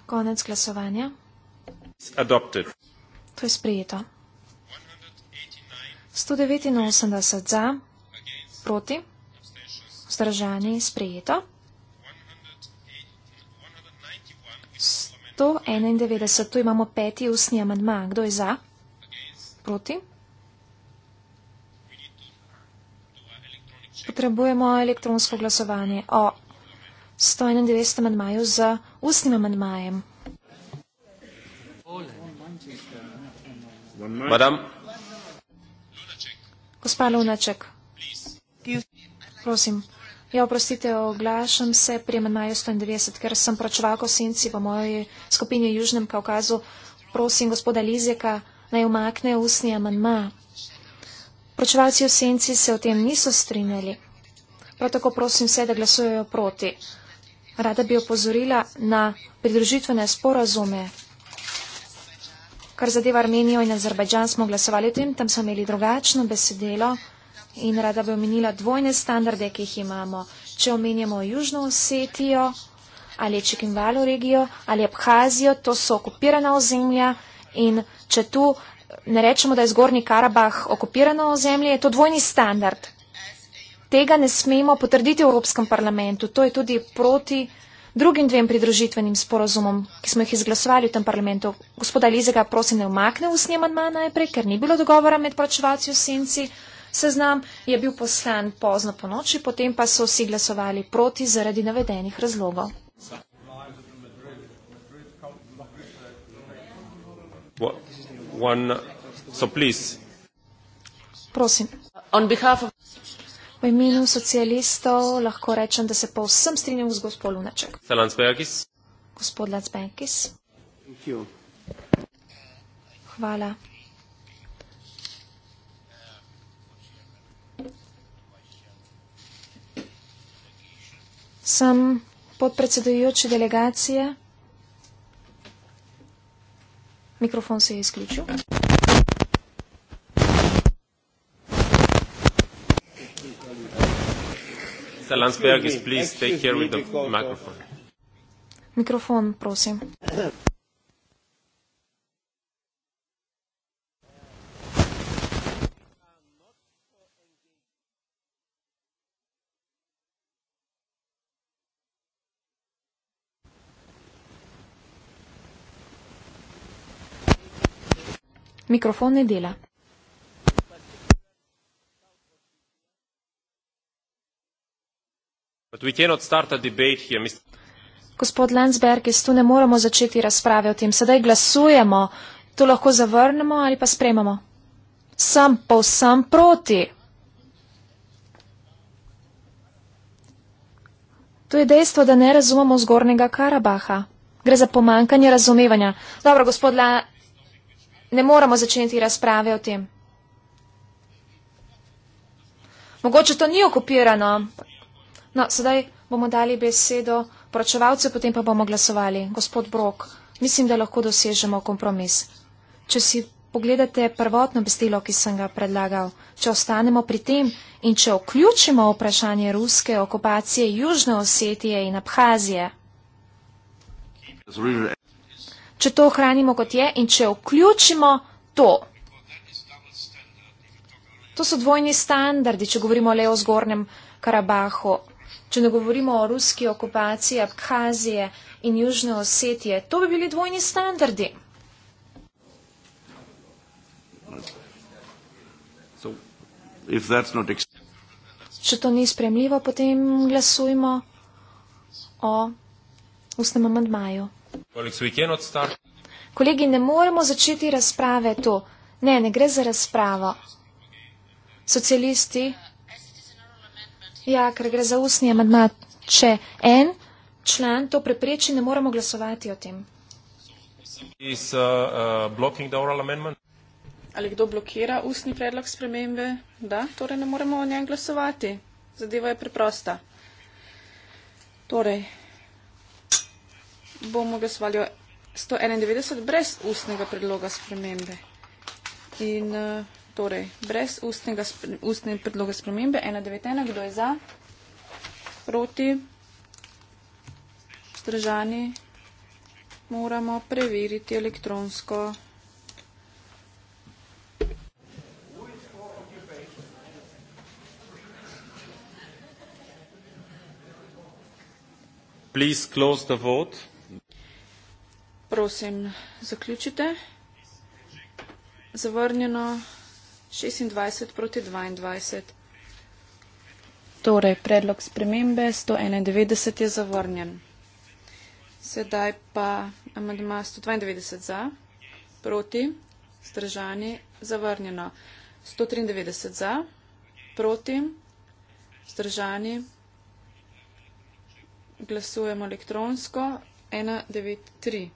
S5: Konec glasovanja. To je sprejeto. 189 za, proti vzdržani in sprejeto. 191, tu imamo peti usni amandma. Kdo je za? Proti? Potrebujemo elektronsko glasovanje o 191 amandmaju z ustnim amandmajem. Madam. Gospa Lunaček, prosim. Ja, oprostite, oglašam se pri MNAJ 190, ker sem pročeval kosinci v moji skupini Južnem Kaukazu. Prosim gospoda Lizeka, naj umakne usni amanma. Pročevalci v senci se o tem niso strinjali. Prav tako prosim vse, da glasujejo proti. Rada bi opozorila na pridružitvene sporazume. Kar zadeva Armenijo in Azerbajdžan, smo glasovali o tem, tam smo imeli drugačno besedelo in rada bi omenila dvojne standarde, ki jih imamo. Če omenjamo Južno Osetijo ali Čekinvalo regijo ali Abhazijo, to so okupirana ozemlja in če tu ne rečemo, da je Zgornji Karabah okupirano ozemlje, je to dvojni standard. Tega ne smemo potrditi v Evropskem parlamentu. To je tudi proti drugim dvem pridružitvenim sporozumom, ki smo jih izglasovali v tem parlamentu. Gospoda Lizega, prosim, ne umakne usnje manjma najprej, ker ni bilo dogovora med pročevalci v senci. Seznam je bil poslan pozno po noči, potem pa so vsi glasovali proti zaradi navedenih razlogov. Prosim. V imenu socialistov lahko rečem, da se povsem strinjam z gospod Lunaček. Gospod Lacbenkis. Hvala. Sem podpredsedujoči delegacije. Mikrofon se je izključil.
S3: Landsberg, please take care with the microphone.
S5: Mikrofon, prosim. Mikrofon ne dela. Gospod Landsberg, jaz tu ne moremo začeti razprave o tem. Sedaj glasujemo, to lahko zavrnemo ali pa sprejmemo. Sem povsem proti. To je dejstvo, da ne razumemo zgornjega Karabaha. Gre za pomankanje razumevanja. Dobro, gospod Landsberg ne moramo začeti razprave o tem. Mogoče to ni okupirano. No, sedaj bomo dali besedo poročevalcu, potem pa bomo glasovali. Gospod Brok, mislim, da lahko dosežemo kompromis. Če si pogledate prvotno bestilo, ki sem ga predlagal, če ostanemo pri tem in če vključimo vprašanje ruske okupacije Južne Osetije in Abhazije če to ohranimo kot je in če vključimo to. To so dvojni standardi, če govorimo le o zgornjem Karabahu. Če ne govorimo o ruski okupaciji Abkhazije in Južne Osetije, to bi bili dvojni standardi. Če to ni spremljivo, potem glasujmo o ustnem amandmaju. Kolegi, ne moremo začeti razprave to. Ne, ne gre za razpravo. Socialisti. Ja, ker gre za usni amadmat. Če en član to prepreči, ne moremo glasovati o tem.
S3: Is, uh, uh Ali kdo blokira
S2: usni predlog spremembe? Da, torej ne moremo o njem glasovati. Zadeva je preprosta. Torej, bomo glasovali 191 brez ustnega predloga spremembe. In eh, torej, brez ustnega, ustnega predloga spremembe 191, kdo je za, proti, stržani, moramo preveriti elektronsko.
S3: Please close the vote
S2: prosim, zaključite. Zavrnjeno 26 proti 22. Torej, predlog spremembe 191 je zavrnjen. Sedaj pa amadma 192 za, proti, stržani, zavrnjeno. 193 za, proti, stržani, glasujemo elektronsko, 193.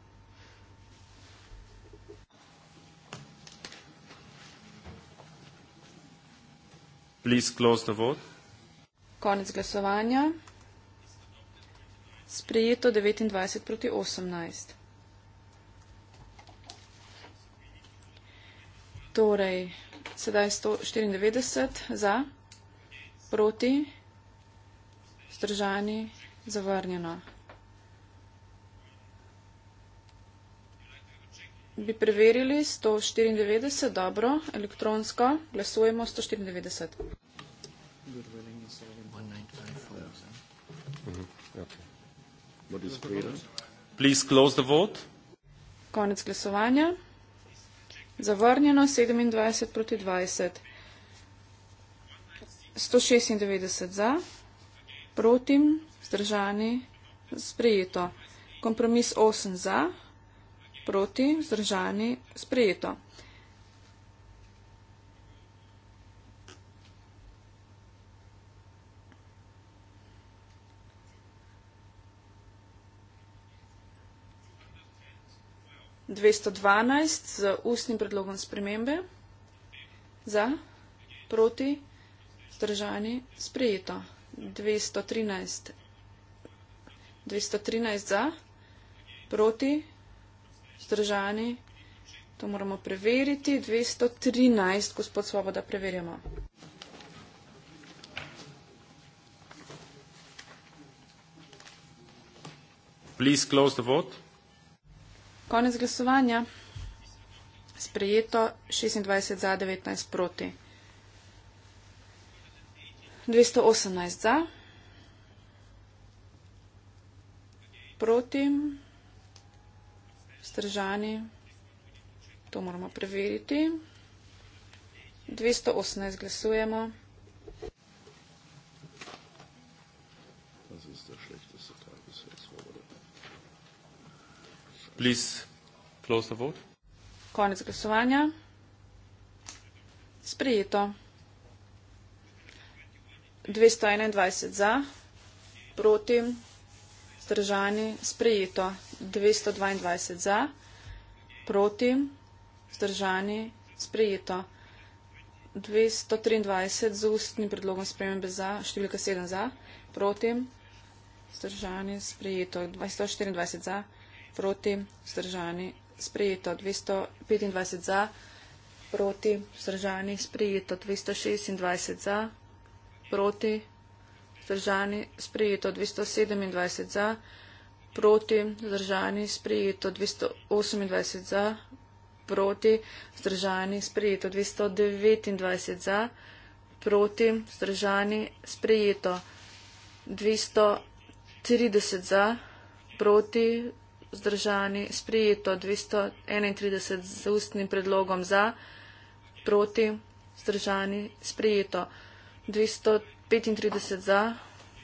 S3: Please close the vote.
S2: Konec glasovanja. Sprejeto 29 proti 18. Torej, sedaj 194 za, proti, zdržani, zavrnjeno. bi preverili 194, dobro, elektronsko, glasujemo 194.
S3: Please close the vote.
S2: Konec glasovanja. Zavrnjeno 27 proti 20. 196 za, proti, zdržani, sprejeto. Kompromis 8 za, proti, vzdržani, sprejeto. Dvesto dvanajst z ustnim predlogom spremembe za, proti, vzdržani, sprejeto. Dvesto trinajst za, proti, vzdržani, sprejeto zdržani. To moramo preveriti. 213, gospod Svoboda, preverjamo.
S3: Please close the vote.
S2: Konec glasovanja. Sprejeto 26 za, 19 proti. 218 za. Proti vzdržani. To moramo preveriti. 218 glasujemo.
S3: Please close the vote.
S2: Konec glasovanja. Sprijeto. 221 za, proti, zdržani, sprijeto. 222 za, proti, zdržani, sprejeto. 223 z ustnim predlogom spremembe za, številka 7 za, proti, zdržani, sprejeto. 224 za, proti, zdržani, sprejeto. 225 za, proti, zdržani, sprejeto. 226 za, proti, zdržani, sprejeto. 227 za, proti, zdržani, sprejeto 228 za, proti, zdržani, sprejeto 229 za, proti, zdržani, sprejeto 230 za, proti, zdržani, sprejeto 231 z ustnim predlogom za, proti, zdržani, sprejeto 235 za,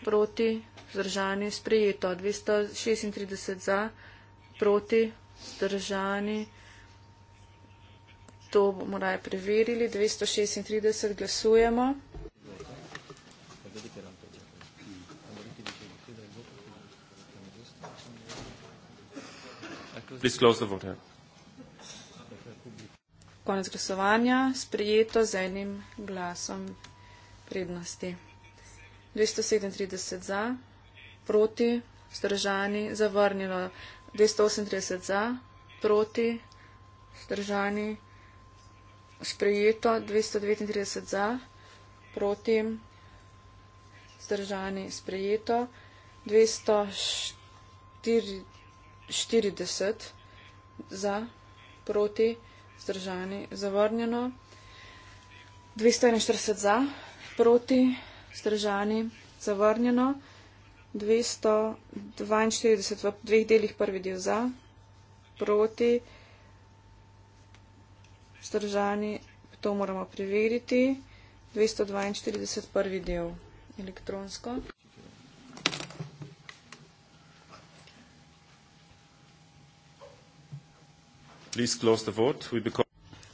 S2: proti, vzdržani, sprejeto 236 za, proti, vzdržani. To bomo naj preverili. 236 glasujemo. Konec glasovanja, sprejeto z enim glasom prednosti. 237 za proti, vzdržani, zavrnilo 238 za, proti, vzdržani, sprejeto 239 za, proti, vzdržani, sprejeto 240 za, proti, vzdržani, zavrnjeno 241 za, proti, vzdržani, zavrnjeno 242 v dveh delih, prvi del za, proti, vzdržani, to moramo preveriti. 242 prvi del elektronsko.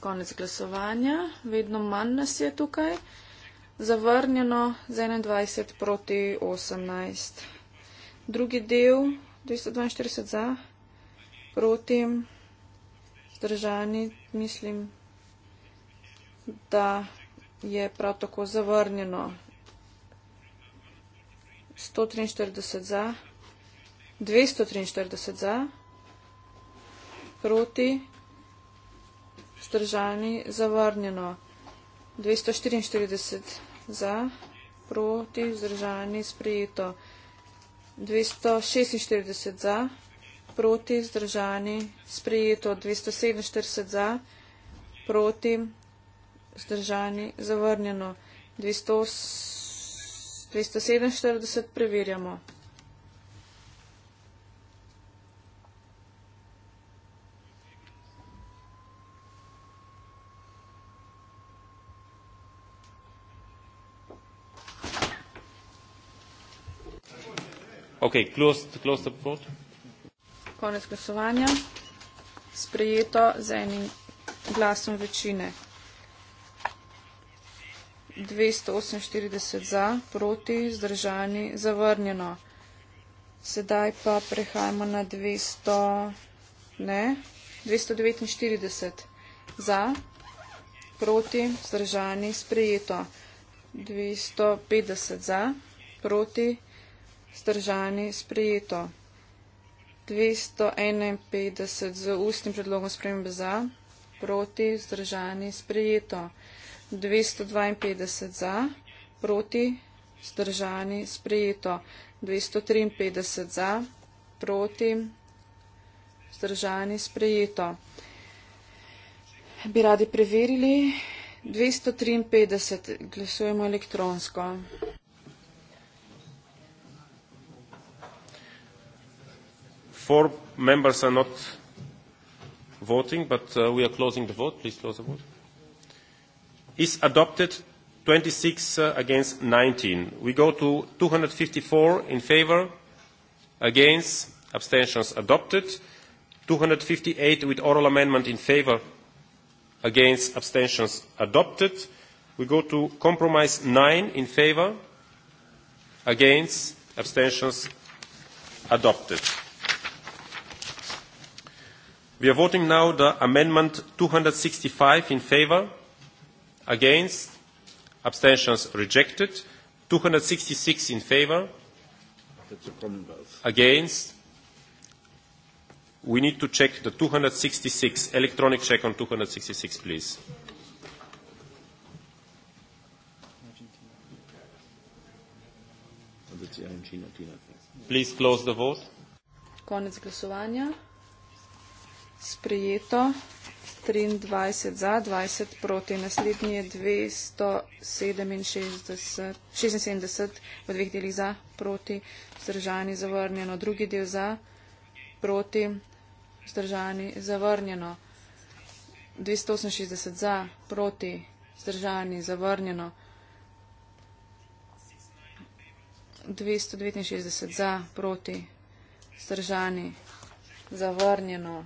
S2: Konec glasovanja, vedno manj nas je tukaj, zavrnjeno z 21 proti 18 drugi del 242 za, proti, zdržani, mislim, da je prav tako zavrnjeno. 143 za, 243 za, proti, zdržani, zavrnjeno. 244 za, proti, zdržani, sprejeto. 246 za, proti zdržani, sprejeto 247 za, proti zdržani, zavrnjeno 248. 247 preverjamo.
S3: Okay, closed, closed the vote.
S2: Konec glasovanja. Sprejeto z enim glasom večine. 248 za, proti, zdržani, zavrnjeno. Sedaj pa prehajamo na 200, ne, 249 za, proti, zdržani, sprejeto. 250 za, proti, zdržani. Zdržani sprejeto. 251 z ustnim predlogom spremembe za, proti, zdržani sprejeto. 252 za, proti, zdržani sprejeto. 253 za, proti, zdržani sprejeto. Bi radi preverili 253, glasujemo elektronsko.
S3: four members are not voting, but uh, we are closing the vote. Please close the vote. Is adopted 26 uh, against 19. We go to 254 in favor, against, abstentions adopted. 258 with oral amendment in favor, against, abstentions adopted. We go to compromise 9 in favor, against, abstentions adopted. We are voting now the amendment 265 in favor, against, abstentions rejected. 266 in favor.
S1: That's a common vote.
S3: Against. We need to check the 266. Electronic check on 266, please. Please close the vote
S2: sprejeto. 23 za, 20 proti. Naslednji je 276 v dveh delih za, proti. Zdržani zavrnjeno. Drugi del za, proti. Zdržani zavrnjeno. 268 za, proti. Zdržani zavrnjeno. 269 za, proti. Zdržani zavrnjeno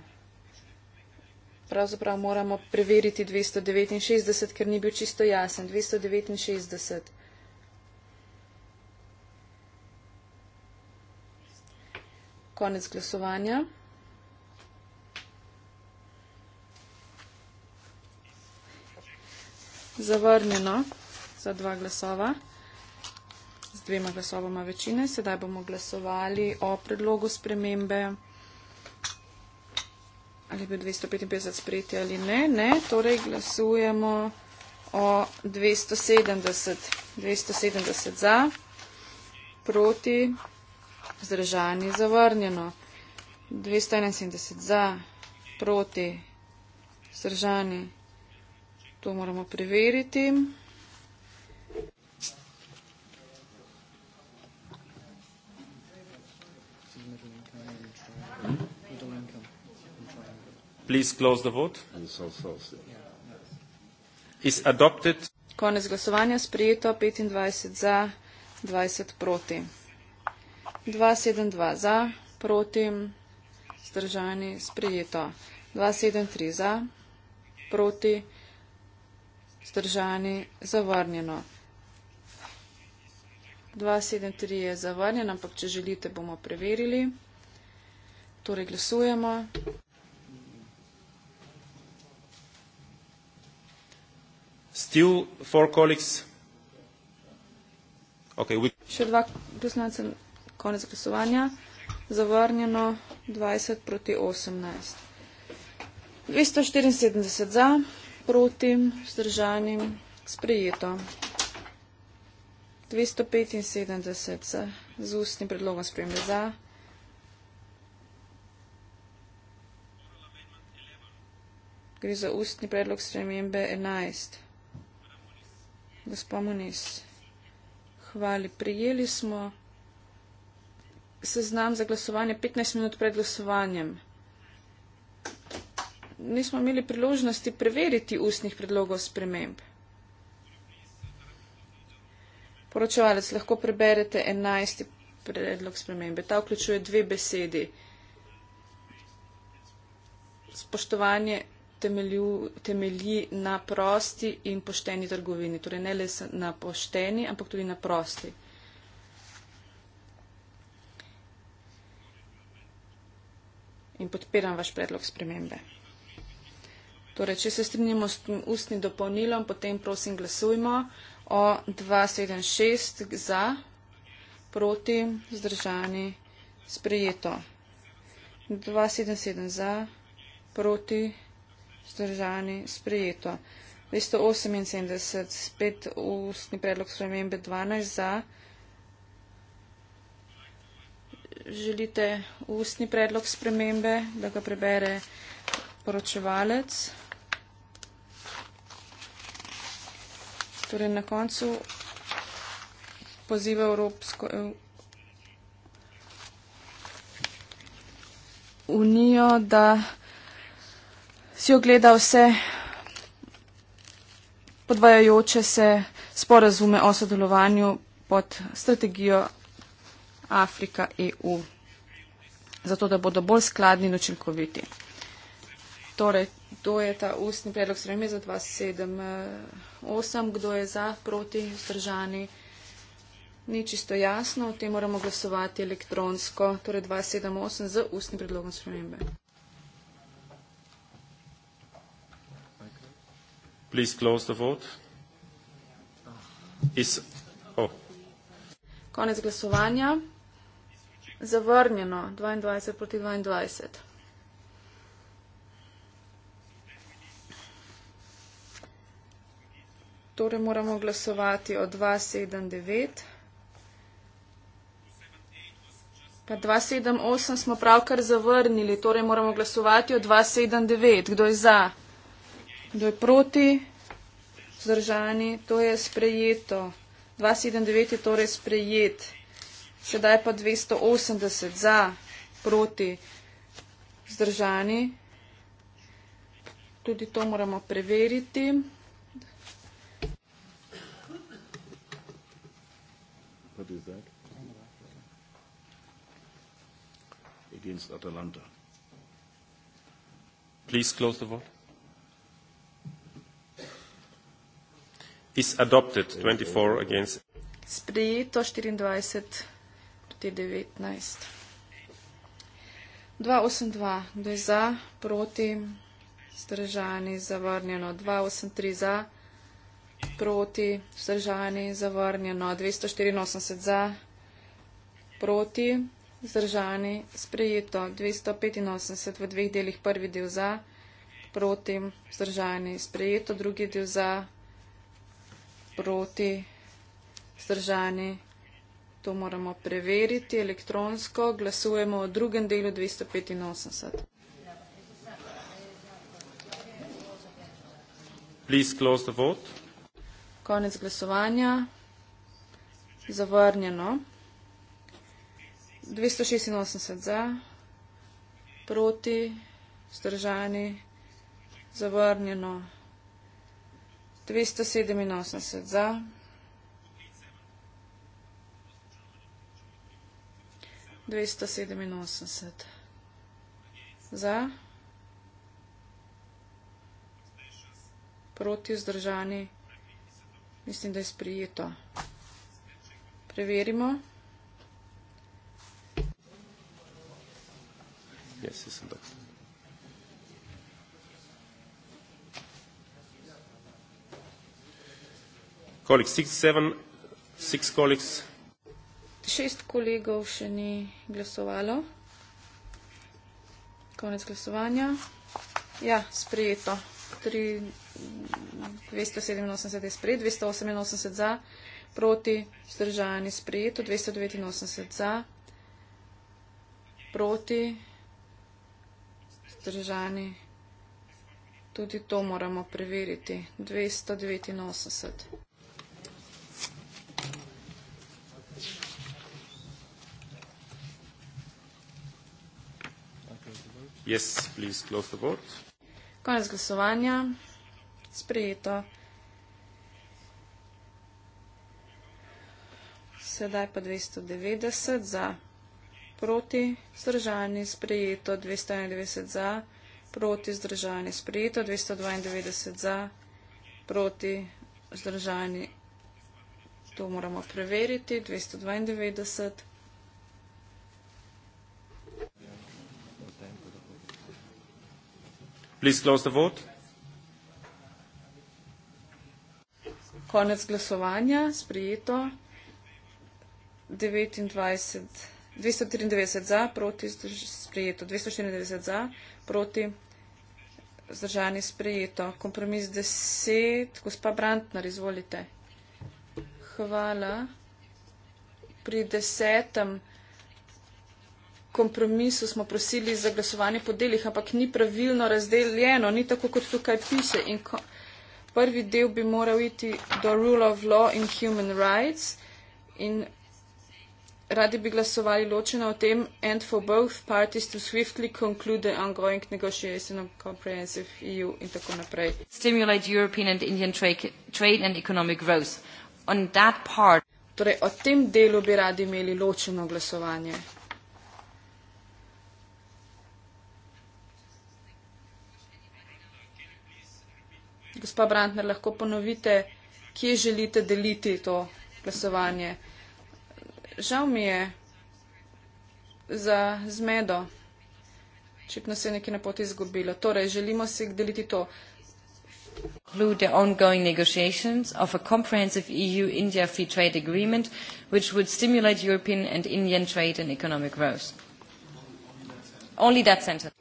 S2: pravzaprav moramo preveriti 269, ker ni bil čisto jasen. 269. Konec glasovanja. Zavrnjeno za dva glasova, z dvema glasovoma večine. Sedaj bomo glasovali o predlogu spremembe ali je bil 255 sprejeti ali ne. Ne, torej glasujemo o 270, 270 za, proti, zdržani, zavrnjeno. 271 za, proti, zdržani, to moramo preveriti.
S3: Please close the vote. Is adopted.
S2: Konec glasovanja sprejeto 25 za, 20 proti. 272 za, proti, zdržani sprejeto. 273 za, proti, zdržani zavrnjeno. 273 je zavrnjeno, ampak če želite, bomo preverili. Torej glasujemo.
S3: Still four colleagues. Okay, we...
S2: Še dva poslanca, konec glasovanja. Zavrnjeno 20 proti 18. 274 za, proti, vzdržanim, sprejeto. 275 za, z ustnim predlogom spremlja za. Gre za ustni predlog spremembe 11 gospod Moniz. Hvali, prijeli smo seznam za glasovanje 15 minut pred glasovanjem. Nismo imeli priložnosti preveriti ustnih predlogov sprememb. Poročevalec, lahko preberete 11. predlog spremembe. Ta vključuje dve besedi. Spoštovanje temelju, temelji na prosti in pošteni trgovini. Torej ne le na pošteni, ampak tudi na prosti. In podpiram vaš predlog spremembe. Torej, če se strinjamo s tem ustnim dopolnilom, potem prosim glasujmo o 276 za, proti, zdržani, sprejeto. 277 za, proti, zdržani vzdržani, sprejeto. 278, spet ustni predlog spremembe 12 za. Želite ustni predlog spremembe, da ga prebere poročevalec? Torej na koncu poziva Evropsko unijo, da si ogleda vse podvajajoče se sporazume o sodelovanju pod strategijo Afrika EU, zato da bodo bolj skladni in učinkoviti. Torej, to je ta ustni predlog sprememe za 278. Kdo je za, proti, vzdržani? Ni čisto jasno, o tem moramo glasovati elektronsko, torej 278 z ustnim predlogom spremembe.
S3: Please close the vote. Is, oh.
S2: Konec glasovanja. Zavrnjeno 22 proti 22. Torej moramo glasovati o 279. Pa 278 smo pravkar zavrnili, torej moramo glasovati o 279. Kdo je za? Kdo je proti? Zdržani. To je sprejeto. 279 je torej sprejet. Sedaj pa 280 za, proti. Zdržani. Tudi to moramo preveriti.
S3: Against Atalanta. Please close the vote. is adopted 24 against.
S2: Sprejeto 24 proti 19. 282, kdo je za, proti, zdržani, zavrnjeno. 283 za, proti, zdržani, zavrnjeno. 284 za, proti, zdržani, sprejeto. 285 v dveh delih, prvi del za, proti, zdržani, sprejeto, drugi del za, proti, vzdržani. To moramo preveriti elektronsko. Glasujemo o drugem delu 285.
S3: Please close the vote.
S2: Konec glasovanja. Zavrnjeno. 286 za, proti, vzdržani, zavrnjeno. 287 za. Dvesto sedeminosemdeset za, proti vzdržani, mislim, da je sprijeto. Preverimo.
S1: Jaz sem doktor.
S3: Koliko? Six, seven, six colleagues.
S2: Šest kolegov še ni glasovalo. Konec glasovanja. Ja, sprejeto. 3, 287 je sprejet, 288 za, proti, zdržani sprejeto, 289 za, proti, zdržani. Tudi to moramo preveriti. 289.
S3: Yes, please close the vote.
S2: Konec glasovanja. Sprejeto. Sedaj pa 290 za, proti, zdržani, sprejeto, 291 za, proti, zdržani, sprejeto, 292 za, proti, zdržani. To moramo preveriti, 292.
S3: Please close the vote.
S2: Konec glasovanja, sprejeto. 29, 293 za, proti, sprejeto. 294 za, proti, zdržani, sprejeto. Kompromis 10, gospa Brantner, izvolite. Hvala. Pri desetem kompromisu smo prosili za glasovanje po delih, ampak ni pravilno razdeljeno, ni tako, kot tukaj piše. Ko, prvi del bi moral iti do rule of law in human rights in radi bi glasovali ločeno o tem and for both parties to swiftly conclude the ongoing negotiation of comprehensive EU in tako naprej.
S4: Stimulate European and Indian trade, trade and
S2: economic growth. On that part. Torej, o tem delu bi radi imeli ločeno glasovanje. gospa Brantner, lahko ponovite, kje želite deliti to glasovanje. Žal mi je za zmedo, če bi nas je nekaj na poti izgubilo. Torej, želimo si deliti to.
S4: Include the ongoing negotiations of a comprehensive EU India free trade agreement, which would stimulate European and Indian trade and economic growth. Only that sentence.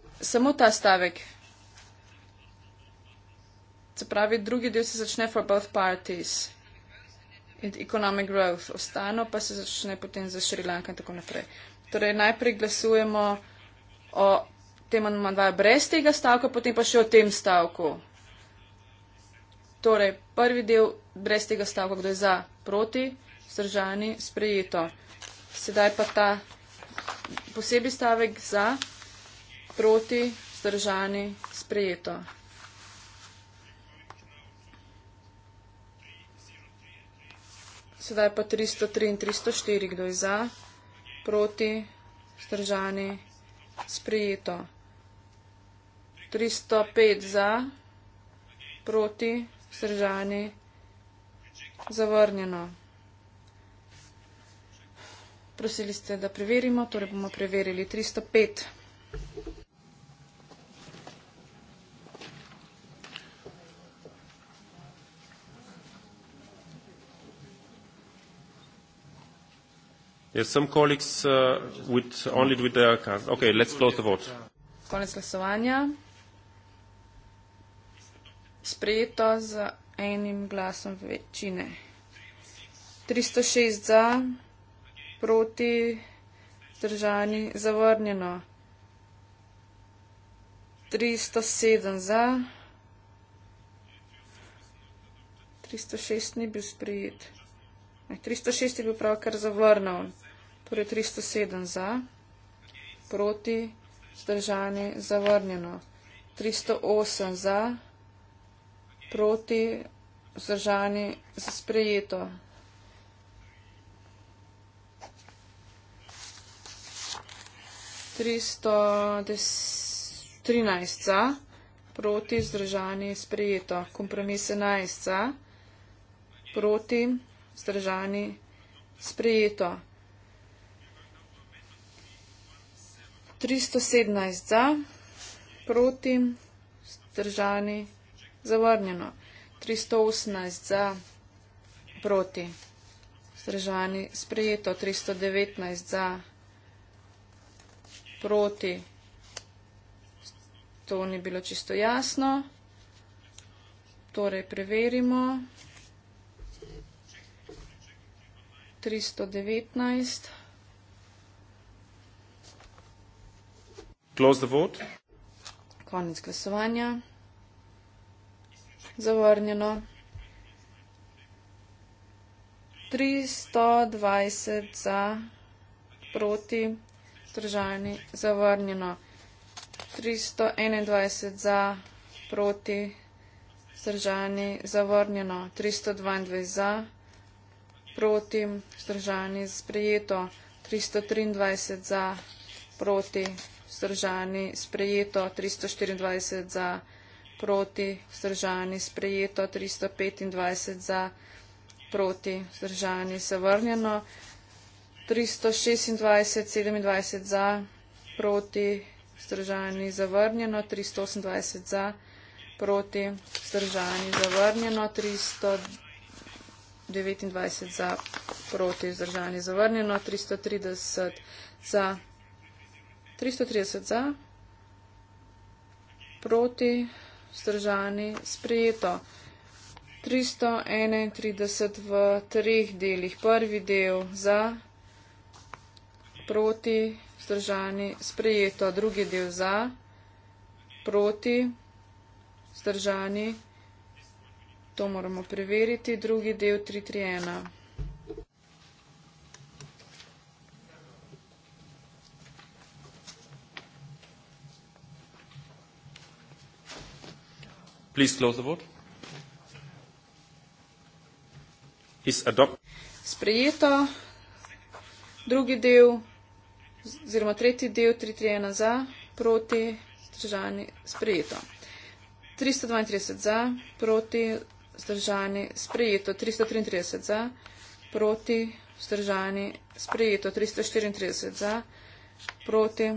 S2: Se pravi, drugi del se začne for both parties. In economic growth. Ostano pa se začne potem za Šrilanko in tako naprej. Torej, najprej glasujemo o tem amandmaju brez tega stavka, potem pa še o tem stavku. Torej, prvi del brez tega stavka, kdo je za, proti, zdržani, sprejeto. Sedaj pa ta posebi stavek za, proti, zdržani, sprejeto. Sedaj pa 303 in 304, kdo je za, proti, stržani, sprijeto. 305 za, proti, stržani, zavrnjeno. Prosili ste, da preverimo, torej bomo preverili 305.
S3: Yes, some colleagues uh, with only with their cards. Okay, let's close the vote.
S2: Konec glasovanja. Sprejeto z enim glasom večine. 306 za, proti, zdržani, zavrnjeno. 307 za. 306 ni bil sprejet. 306 je bil pravkar zavrnjen. Torej 307 za, proti, zdržani, zavrnjeno. 308 za, proti, zdržani, sprejeto. Tristo trinajst proti zdržani sprejeto. Kompromis enajst proti zdržani sprejeto. 317 za, proti, zdržani, zavrnjeno. 318 za, proti, zdržani, sprejeto. 319 za, proti, to ni bilo čisto jasno. Torej, preverimo. 319. Close the vote. Konec glasovanja. Zavrnjeno. 320 za proti držani zavrnjeno. 321 za proti držani zavrnjeno. 322 za proti držani sprejeto. 323 za proti, vzdržani, sprejeto, 324 za, proti, vzdržani, sprejeto, 325 za, proti, vzdržani, zavrnjeno, 326, 27 za, proti, vzdržani, zavrnjeno, 328 za, proti, vzdržani, zavrnjeno, 329 za, proti, vzdržani, zavrnjeno, 330 za, 330 za, proti, vzdržani, sprejeto. 331 v treh delih. Prvi del za, proti, vzdržani, sprejeto. Drugi del za, proti, vzdržani. To moramo preveriti. Drugi del 331.
S3: Please close the vote. Is adopted.
S2: Sprejeto. Drugi del, oziroma tretji del, 331 za, proti, zdržani, sprejeto. 332 za, proti, zdržani, sprejeto. 333 za, proti, zdržani, sprejeto. 334 za, proti,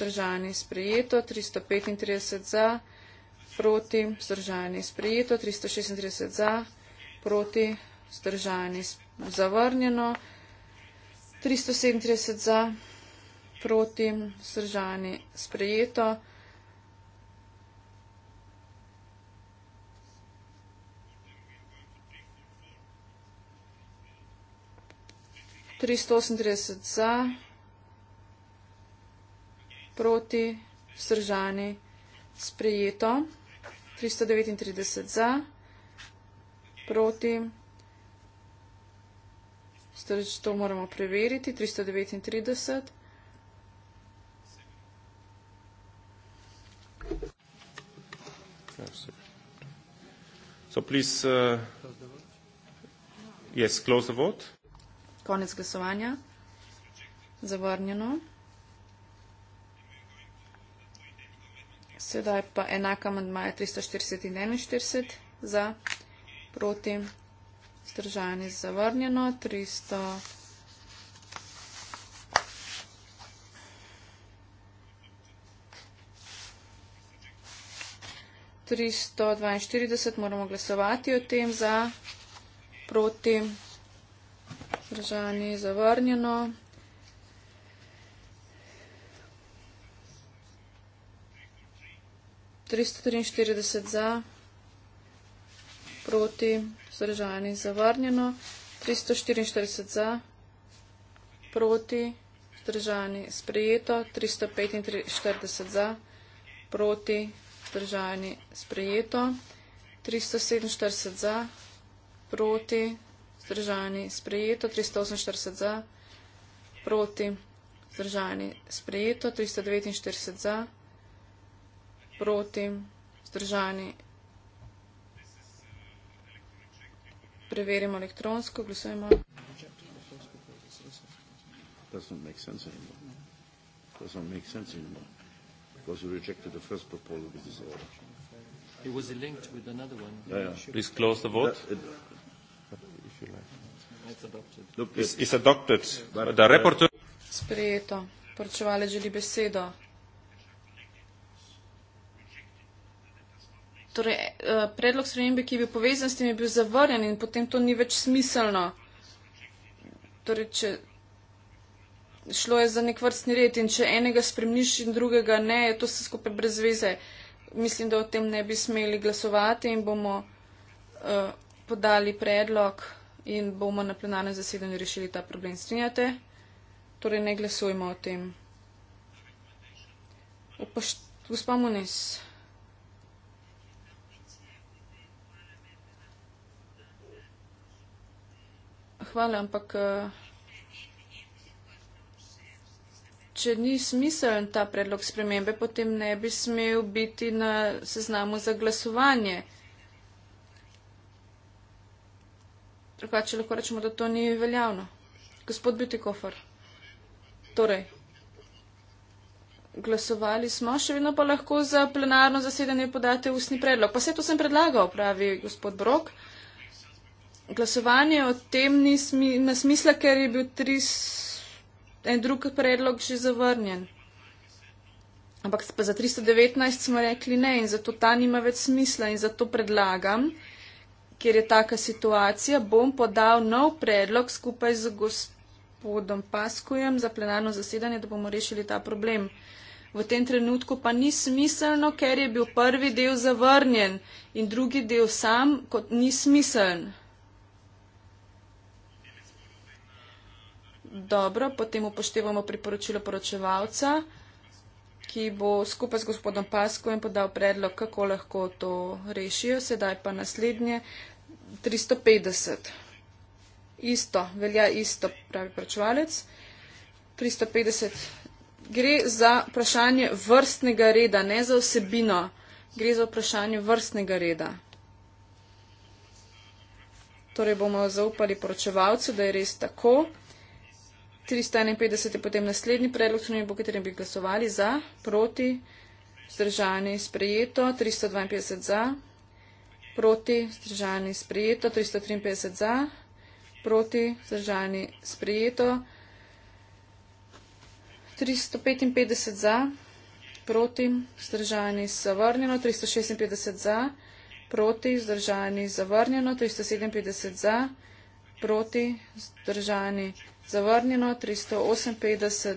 S2: zdržani, sprejeto. 335 za, proti, vzdržani, sprijeto, 336 za, proti, vzdržani, zavrnjeno, 337 za, proti, vzdržani, sprijeto. Tristo osemdeset za, proti, vzdržani, sprejeto. 339 za, proti. Storič, to moramo preveriti. 339.
S3: So, please, uh, yes, close the vote.
S2: Konec glasovanja. Zavrnjeno. Sedaj pa enaka amandmaja 340 in 41 za proti. Zdržanje zavrnjeno. 300. 342 moramo glasovati o tem za proti. Zdržanje zavrnjeno. 343 za, proti, zdržani, zavarnjeno. 344 za, proti, zdržani, sprejeto. 345 za, proti, zdržani, sprejeto. 347 za, proti, zdržani, sprejeto. 348 za, proti, zdržani, sprejeto. 349 za, proti proti, vzdržani. Preverimo elektronsko, glasujemo.
S1: Please
S3: close the vote. If you like. It's adopted. It's adopted. The, the
S2: Sprejeto. Poročevalec želi besedo. torej, eh, predlog spremembe, ki je bil povezan s tem, je bil zavrnjen in potem to ni več smiselno. Torej, če šlo je za nek vrstni red in če enega spremniš in drugega ne, je to vse skupaj brez veze. Mislim, da o tem ne bi smeli glasovati in bomo uh, podali predlog in bomo na plenarnem zasedanju rešili ta problem. Strinjate? Torej, ne glasujmo o tem. Upošt, gospod Munis. hvale, ampak eh, če ni smiseln ta predlog spremembe, potem ne bi smel biti na seznamu za glasovanje. Drugače lahko rečemo, da to ni veljavno. Gospod Bitikofer, torej, glasovali smo, še vedno pa lahko za plenarno zasedanje podate ustni predlog. Pa vse to sem predlagal, pravi gospod Brok glasovanje o tem ni smi, smisla, ker je bil tris, en drug predlog že zavrnjen. Ampak pa za 319 smo rekli ne in zato ta nima več smisla in zato predlagam, ker je taka situacija, bom podal nov predlog skupaj z gospodom Paskujem za plenarno zasedanje, da bomo rešili ta problem. V tem trenutku pa ni smiselno, ker je bil prvi del zavrnjen in drugi del sam kot ni smiselno. Dobro, potem upoštevamo priporočilo poročevalca, ki bo skupaj z gospodom Paskojem podal predlog, kako lahko to rešijo. Sedaj pa naslednje 350. Isto, velja isto, pravi poročevalec. 350 gre za vprašanje vrstnega reda, ne za osebino. Gre za vprašanje vrstnega reda. Torej bomo zaupali poročevalcu, da je res tako. 351 je potem naslednji predlog, po katerem bi glasovali za, proti, zdržani, sprejeto, 352 za, proti, zdržani, sprejeto, 353 za, proti, zdržani, sprejeto, 355 za, proti, zdržani, zavrnjeno, 356 za, proti, zdržani, zavrnjeno, 357 za, proti, zdržani, zavrnjeno zavrnjeno 358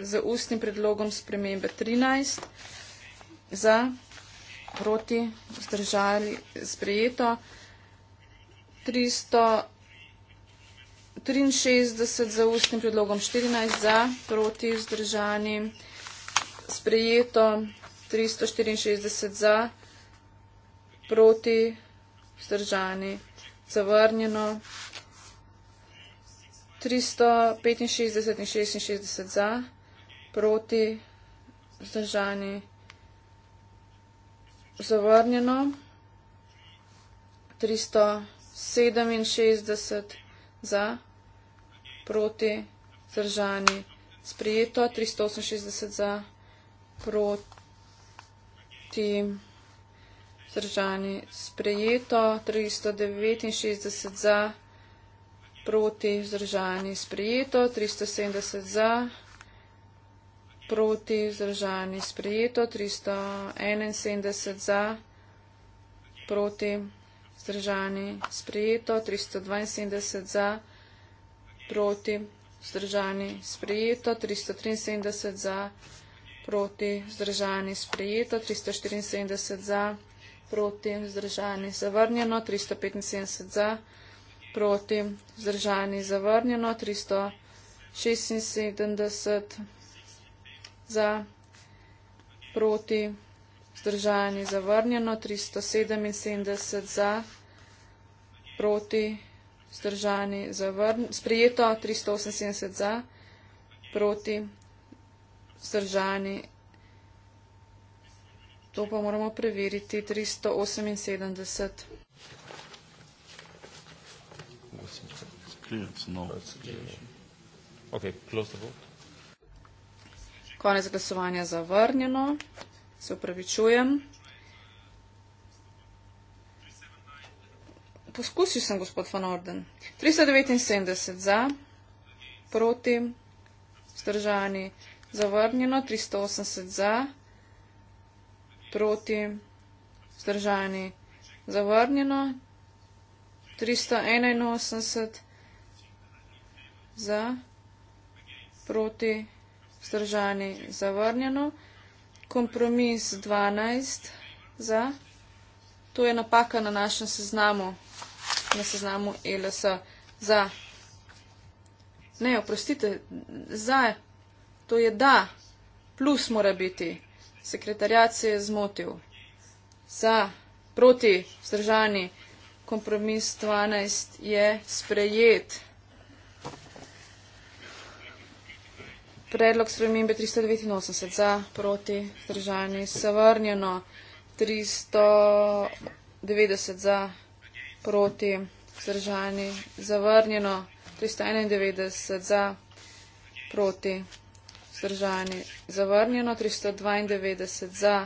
S2: z ustnim predlogom spremembe 13, za proti vzdržali sprejeto 363 z ustnim predlogom 14, za proti vzdržani sprejeto 364 za proti vzdržani zavrnjeno 365 in 66 za, proti, zdržani, zavrnjeno, 367 za, proti, zdržani, sprijeto, 368 za, proti, zdržani, sprijeto, 369 za, proti vzdržani sprejeto, 370 za, proti vzdržani sprejeto, 371 za, proti vzdržani sprejeto, 372 za, proti vzdržani sprejeto, 373 za, proti vzdržani sprejeto, 374 za, proti vzdržani zavrnjeno, 375 za proti, zdržani zavrnjeno, 376 za, proti, zdržani zavrnjeno, 377 za, proti, zdržani zavrnjeno, sprijeto, 378 za, proti, zdržani. To pa moramo preveriti 378.
S1: Klinec, no. Ok, close the vote.
S2: Konec glasovanja zavrnjeno. Se upravičujem. Poskusil sem, gospod Van Orden. 379 za, proti, vzdržani, zavrnjeno. 380 za, proti, vzdržani, zavrnjeno. 381 za, proti, vzdržani, zavrnjeno. Kompromis 12 za. To je napaka na našem seznamu, na seznamu e LSA za. Ne, oprostite, za. To je da. Plus mora biti. Sekretarjat se je zmotil. Za, proti, vzdržani. Kompromis 12 je sprejet. Predlog spremembe 389 za proti zdržani zavrnjeno, 390 za proti zdržani zavrnjeno, 391 za proti zdržani zavrnjeno, 392 za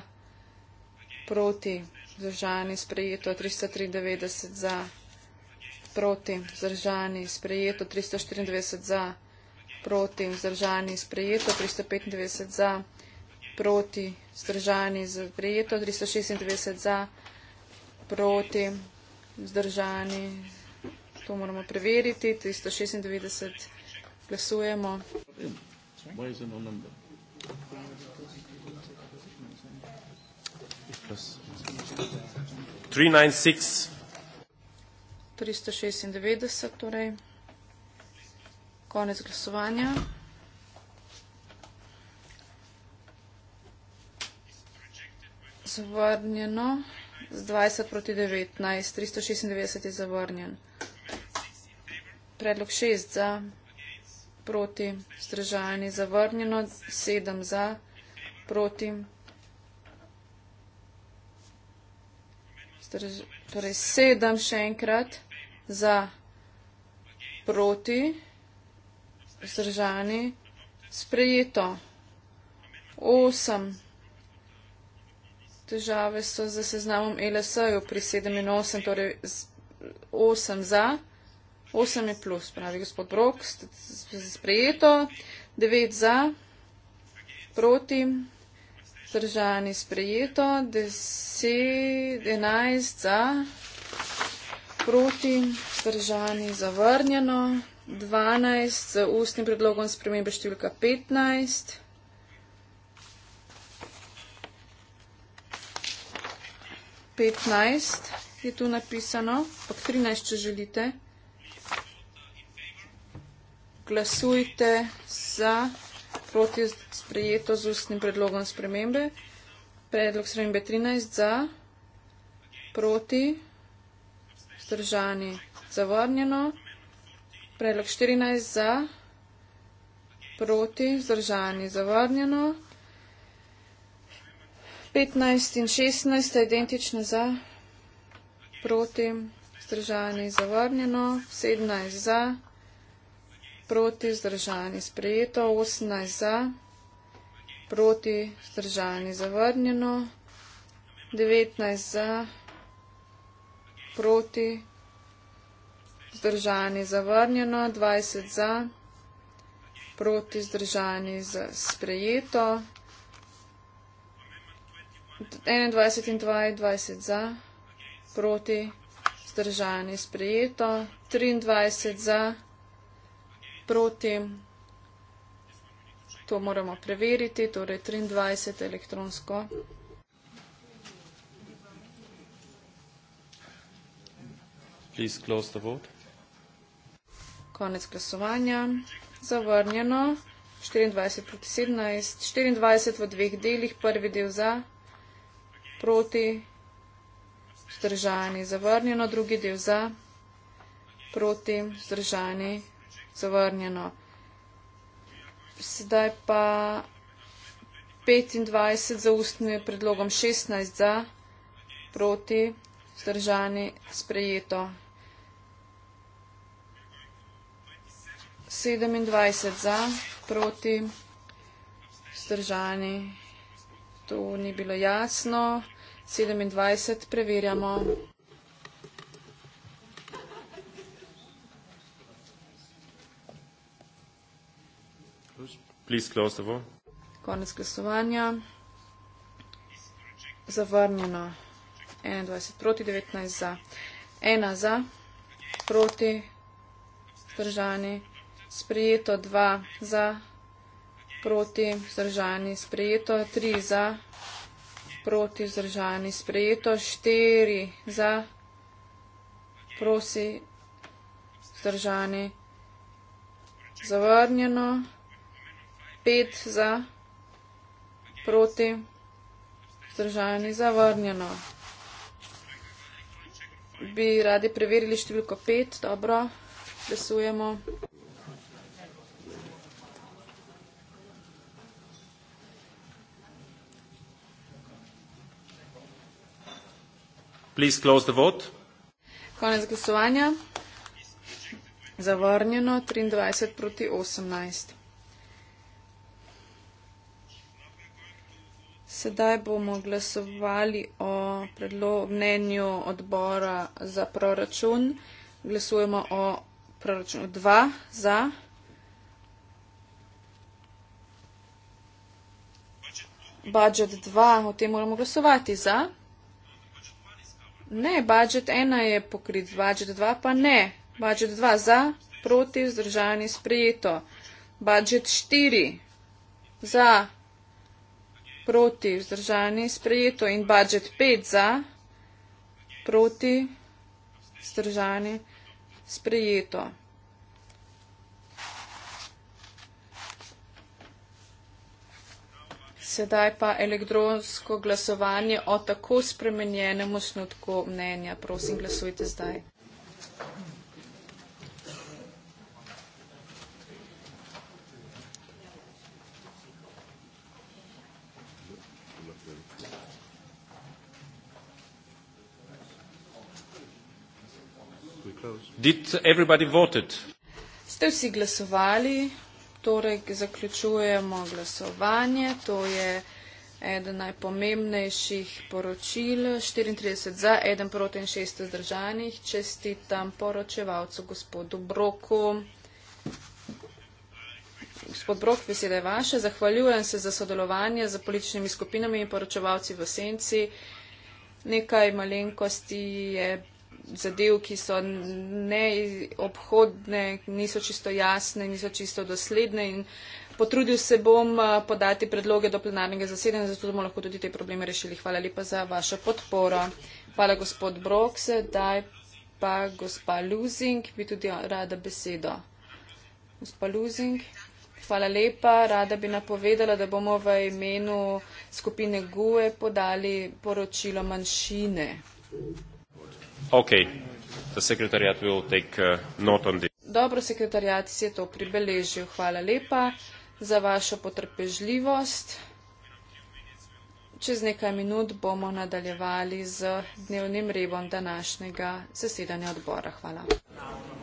S2: proti zdržani sprejeto, 393 za proti zdržani sprejeto, 394 za proti, vzdržani, sprejeto, 395 za, proti, vzdržani, sprejeto, 396 za, proti, vzdržani, to moramo preveriti, 396 glasujemo. Plus. 396, no torej konec glasovanja. Zavrnjeno z 20 proti 19, 396 je zavrnjen. Predlog 6 za, proti, zdržajni, zavrnjeno, 7 za, proti, zdrž, torej 7 še enkrat, za, proti vzdržani, sprejeto. Osem. Težave so torej za seznamom LSE-ju pri 7 in 8, torej 8 za, 8 je plus, pravi gospod Brok, sprejeto, 9 za, proti, zdržani sprejeto, 10, 11 za, proti, zdržani zavrnjeno, 12 z ustnim predlogom spremembe številka 15. Petnajst je tu napisano, pa trinajst, če želite. Glasujte za proti sprejeto z ustnim predlogom spremembe. Predlog spremembe trinajst za, proti, zdržani, zavrnjeno. Predlog 14 za, proti, vzdržani, zavrnjeno. 15 in 16 identične za, proti, vzdržani, zavrnjeno. 17 za, proti, vzdržani, sprejeto. 18 za, proti, vzdržani, zavrnjeno. 19 za, proti, vzdržani vzdržani zavrnjeno, 20 za, proti vzdržani za sprejeto, 21 in 22 za, proti vzdržani sprejeto, 23 za, proti. To moramo preveriti, torej 23 elektronsko.
S3: Please close the vote.
S2: Konec glasovanja. Zavrnjeno. 24 proti 17. 24 v dveh delih. Prvi del za. Proti. Zdržani. Zavrnjeno. Drugi del za. Proti. Zdržani. Zavrnjeno. Sedaj pa 25 za ustni predlogom, 16 za, proti, zdržani, sprejeto. 27 za, proti, zdržani. To ni bilo jasno. 27 preverjamo. Konec glasovanja. Zavrnjeno. 21 proti 19 za. 1 za, proti, zdržani sprejeto 2 za, proti zdržani sprejeto 3 za, proti zdržani sprejeto 4 za, prosi zdržani zavrnjeno 5 za, proti zdržani zavrnjeno. Bi radi preverili številko 5, dobro, glasujemo.
S3: Please close the vote.
S2: Konec glasovanja. Zavrnjeno 23 proti 18. Sedaj bomo glasovali o predlognenju odbora za proračun. Glasujemo o proračunu 2 za. Budget 2, o tem moramo glasovati za. Ne, budžet ena je pokrit, budžet dva pa ne. Budžet dva za, proti, vzdržani, sprejeto. Budžet štiri za, proti, vzdržani, sprejeto. In budžet pet za, proti, vzdržani, sprejeto. Sedaj pa elektronsko glasovanje o tako spremenjenem osnutku mnenja. Prosim, glasujte zdaj. Ste vsi glasovali? torej zaključujemo glasovanje. To je eden najpomembnejših poročil. 34 za, 1 proti in 6 zdržanih. Čestitam poročevalcu gospodu Broku. Gospod Brok, beseda je vaša. Zahvaljujem se za sodelovanje z političnimi skupinami in poročevalci v Senci. Nekaj malenkosti je zadev, ki so neobhodne, niso čisto jasne, niso čisto dosledne in potrudil se bom eh, podati predloge do plenarnega zasedanja, zato bomo lahko tudi te probleme rešili. Hvala lepa za vašo podporo. Hvala gospod Brokse, daj pa gospa Luzing, bi tudi rada besedo. Gospa Luzing. Hvala lepa. Rada bi napovedala, da bomo v imenu skupine GUE podali poročilo manjšine.
S4: Thank you.
S3: Okay. The secretariat will take uh, note on this.
S2: Dobro, sekretarjat si je to pribeležil. Hvala lepa za vašo potrpežljivost. Čez nekaj minut bomo nadaljevali z dnevnim rebom današnjega zasedanja odbora. Hvala. No.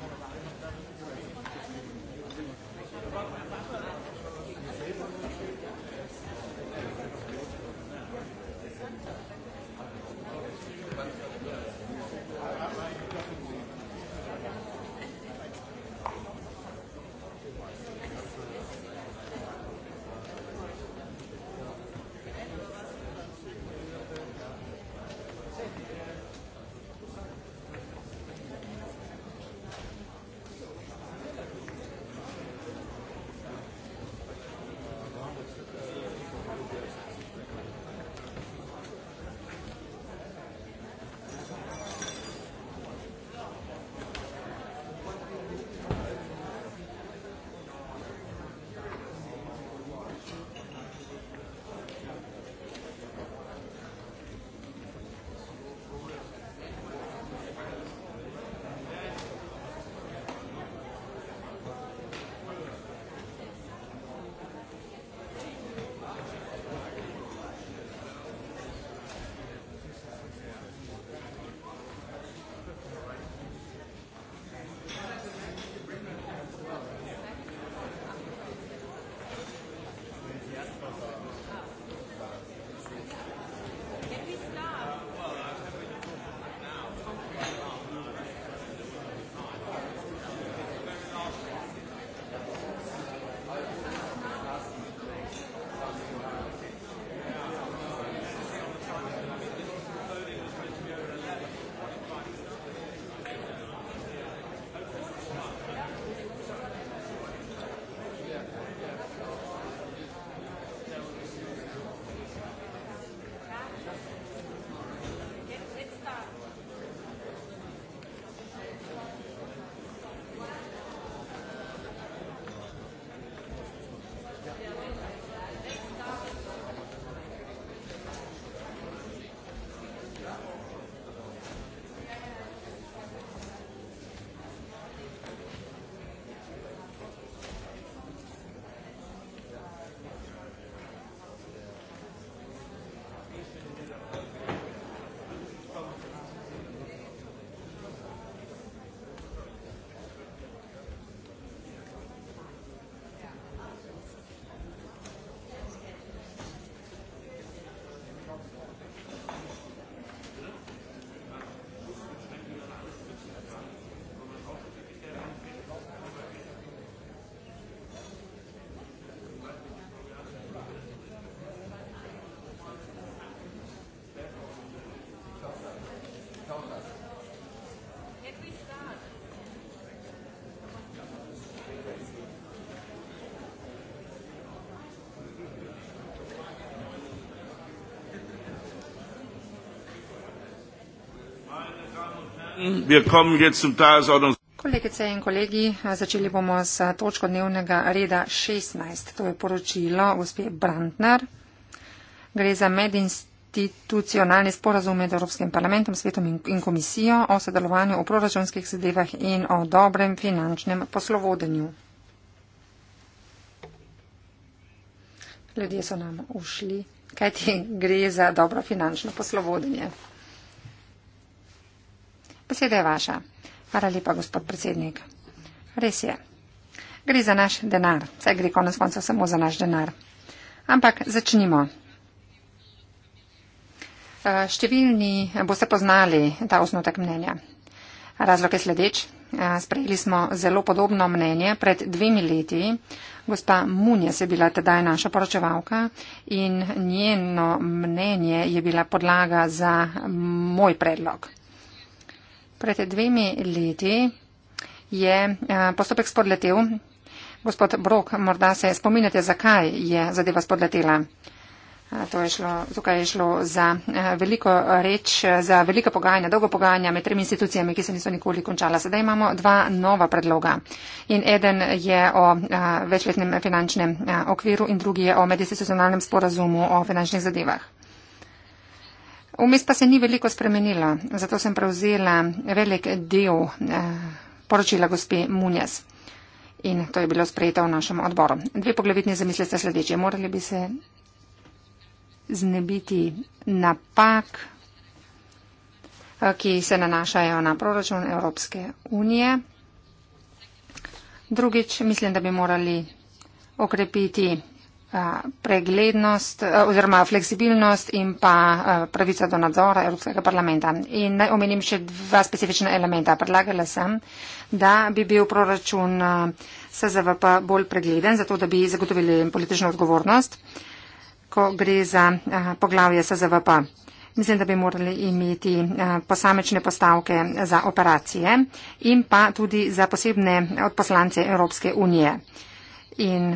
S4: Kolegice in kolegi, začeli bomo s točko dnevnega reda 16. To je poročilo gospe Brandner. Gre za medinstitucionalne sporazume med Evropskim parlamentom, svetom in komisijo o sodelovanju v proračunskih zadevah in o dobrem finančnem poslovodenju. Ljudje so nam ušli, kajti gre za dobro finančno poslovodenje. Beseda je vaša. Hvala lepa, gospod predsednik. Res je. Gre za naš denar. Vse gre konec koncev samo za naš denar. Ampak začnimo. E, številni boste poznali ta osnotek mnenja. Razlog je sledeč. E, sprejeli smo zelo podobno mnenje pred dvemi leti. Gospa Munja se je bila tedaj naša poročevalka in njeno mnenje je bila podlaga za moj predlog. Pred dvemi leti je eh, postopek spodletel. Gospod Brok, morda se spominjate, zakaj je zadeva spodletela. Eh, to je šlo, tukaj je šlo za eh, veliko reč, za velika pogajanja, dolgo pogajanja med tremi institucijami, ki se niso nikoli končala. Sedaj imamo dva nova predloga. In eden je o večletnem finančnem okviru in drugi je o medinstitucionalnem sporazumu o finančnih zadevah. Vmes pa se ni veliko spremenilo, zato sem prevzela velik del eh, poročila gospe Munjas. In to je bilo sprejeto v našem odboru. Dve poglavitni zamisli sta sledeče. Morali bi se znebiti napak, eh, ki se nanašajo na proračun Evropske unije. Drugič, mislim, da bi morali okrepiti preglednost oziroma fleksibilnost in pa pravica do nadzora Evropskega parlamenta. In naj omenim še dva specifična elementa. Predlagala sem, da bi bil proračun SZVP bolj pregleden, zato da bi zagotovili politično odgovornost, ko gre za poglavje SZVP. Mislim, da bi morali imeti posamečne postavke za operacije in pa tudi za posebne odposlance Evropske unije. In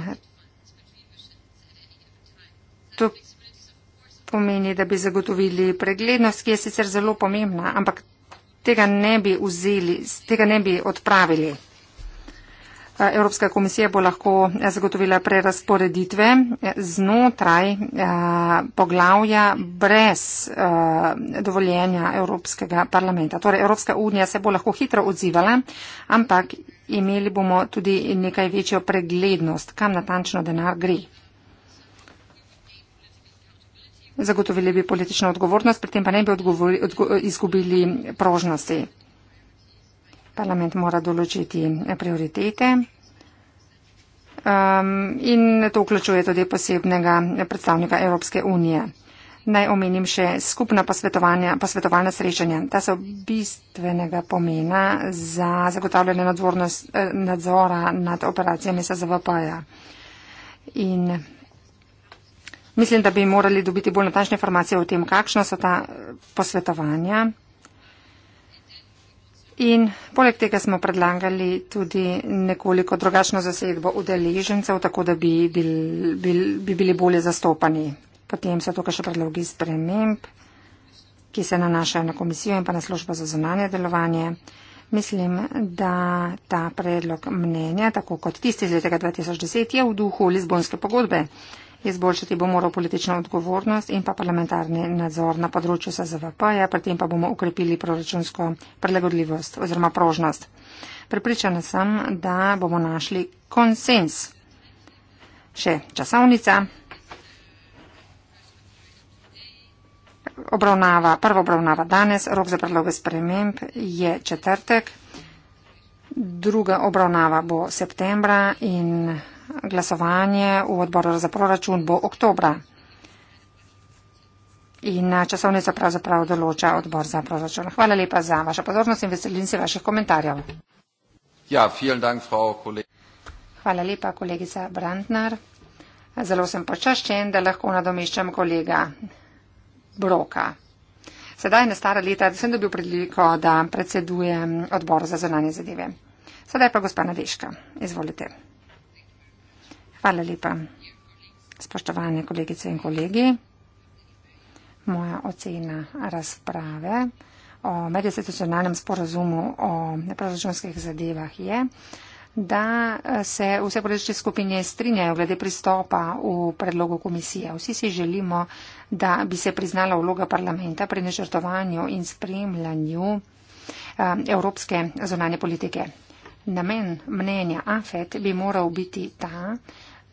S4: pomeni, da bi zagotovili preglednost, ki je sicer zelo pomembna, ampak tega ne bi vzeli, tega ne bi odpravili. Eh, Evropska komisija bo lahko eh, zagotovila prerasporeditve eh, znotraj poglavja brez dovoljenja Evropskega parlamenta. Torej, Evropska unija se bo lahko hitro odzivala, ampak imeli bomo tudi nekaj večjo preglednost, kam natančno denar gre. Zagotovili bi politično odgovornost, pri tem pa ne bi odgovori, odgo, izgubili prožnosti. Parlament mora določiti prioritete um, in to vključuje tudi posebnega predstavnika Evropske unije. Naj omenim še skupna posvetovalna srečanja. Ta so bistvenega pomena za zagotavljanje eh, nadzora nad operacijami SZVP-ja. In Mislim, da bi morali dobiti bolj natančne informacije o tem, kakšna so ta eh, posvetovanja. In poleg tega smo predlagali tudi nekoliko drugačno zasedbo udeležencev, tako da bi, bil, bil, bi bili bolje zastopani. Potem so tukaj še predlogi sprememb, ki se nanašajo na komisijo in pa na službo za zunanje delovanje. Mislim, da ta predlog mnenja, tako kot tisti iz leta 2010, je v duhu Lizbonske pogodbe. Izboljšati bo moral politično odgovornost in pa parlamentarni nadzor na področju SZVP-ja, pri tem pa bomo ukrepili proračunsko prilagodljivost oziroma prožnost. Pripričana sem, da bomo našli konsens. Še časovnica. Obravnava, prva obravnava danes, rok za predloge sprememb je četrtek, druga obravnava bo septembra in glasovanje v odboru za proračun bo oktobra. In eh, časovnico pravzaprav določa odbor za proračun. Hvala lepa za vašo pozornost in veselim se vaših komentarjev.
S3: Ja, dank, frau,
S4: Hvala lepa, kolegica Brandner. Zelo sem počaščen, da lahko nadomeščam kolega Broka. Sedaj na stara leta sem dobil priliko, da predsedujem odbor za zonanje zadeve. Sedaj pa gospa Nadeška. Izvolite. Hvala lepa. Spoštovane kolegice in kolegi, moja ocena razprave o medinstitucionalnem sporazumu o neproračunskih zadevah je, da se vse politične skupine strinjajo glede pristopa v predlogu komisije. Vsi si želimo, da bi se priznala vloga parlamenta pri nežrtovanju in spremljanju um, evropske zonanje politike. Namen mnenja AFET bi moral biti ta,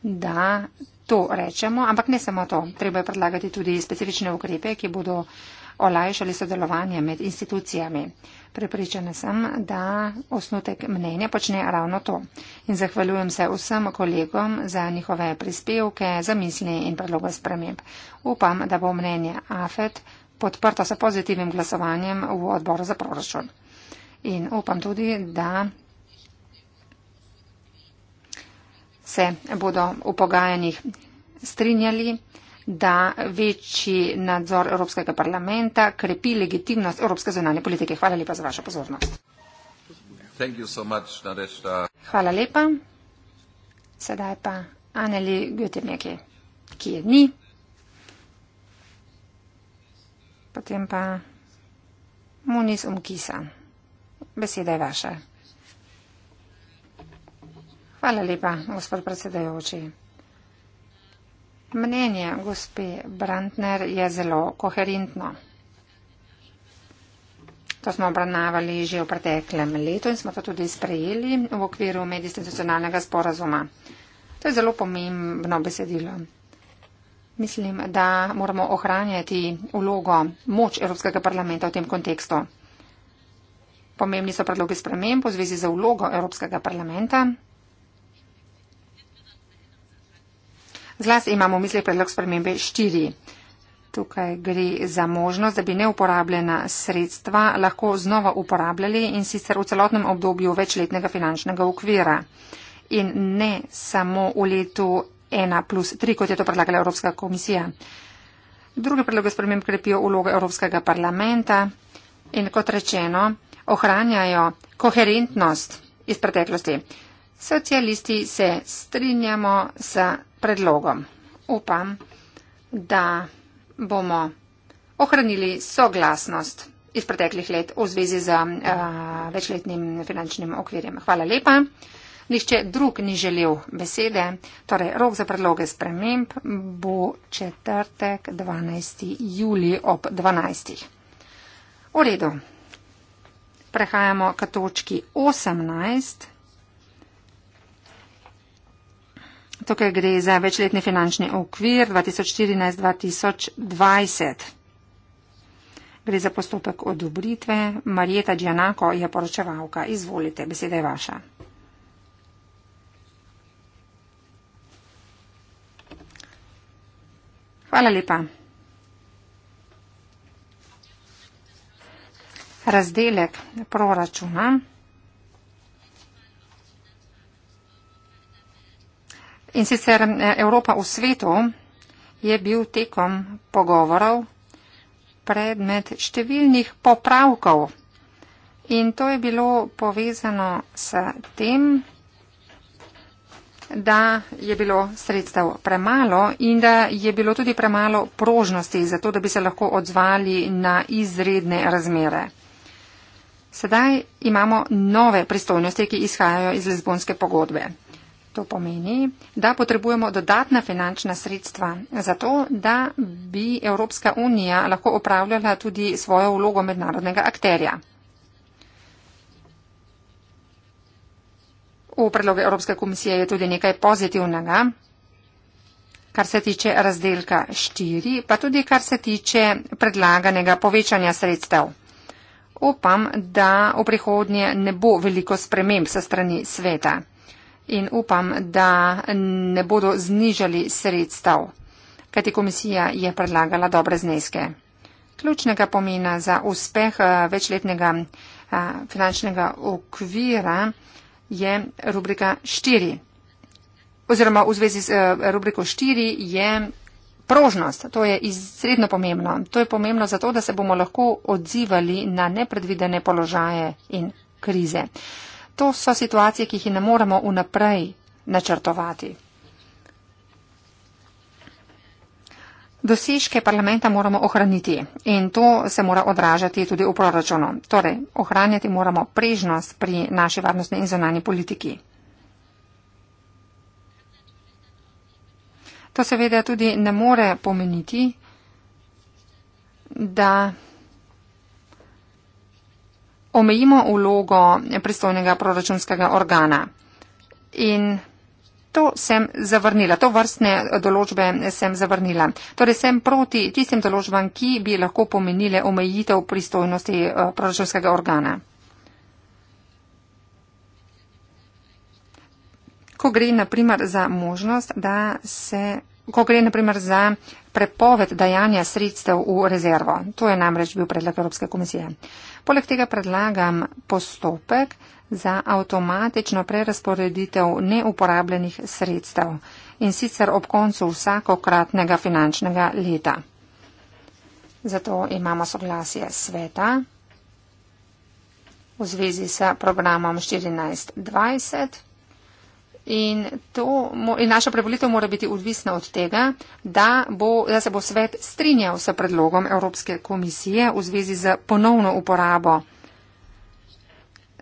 S4: da to rečemo, ampak ne samo to. Treba je predlagati tudi specifične ukrepe, ki bodo olajšali sodelovanje med institucijami. Prepričana sem, da osnutek mnenja počne ravno to. In zahvaljujem se vsem kolegom za njihove prispevke, za misli in predloge sprememb. Upam, da bo mnenje AFET podprto s pozitivnim glasovanjem v odboru za proračun. In upam tudi, da se bodo v pogajanjih strinjali, da večji nadzor Evropskega parlamenta krepi legitimnost Evropske zonalne politike. Hvala lepa za vašo pozornost. So much, Hvala lepa. Sedaj pa Aneli Götemjeki, ki je ni. Potem pa Munis Umkisa. Beseda je vaša. Hvala lepa, gospod predsedajoči. Mnenje gospe Brantner je zelo koherentno. To smo obravnavali že v preteklem letu in smo to tudi sprejeli v okviru medijsko-institucionalnega sporazuma. To je zelo pomembno besedilo. Mislim, da moramo ohranjati ulogo, moč Evropskega parlamenta v tem kontekstu. Pomembni so predlogi sprememb v zvezi z ulogo Evropskega parlamenta, Zlasti imamo v misli predlog spremembe 4. Tukaj gre za možnost, da bi neuporabljena sredstva lahko znova uporabljali in sicer v celotnem obdobju večletnega finančnega okvira in ne samo v letu 1 plus 3, kot je to predlagala Evropska komisija. Drugi predlog sprememb krepijo ulogo Evropskega parlamenta in kot rečeno, ohranjajo koherentnost iz preteklosti. Socialisti se strinjamo s predlogom. Upam, da bomo ohranili soglasnost iz preteklih let v zvezi z uh, večletnim finančnim okvirjem. Hvala lepa. Nihče drug ni želel besede, torej rok za predloge sprememb bo četrtek 12. juli ob 12. V redu. Prehajamo k točki 18. Tukaj gre za večletni finančni okvir 2014-2020. Gre za postopek odobritve. Marjeta Džanako je poročevalka. Izvolite, beseda je vaša. Hvala lepa. Razdelek proračuna In sicer eh, Evropa v svetu je bil tekom pogovorov predmet številnih popravkov. In to je bilo povezano s tem, da je bilo sredstev premalo in da je bilo tudi premalo prožnosti za to, da bi se lahko odzvali na izredne razmere. Sedaj imamo nove pristojnosti, ki izhajajo iz Lizbonske pogodbe. To pomeni, da potrebujemo dodatna finančna sredstva za to, da bi Evropska unija lahko upravljala tudi svojo vlogo mednarodnega akterja. V predlogu Evropske komisije je tudi nekaj pozitivnega, kar se tiče razdelka 4, pa tudi kar se tiče predlaganega povečanja sredstev. Upam, da v prihodnje ne bo veliko sprememb se strani sveta in upam, da ne bodo znižali sredstev, kajti komisija je predlagala dobre zneske. Ključnega pomena za uspeh eh, večletnega eh, finančnega okvira je rubrika 4. Oziroma v zvezi z eh, rubriko 4 je prožnost. To je izredno pomembno. To je pomembno zato, da se bomo lahko odzivali na nepredvidene položaje in krize to so situacije, ki jih ne moremo vnaprej načrtovati. Dosežke parlamenta moramo ohraniti in to se mora odražati tudi v proračunu. Torej, ohranjati moramo prežnost pri naši varnostni in zonani politiki. To seveda tudi ne more pomeniti, da omejimo vlogo pristojnega proračunskega organa. In to sem zavrnila, to vrstne določbe sem zavrnila. Torej sem proti tistim določbam, ki bi lahko pomenile omejitev pristojnosti eh, proračunskega organa. Ko gre naprimer za možnost, da se ko gre naprimer za prepoved dajanja sredstev v rezervo. To je namreč bil predlog Evropske komisije. Poleg tega predlagam postopek za avtomatično prerasporeditev neuporabljenih sredstev in sicer ob koncu vsakokratnega finančnega leta. Zato imamo soglasje sveta v zvezi s programom 1420. In, to, in naša prevolitev mora biti odvisna od tega, da, bo, da se bo svet strinjal s predlogom Evropske komisije v zvezi z ponovno uporabo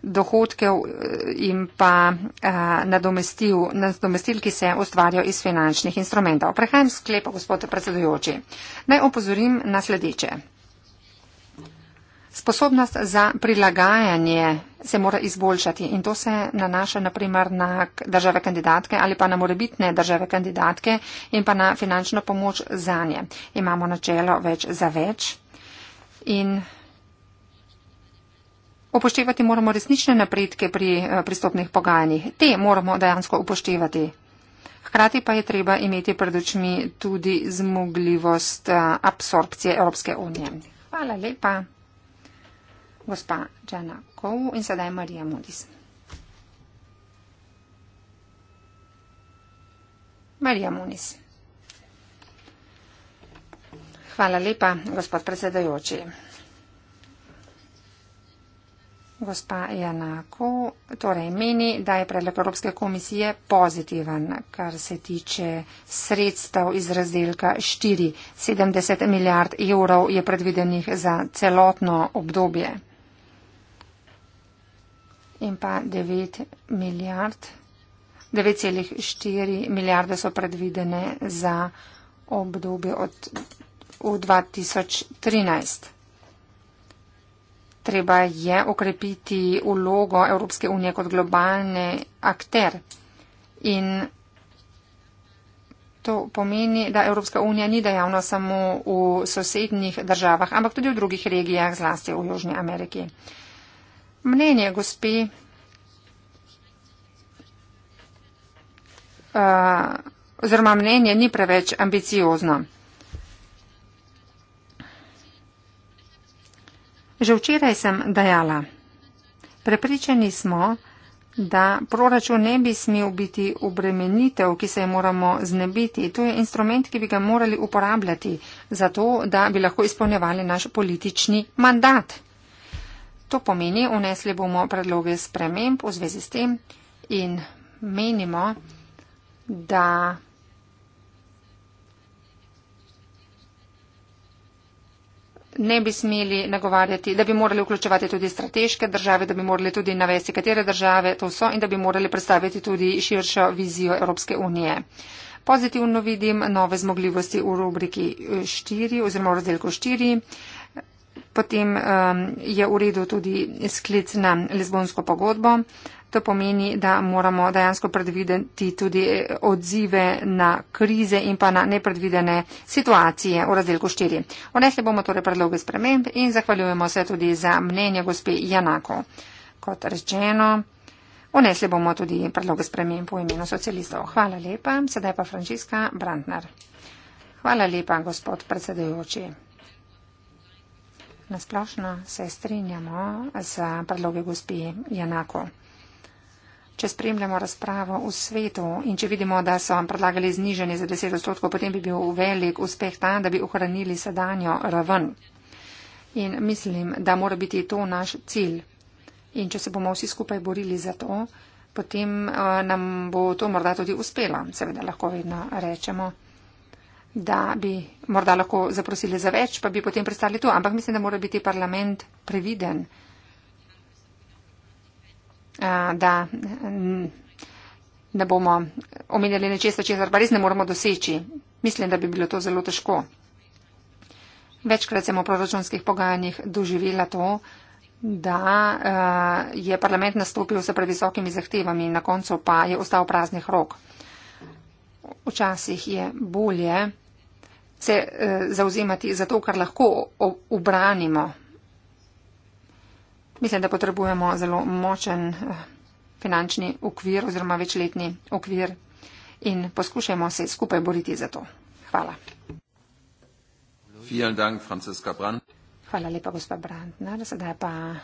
S4: dohodkev eh, in pa eh, nadomestil, nadomestil, ki se ustvarjajo iz finančnih instrumentov. Prehajam sklepa, gospod predsedujoči. Naj opozorim na sledeče. Sposobnost za prilagajanje se mora izboljšati in to se nanaša naprimer na države kandidatke ali pa na morebitne države kandidatke in pa na finančno pomoč za nje. Imamo načelo več za več in upoštevati moramo resnične napredke pri eh, pristopnih pogajanjih. Te moramo dejansko upoštevati. Hkrati pa je treba imeti pred očmi tudi zmogljivost eh, absorpcije Evropske unije. Hvala lepa gospa Džana Kovu in sedaj Marija Mudis. Marija Mudis. Hvala lepa, gospod predsedajoči. Gospa Janako torej meni, da je predlog Evropske komisije pozitiven, kar se tiče sredstev iz razdelka 4,70 milijard evrov je predvidenih za celotno obdobje in pa 9 milijard. 9,4 milijarde so predvidene za obdobje od 2013. Treba je okrepiti ulogo Evropske unije kot globalne akter. In to pomeni, da Evropska unija ni dejavna samo v sosednjih državah, ampak tudi v drugih regijah, zlasti v Južni Ameriki mnenje gospe. Uh, oziroma mnenje ni preveč ambiciozno. Že včeraj sem dejala, prepričani smo, da proračun ne bi smel biti obremenitev, ki se jo moramo znebiti. To je instrument, ki bi ga morali uporabljati, zato da bi lahko izpolnjevali naš politični mandat. To pomeni, unesli bomo predloge sprememb v zvezi s tem in menimo, da ne bi smeli nagovarjati, da bi morali vključevati tudi strateške države, da bi morali tudi navesti, katere države to so in da bi morali predstaviti tudi širšo vizijo Evropske unije. Pozitivno vidim nove zmogljivosti v rubriki 4 eh, oziroma v razdelku 4. Potem um, je uredil tudi sklic na Lizbonsko pogodbo. To pomeni, da moramo dejansko predvideti tudi eh, odzive na krize in pa na nepredvidene situacije v razdelku 4. Vnesli bomo torej predloge sprememb in zahvaljujemo se tudi za mnenje gospe Janako. Kot rečeno, vnesli bomo tudi predloge sprememb v imenu socialistov. Hvala lepa. Sedaj pa Frančiska Brandner. Hvala lepa, gospod predsedujoči nasplošno se strinjamo z predloge gospi Janako. Če spremljamo razpravo v svetu in če vidimo, da so vam predlagali znižanje za 10 odstotkov, potem bi bil velik uspeh ta, da bi ohranili sedanjo raven. In mislim, da mora biti to naš cilj. In če se bomo vsi skupaj borili za to, potem uh, nam bo to morda tudi uspelo. Seveda lahko vedno rečemo da bi morda lahko zaprosili za več, pa bi potem prestali to. Ampak mislim, da mora biti parlament previden, da ne bomo omenjali nečesa, česar pa res ne moramo doseči. Mislim, da bi bilo to zelo težko. Večkrat sem v proračunskih pogajanjih doživela to, da je parlament nastopil s previsokimi zahtevami in na koncu pa je ostal praznih rok. Včasih je bolje, se uh, eh, zauzemati za to, kar lahko obranimo. Mislim, da potrebujemo zelo močen uh, finančni okvir oziroma večletni okvir in poskušajmo se skupaj boriti za to. Hvala. Dank, Hvala lepa, gospod Brandner. Sedaj pa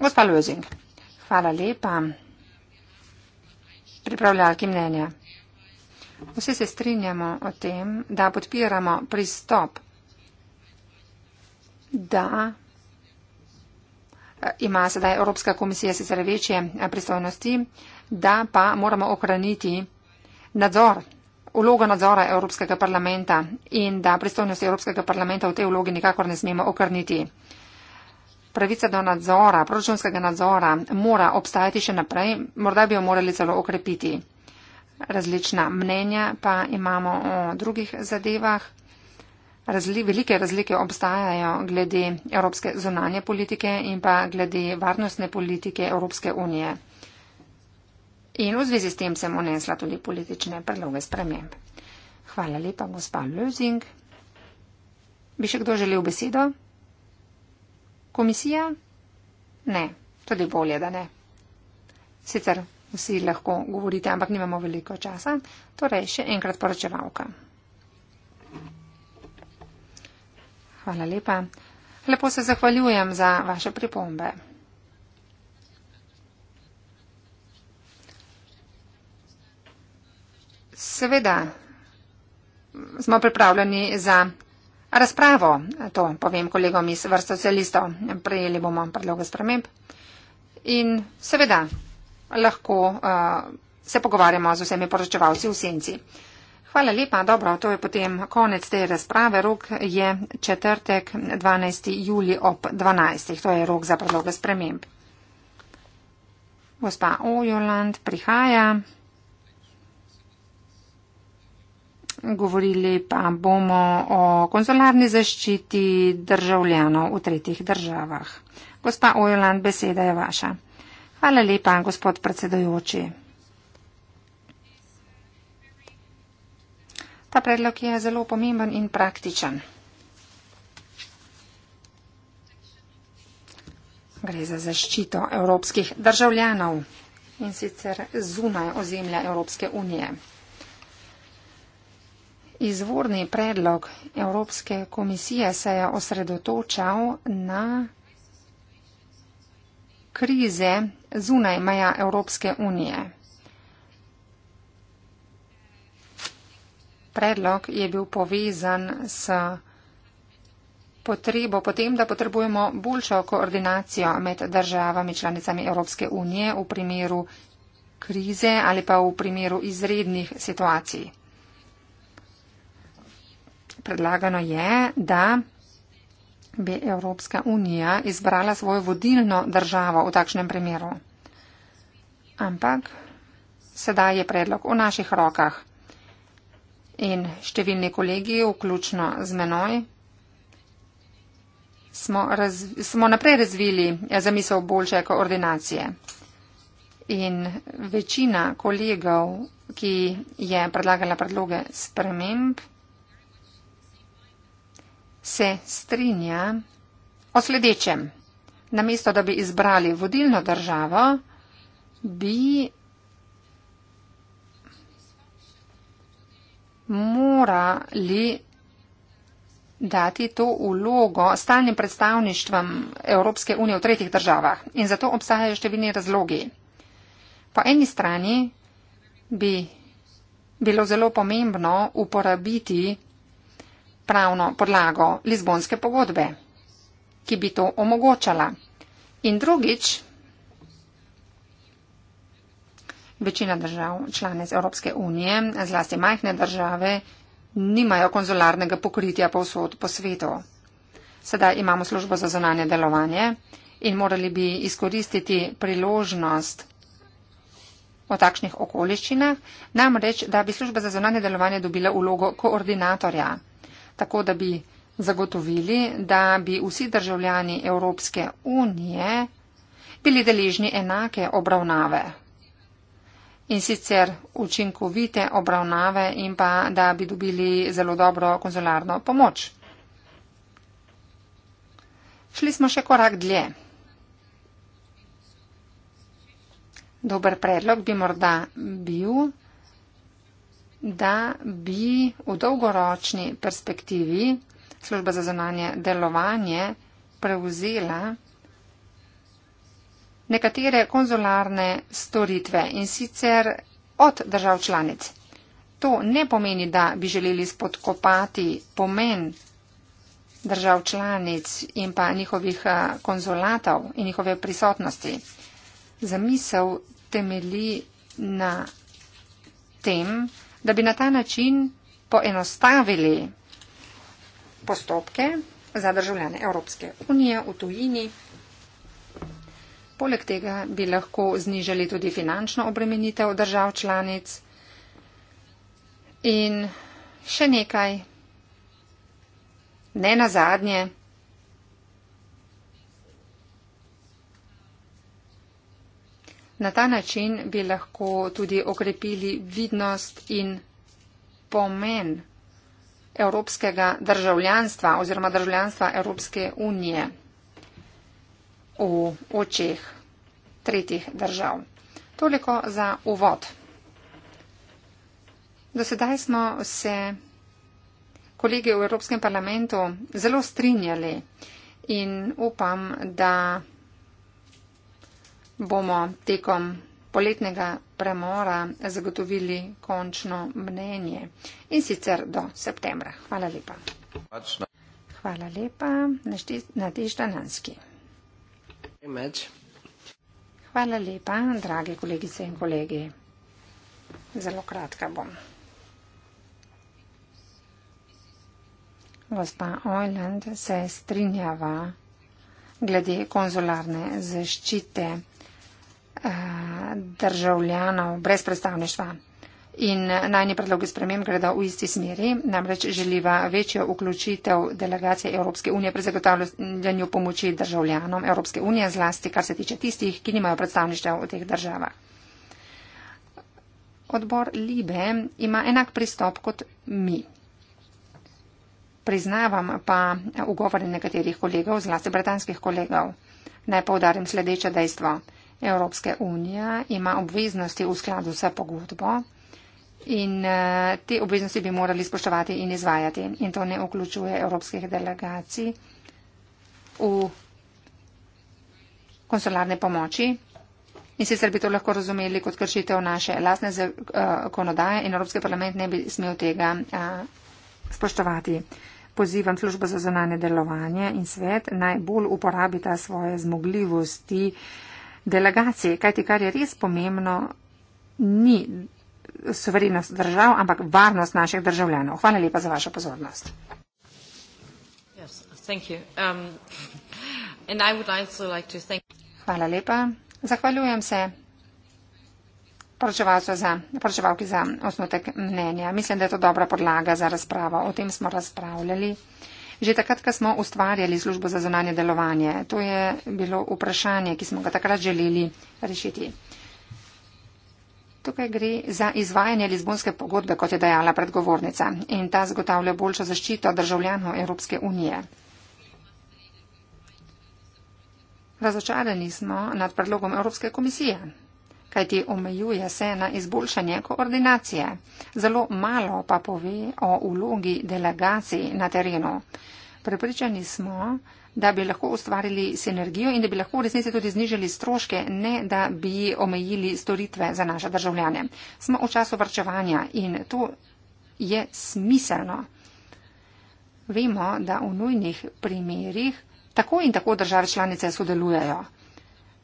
S4: gospod Lozing. Hvala lepa pripravljalki mnenja. Vsi se strinjamo o tem, da podpiramo pristop, da eh, ima sedaj Evropska komisija sicer večje eh, pristojnosti, da pa moramo ohraniti nadzor, ulogo nadzora Evropskega parlamenta in da pristojnosti Evropskega parlamenta v tej vlogi nikakor ne smemo ohraniti. Pravica do nadzora, proračunskega nadzora mora obstajati še naprej, morda bi jo morali celo okrepiti različna mnenja pa imamo o drugih zadevah. Razli, velike razlike obstajajo glede evropske zunanje politike in pa glede varnostne politike Evropske unije. In v zvezi s tem sem unesla tudi politične predloge sprememb. Hvala lepa, gospa Lözing. Bi še kdo želel besedo? Komisija? Ne, tudi bolje, da ne. Sicer vsi lahko govorite, ampak nimamo veliko časa. Torej, še enkrat poročevalka. Hvala lepa. Lepo se zahvaljujem za vaše pripombe. Seveda smo pripravljeni za razpravo, to povem kolegom iz vrst socialistov. Prejeli bomo predloge sprememb. In seveda lahko uh, se pogovarjamo z vsemi poročevalci v senci. Hvala lepa, dobro, to je potem konec te razprave. Rok je četrtek 12. juli ob 12. To je rok za predloge sprememb. Gospa Ojoland prihaja. Govorili pa bomo o konzularni zaščiti državljanov v tretjih državah. Gospa Ojoland, beseda je vaša. Hvala lepa, gospod predsedujoči. Ta predlog je zelo pomemben in praktičen. Gre za zaščito evropskih državljanov in sicer zunaj ozemlja Evropske unije. Izvorni predlog Evropske komisije se je osredotočal na krize zunaj meja Evropske unije. Predlog je bil povezan s potrebo potem, da potrebujemo boljšo koordinacijo med državami članicami Evropske unije v primeru krize ali pa v primeru izrednih situacij. Predlagano je, da bi Evropska unija izbrala svojo vodilno državo v takšnem primeru. Ampak sedaj je predlog v naših rokah in številni kolegi, vključno z menoj, smo, raz, smo naprej razvili eh, zamisel boljše koordinacije. In večina kolegov, ki je predlagala predloge sprememb, se strinja o sledečem. Namesto, da bi izbrali vodilno državo, bi morali dati to ulogo stalnim predstavništvom Evropske unije v tretjih državah. In zato obstajajo številni razlogi. Po eni strani bi bilo zelo pomembno uporabiti pravno podlago Lizbonske pogodbe, ki bi to omogočala. In drugič, večina držav članic Evropske unije, zlasti majhne države, nimajo konzularnega pokritja povsod po svetu. Sedaj imamo službo za zonanje delovanje in morali bi izkoristiti priložnost o takšnih okoliščinah, namreč, da bi služba za zonanje delovanje dobila ulogo koordinatorja tako da bi zagotovili, da bi vsi državljani Evropske unije bili deležni enake obravnave. In sicer učinkovite obravnave in pa, da bi dobili zelo dobro konzularno pomoč. Šli smo še korak dlje. Dober predlog bi morda bil, da bi v dolgoročni perspektivi služba za zunanje delovanje prevzela nekatere konzularne storitve in sicer od držav članic. To ne pomeni, da bi želeli spodkopati pomen držav članic in pa njihovih eh, konzulatov in njihove prisotnosti. Zamisel temeli na tem, da bi na ta način poenostavili postopke za državljane Evropske unije v tujini. Poleg tega bi lahko znižali tudi finančno obremenitev držav članic in še nekaj, ne nazadnje, Na ta način bi lahko tudi okrepili vidnost in pomen evropskega državljanstva oziroma državljanstva Evropske unije v očeh tretjih držav. Toliko za uvod. Do sedaj smo se kolege v Evropskem parlamentu zelo strinjali in upam, da bomo tekom poletnega premora zagotovili končno mnenje in sicer do septembra. Hvala lepa. Hvala lepa, Nadež Dananski. Hvala lepa, drage kolegice in kolegi. Zelo kratka bom. Gospa Oiland se strinjava glede konzularne zaščite. Eh, državljanov brez predstavništva. In najni predlogi sprememb gredo v isti smeri, namreč želiva večjo vključitev delegacije Evropske unije pri zagotavljanju pomoči državljanom Evropske unije, zlasti kar se tiče tistih, ki nimajo predstavništva v teh državah. Odbor Libe ima enak pristop kot mi. Priznavam pa ugovore nekaterih kolegov, zlasti britanskih kolegov. Naj povdarim sledeče dejstvo. Evropske unije ima obveznosti v skladu s pogodbo in eh, te obveznosti bi morali spoštovati in izvajati. In to ne vključuje evropskih delegacij v konsularne pomoči. In sicer bi to lahko razumeli kot kršitev naše lastne zakonodaje eh, in Evropski parlament ne bi smel tega eh, spoštovati. Pozivam službo za zonanje delovanje in svet najbolj uporabita svoje zmogljivosti delegacije, kajti kar je res pomembno, ni suverenost držav, ampak varnost naših državljanov. Hvala lepa za vašo pozornost.
S2: Yes, um, like
S4: thank... Hvala lepa. Zahvaljujem se poročevalki za osnotek mnenja. Mislim, da je to dobra podlaga za razpravo. O tem smo razpravljali. Že takrat, ko smo ustvarjali službo za zonanje delovanje, to je bilo vprašanje, ki smo ga takrat želeli rešiti. Tukaj gre za izvajanje Lizbonske pogodbe, kot je dejala predgovornica, in ta zagotavlja boljšo zaščito državljanov Evropske unije. Razočarani smo nad predlogom Evropske komisije, kajti omejuje se na izboljšanje koordinacije. Zelo malo pa pove o vlogi delegacij na terenu. Prepričani smo, da bi lahko ustvarili sinergijo in da bi lahko v resnici tudi znižali stroške, ne da bi omejili storitve za naše državljane. Smo v času vrčevanja in to je smiselno. Vemo, da v nujnih primerjih tako in tako države članice sodelujejo.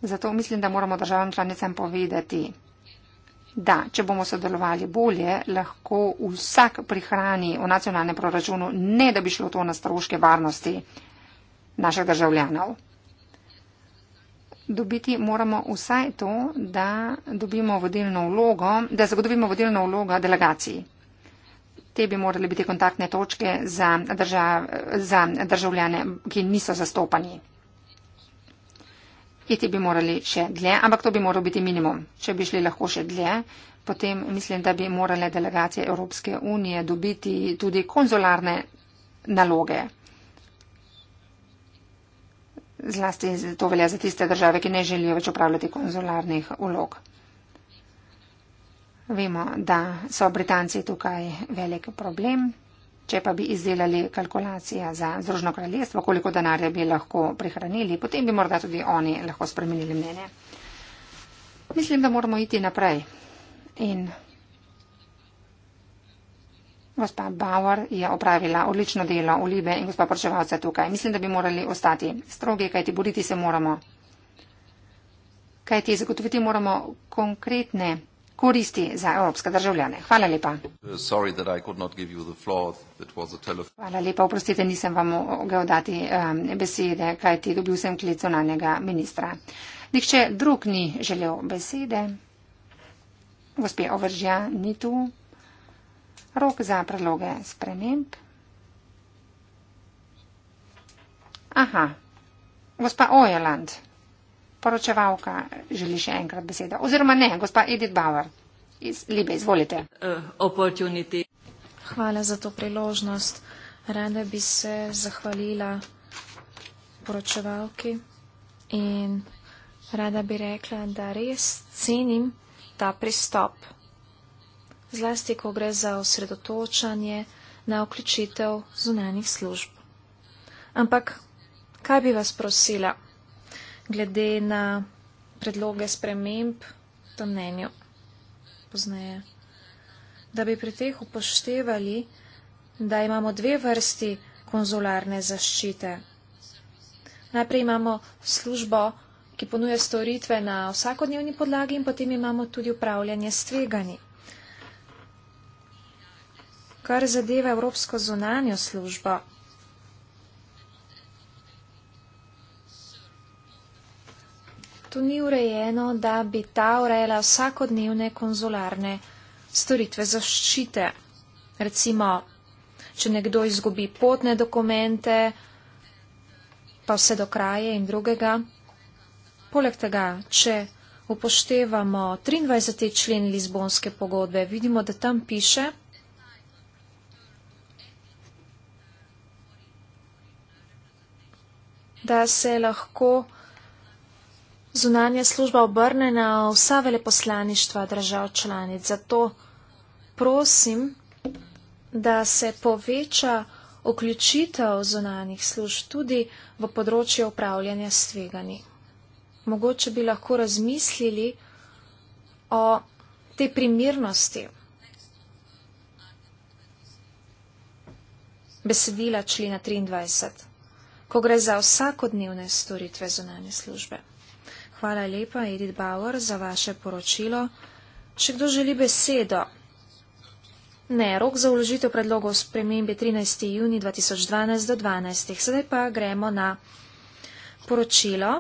S4: Zato mislim, da moramo državam članicam povedati, da če bomo sodelovali bolje, lahko vsak prihrani v nacionalnem proračunu, ne da bi šlo to na stroške varnosti naših državljanov. Dobiti moramo vsaj to, da dobimo vodilno vlogo, da zagotovimo vodilno vlogo delegaciji. Te bi morali biti kontaktne točke za, držav, za državljane, ki niso zastopani. Iti bi morali še dlje, ampak to bi moral biti minimum. Če bi šli lahko še dlje, potem mislim, da bi morale delegacije Evropske unije dobiti tudi konzularne naloge. Zlasti to velja za tiste države, ki ne želijo več upravljati konzularnih ulog. Vemo, da so Britanci tukaj velik problem. Če pa bi izdelali kalkulacije za Združeno kraljestvo, koliko denarja bi lahko prihranili, potem bi morda tudi oni lahko spremenili mnenje. Mislim, da moramo iti naprej. In gospa Bauer je opravila odlično delo v Libe in gospa poročevalca tukaj. Mislim, da bi morali ostati strogi, kajti boriti se moramo. Kajti zagotoviti moramo konkretne koristi za evropske državljane. Hvala lepa. Uh, Hvala lepa, oprostite, nisem vam mogel dati um, besede, kajti dobil sem klic zonalnega ministra. Nihče drug ni želel besede. Gospe Ovržja ni tu. Rok za predloge sprememb. Aha, gospa Ojeland poročevalka želi še enkrat besedo. Oziroma ne, gospa Edith Bauer iz Libe, izvolite. Uh, Hvala za to priložnost.
S5: Rada bi se zahvalila poročevalki in rada bi rekla, da res cenim ta pristop. Zlasti, ko gre za osredotočanje na vključitev zunanih služb. Ampak, kaj bi vas prosila? glede na predloge sprememb to mnenjo poznaje. Da bi pri teh upoštevali, da imamo dve vrsti konzularne zaščite. Najprej imamo službo, ki ponuja storitve na vsakodnevni podlagi in potem imamo tudi upravljanje s tvegani. Kar zadeva Evropsko zunanjo službo, aktu ni urejeno, da bi ta urejala vsakodnevne konzularne storitve zaščite. Recimo, če nekdo izgubi potne dokumente, pa vse do kraje in drugega. Poleg tega, če upoštevamo 23. člen Lizbonske pogodbe, vidimo, da tam piše, da se lahko zunanja služba obrne na vsa veleposlaništva držav članic. Zato prosim, da se poveča vključitev zunanih služb tudi v področje upravljanja sveganji. Mogoče bi lahko razmislili o tej primirnosti besedila člena 23, ko gre za vsakodnevne storitve zunanje službe. Hvala lepa, Edith Bauer, za vaše poročilo. Še kdo želi besedo? Ne, rok za uložitev predlogov spremembe 13. juni 2012 do 12. Sedaj pa gremo na poročilo.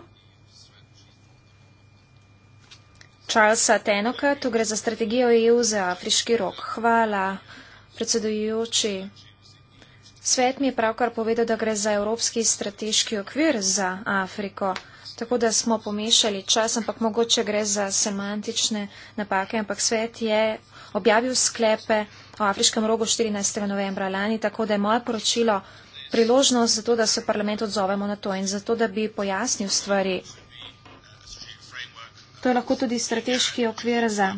S5: Charlesa Tenoka, tu gre za strategijo EU za afriški rok. Hvala, predsedujoči. Svet mi je pravkar povedal, da gre za evropski strateški okvir za Afriko. Tako da smo pomešali čas, ampak mogoče gre za semantične napake, ampak svet je objavil sklepe o Afriškem rogu 14. novembra lani, tako da je moje poročilo priložnost za to, da se parlament odzovemo na to in za to, da bi pojasnil stvari. To je lahko tudi strateški okvir za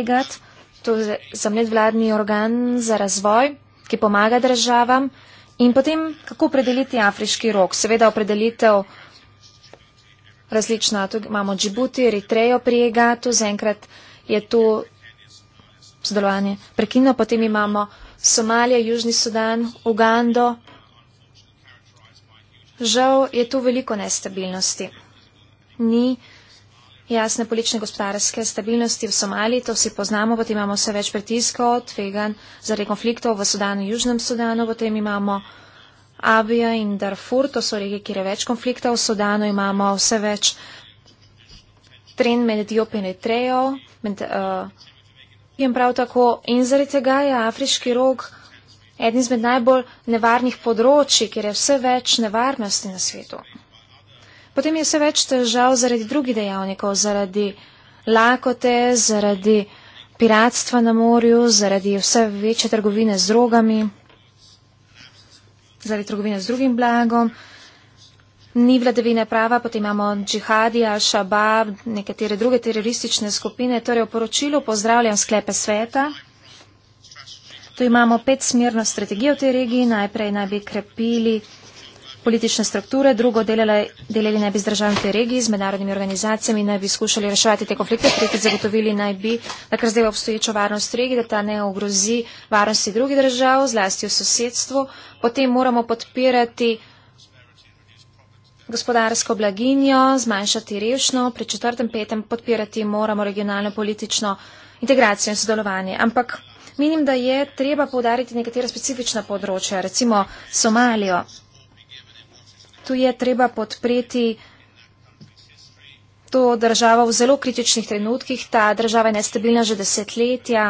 S5: EGAT, to je za medvladni organ za razvoj, ki pomaga državam. In potem, kako opredeliti afriški rok? Seveda opredelitev različna. Tudi imamo Džibuti, Eritrejo pri EGAT-u, zaenkrat je tu sodelovanje prekinjeno, potem imamo Somalijo, Južni Sudan, Ugando. Žal je tu veliko nestabilnosti. Ni jasne politične gospodarske stabilnosti v Somaliji, to vsi poznamo, potem imamo vse več pritiskov, tvegan zaradi konfliktov v Sudanu, Južnem Sudanu, potem imamo. Abija in Darfur, to so regije, kjer je več konfliktov. V Sudanu imamo vse več trend med Etiopijo in Etrejo. Med, uh, in prav tako in zaradi tega je afriški rog eden izmed najbolj nevarnih področji, kjer je vse več nevarnosti na svetu. Potem je vse več težav zaradi drugih dejavnikov, zaradi lakote, zaradi piratstva na morju, zaradi vse večje trgovine z drogami zaradi trgovine z drugim blagom. Ni vladavine prava, potem imamo džihadija, šabab, nekatere druge teroristične skupine. Torej, v poročilu pozdravljam sklepe sveta. Tu imamo petsmerno strategijo v tej regiji. Najprej naj bi krepili politične strukture, drugo delali, delali naj bi z državami te regiji, z mednarodnimi organizacijami, naj bi skušali reševati te konflikte, tretji zagotovili naj bi, da kar zdaj obstoječo varnost regije, da ta ne ogrozi varnosti drugih držav, zlasti v sosedstvu. Potem moramo podpirati gospodarsko blaginjo, zmanjšati revščino, pri četrtem petem podpirati moramo regionalno politično integracijo in sodelovanje. Ampak menim, da je treba povdariti nekatera specifična področja, recimo Somalijo tu je treba podpreti to državo v zelo kritičnih trenutkih. Ta država je nestabilna že desetletja.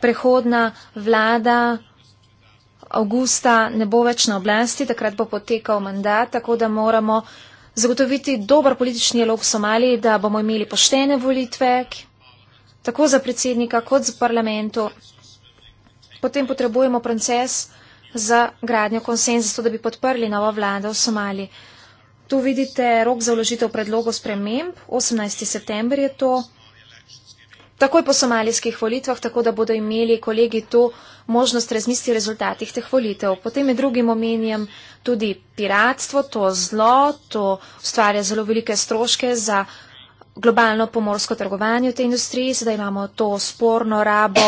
S5: Prehodna vlada avgusta ne bo več na oblasti, takrat bo potekal mandat, tako da moramo zagotoviti dober politični dialog v Somaliji, da bomo imeli poštene volitve, tako za predsednika kot za parlamentu. Potem potrebujemo proces, za gradnjo konsenza, zato da bi podprli novo vlado v Somaliji. Tu vidite rok za vložitev predlogov sprememb, 18. september je to, takoj po somalijskih volitvah, tako da bodo imeli kolegi tu možnost razmisliti o rezultatih teh volitev. Potem je drugim omenjem tudi piratstvo, to zlo, to ustvarja zelo velike stroške za globalno pomorsko trgovanje v tej industriji, sedaj imamo to sporno rabo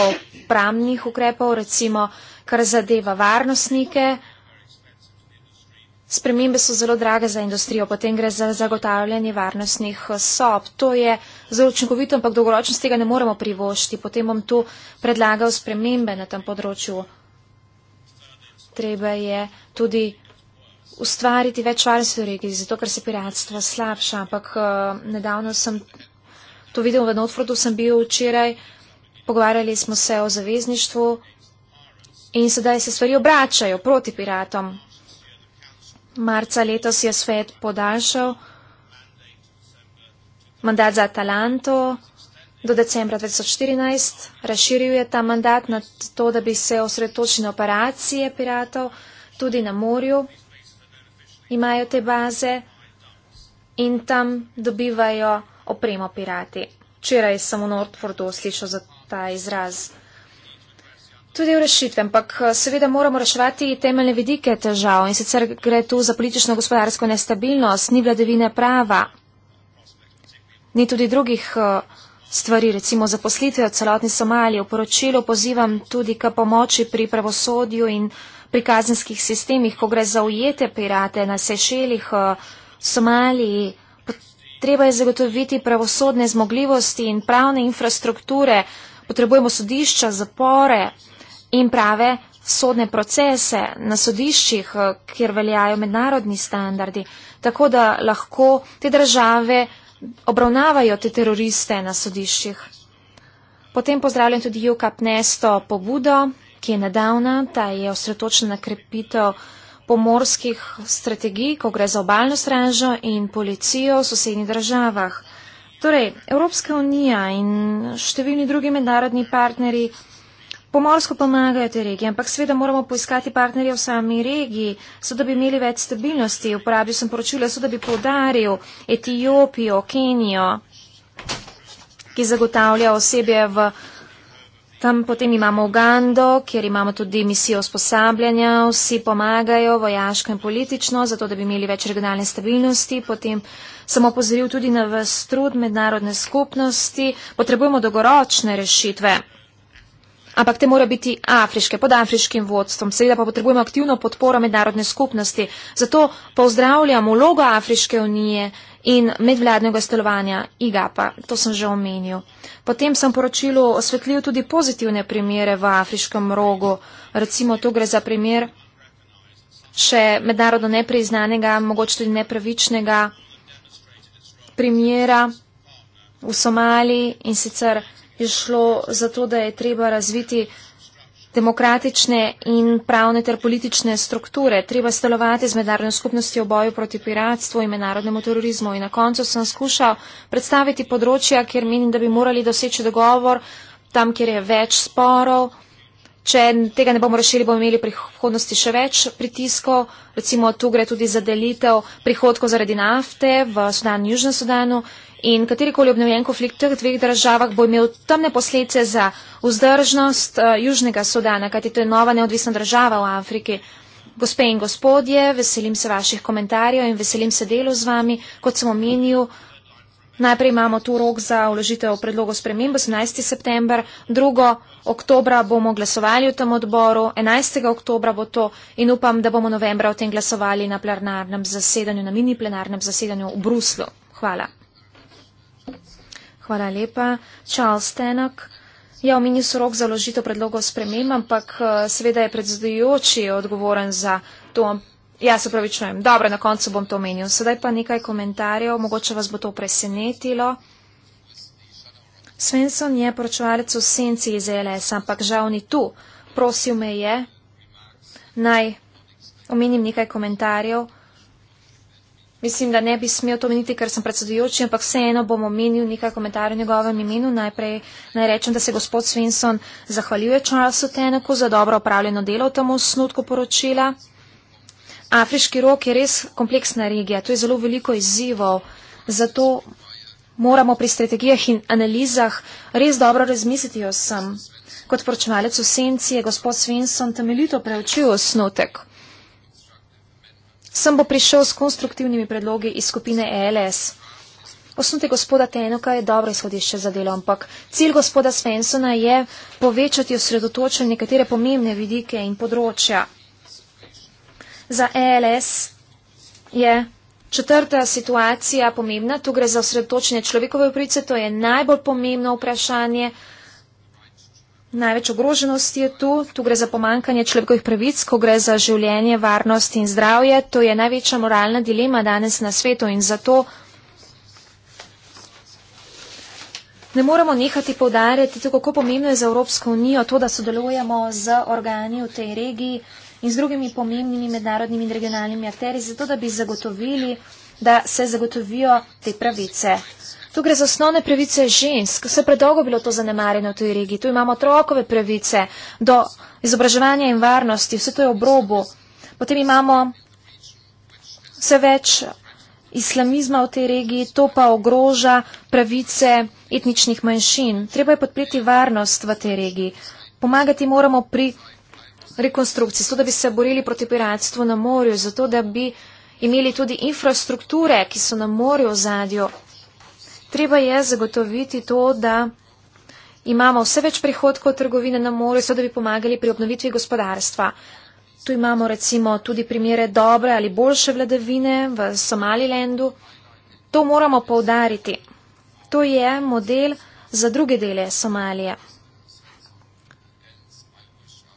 S5: pramnih ukrepov, recimo kar zadeva varnostnike. Spremembe so zelo drage za industrijo, potem gre za zagotavljanje varnostnih sob. To je zelo učinkovito, ampak dolgoročnost tega ne moremo privoščiti. Potem bom tu predlagal spremembe na tem področju. Treba je tudi ustvariti več varnosti v regiji, zato ker se piratstva slabša. Ampak eh, nedavno sem to videl v Notfordu, sem bil včeraj, pogovarjali smo se o zavezništvu in sedaj se stvari obračajo proti piratom. Marca letos je svet podaljšal mandat za Atalanto do decembra 2014, razširil je ta mandat na to, da bi se osredotočil na operacije piratov tudi na morju imajo te baze in tam dobivajo opremo pirati. Včeraj sem v Nordfordu slišal za ta izraz. Tudi v rešitve, ampak eh, seveda moramo reševati temeljne vidike težav in sicer gre tu za politično gospodarsko nestabilnost, ni vladavine prava, ni tudi drugih eh, stvari, recimo zaposlitve v celotni Somaliji. V poročilu pozivam tudi k pomoči pri pravosodju in pravosodju pri kazenskih sistemih, ko gre za ujete pirate na Sešelih, eh, Somaliji, treba je zagotoviti pravosodne zmogljivosti in pravne infrastrukture, potrebujemo sodišča, zapore in prave sodne procese na sodiščih, eh, kjer veljajo mednarodni standardi, tako da lahko te države obravnavajo te teroriste na sodiščih. Potem pozdravljam tudi UKAP Nesto pobudo ki je nedavna, ta je osredotočena na krepitev pomorskih strategij, ko gre za obaljno stražo in policijo v sosednjih državah. Torej, Evropska unija in številni drugi mednarodni partneri pomorsko pomagajo te regije, ampak sveda moramo poiskati partnerje v sami regiji, so da bi imeli več stabilnosti. Uporabil sem poročila, so da bi podaril Etiopijo, Kenijo, ki zagotavlja osebje v. Tam potem imamo Ugando, kjer imamo tudi misijo usposabljanja, vsi pomagajo vojaško in politično, zato da bi imeli več regionalne stabilnosti. Potem sem opozoril tudi na vse trud mednarodne skupnosti. Potrebujemo dolgoročne rešitve, ampak te morajo biti afriške, pod afriškim vodstvom. Seveda pa potrebujemo aktivno podporo mednarodne skupnosti. Zato pozdravljam vlogo Afriške unije in medvladnega stolovanja IGAPA, to sem že omenil. Potem sem poročilo osvetlil tudi pozitivne primere v afriškem rogu, recimo tu gre za primer še mednarodno nepreiznanega, mogoče tudi nepravičnega primera v Somaliji in sicer je šlo za to, da je treba razviti demokratične in pravne ter politične strukture. Treba stelovati z mednarodno skupnostjo v boju proti piratstvu in mednarodnemu terorizmu. In na koncu sem skušal predstaviti področja, kjer menim, da bi morali doseči dogovor tam, kjer je več sporov. Če tega ne bomo rešili, bomo imeli v prihodnosti še več pritiskov, recimo tu gre tudi za delitev prihodkov zaradi nafte v Sudanu in Južnem Sudanu in katerikoli obnovljen konflikt v teh dveh državah bo imel temne posledice za vzdržnost eh, Južnega Sudana, kajti to je nova neodvisna država v Afriki. Gospe in gospodje, veselim se vaših komentarjev in veselim se delu z vami, kot sem omenil. Najprej imamo tu rok za uložitev predlogo sprememb 18. september, 2. oktobra bomo glasovali v tem odboru, 11. oktobra bo to in upam, da bomo novembra o tem glasovali na plenarnem zasedanju, na mini plenarnem zasedanju v Bruslu. Hvala. Hvala lepa. Charles Tenak. Ja, omenil so rok za uložitev predlogo sprememb, ampak eh, seveda je predzadujoči odgovoren za to Ja, se pravi, čujem. Dobro, na koncu bom to omenil. Sedaj pa nekaj komentarjev, mogoče vas bo to presenetilo. Svensson je poročevalec v senci iz e LS, ampak žal ni tu. Prosil me je, naj omenim nekaj komentarjev. Mislim, da ne bi smel to omeniti, ker sem predsedujoči, ampak vseeno bom omenil nekaj komentarjev v njegovem imenu. Najprej naj rečem, da se gospod Svensson zahvaljuje Charlesu Tenaku za dobro opravljeno delo v tem osnutku poročila. Afriški rok je res kompleksna regija, tu je zelo veliko izzivov, zato moramo pri strategijah in analizah res dobro razmisliti o vsem. Kot poročevalec v senci je gospod Svensson temeljito preučil osnotek. Sem bo prišel s konstruktivnimi predlogi iz skupine ELS. Osnutek gospoda Tenoka je dobro izhodišče za delo, ampak cilj gospoda Svensona je povečati osredotočenje nekatere pomembne vidike in področja. Za ELS je četrta situacija pomembna, tu gre za osredotočenje človekove pravice, to je najbolj pomembno vprašanje. Največ ogroženosti je tu, tu gre za pomankanje človekovih pravic, ko gre za življenje, varnost in zdravje. To je največja moralna dilema danes na svetu in zato ne moramo nehati povdarjati, kako pomembno je za Evropsko unijo to, da sodelujemo z organi v tej regiji in z drugimi pomembnimi mednarodnimi in regionalnimi akteri, zato da bi zagotovili, da se zagotovijo te pravice. Tu gre za osnovne pravice žensk. Vse predolgo bilo to zanemarjeno v tej regiji. Tu imamo otrokove pravice do izobraževanja in varnosti. Vse to je obrobo. Potem imamo vse več islamizma v tej regiji. To pa ogroža pravice etničnih manjšin. Treba je podpreti varnost v tej regiji. Pomagati moramo pri rekonstrukcije, zato da bi se borili proti piratstvu na morju, zato da bi imeli tudi infrastrukture, ki so na morju v zadju. Treba je zagotoviti to, da imamo vse več prihodkov od trgovine na morju, zato da bi pomagali pri obnovitvi gospodarstva. Tu imamo recimo tudi primere dobre ali boljše vladavine v Somalilendu. To moramo povdariti. To je model za druge dele Somalije.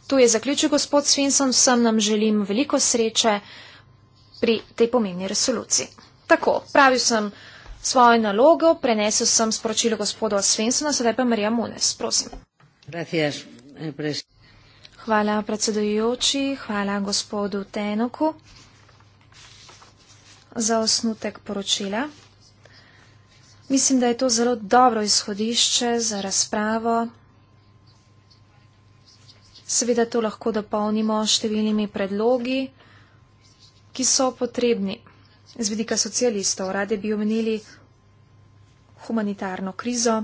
S5: Tu je zaključil gospod Svinson, vsem nam želim veliko sreče pri tej pomembni resoluciji. Tako, pravil sem svojo nalogo, prenesel sem sporočilo gospodu Svinsona, sedaj pa Marija Munes, prosim.
S4: Gracias, eh,
S5: hvala predsedujoči, hvala gospodu Tenoku za osnutek poročila. Mislim, da je to zelo dobro izhodišče za razpravo Seveda to lahko dopolnimo številnimi predlogi, ki so potrebni. Z vidika socialistov rade bi omenili humanitarno krizo,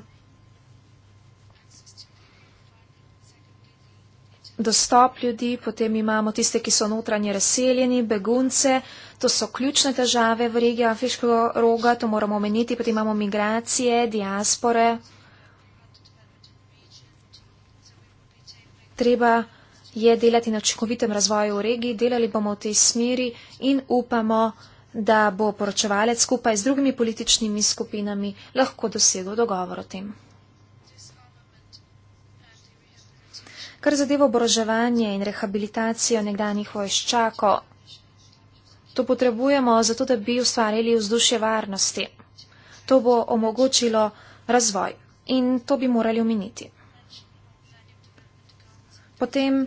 S5: dostop ljudi, potem imamo tiste, ki so notranje razseljeni, begunce, to so ključne težave v regiji Afriškega roga, to moramo omeniti, potem imamo migracije, diaspore. treba je delati na očekovitem razvoju v regiji, delali bomo v tej smeri in upamo, da bo poročevalec skupaj z drugimi političnimi skupinami lahko dosegel dogovor o tem. Kar zadeva oboroževanje in rehabilitacijo nekdanjih vojščako, to potrebujemo zato, da bi ustvarjali vzdušje varnosti. To bo omogočilo razvoj in to bi morali omeniti. Potem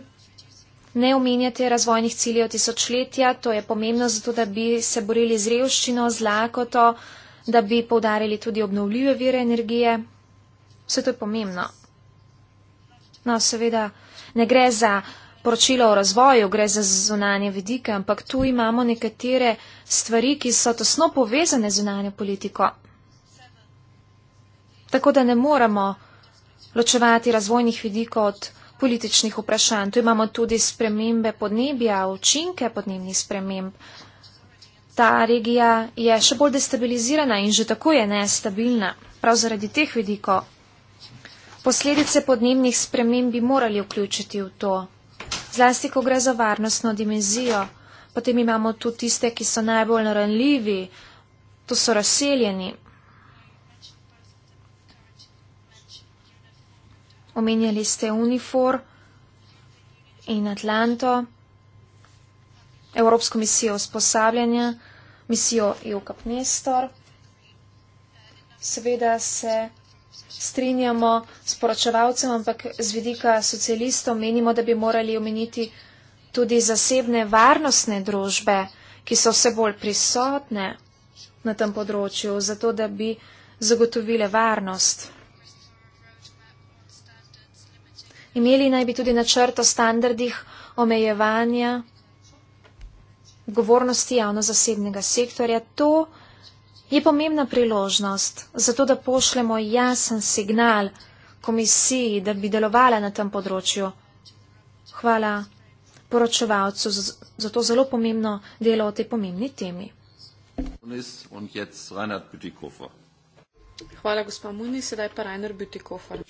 S5: ne omenjate razvojnih ciljev tisočletja, to je pomembno zato, da bi se borili z revščino, z lakoto, da bi povdarili tudi obnovljive vire energije. Vse to je pomembno. No, seveda, ne gre za poročilo o razvoju, gre za zunanje vidike, ampak tu imamo nekatere stvari, ki so tesno povezane z zunanjo politiko. Tako da ne moramo ločevati razvojnih vidikov od političnih vprašanj. Tu imamo tudi spremembe podnebja, učinke podnebnih sprememb. Ta regija je še bolj destabilizirana in že tako je nestabilna. Prav zaradi teh vidikov posledice podnebnih sprememb bi morali vključiti v to. Zlasti, ko gre za varnostno dimenzijo, potem imamo tu tiste, ki so najbolj ranljivi, to so razseljeni, omenjali ste Unifor in Atlanto, Evropsko misijo usposabljanja, misijo Jukap Nestor. Seveda se strinjamo s poročevalcem, ampak z vidika socialistov menimo, da bi morali omeniti tudi zasebne varnostne družbe, ki so vse bolj prisotne na tem področju, zato da bi zagotovile varnost. Imeli naj bi tudi načrt o standardih omejevanja odgovornosti javno-zasebnega sektorja. To je pomembna priložnost za to, da pošljemo jasen signal komisiji, da bi delovala na tem področju. Hvala poročevalcu za to zelo pomembno delo o tej pomembni temi. Hvala, gospod Muni. Sedaj pa Rainer Bütikofer.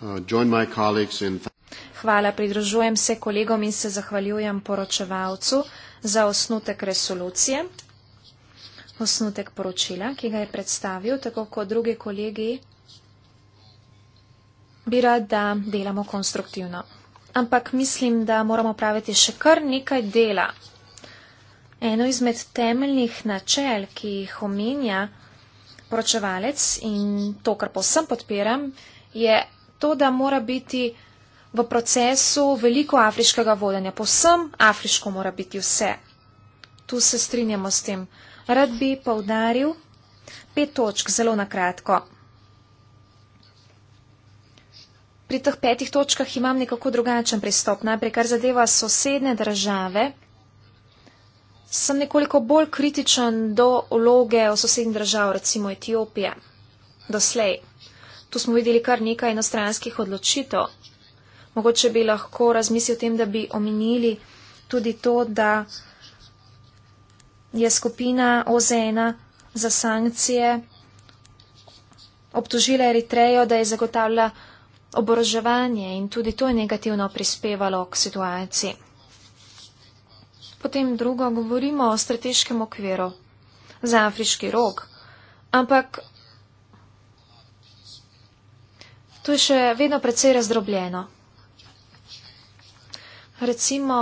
S2: Uh,
S5: Hvala, pridružujem se kolegom in se zahvaljujem poročevalcu za osnutek resolucije, osnutek poročila, ki ga je predstavil, tako kot drugi kolegi bi rad, da delamo konstruktivno. Ampak mislim, da moramo praviti še kar nekaj dela. Eno izmed temeljnih načel, ki jih omenja poročevalec in to, kar posem podpiram, je to, da mora biti v procesu veliko afriškega vodenja. Povsem afriško mora biti vse. Tu se strinjamo s tem. Rad bi povdaril pet točk, zelo na kratko. Pri teh petih točkah imam nekako drugačen pristop. Najprej, kar zadeva sosedne države, sem nekoliko bolj kritičen do vloge v sosednjih držav, recimo Etiopije, doslej. Tu smo videli kar nekaj enostranskih odločitev. Mogoče bi lahko razmislil o tem, da bi omenili tudi to, da je skupina OZN za sankcije obtožila Eritrejo, da je zagotavlja oboroževanje in tudi to je negativno prispevalo k situaciji. Potem drugo, govorimo o strateškem okviru za afriški rok, ampak tu je še vedno precej razdrobljeno. Recimo,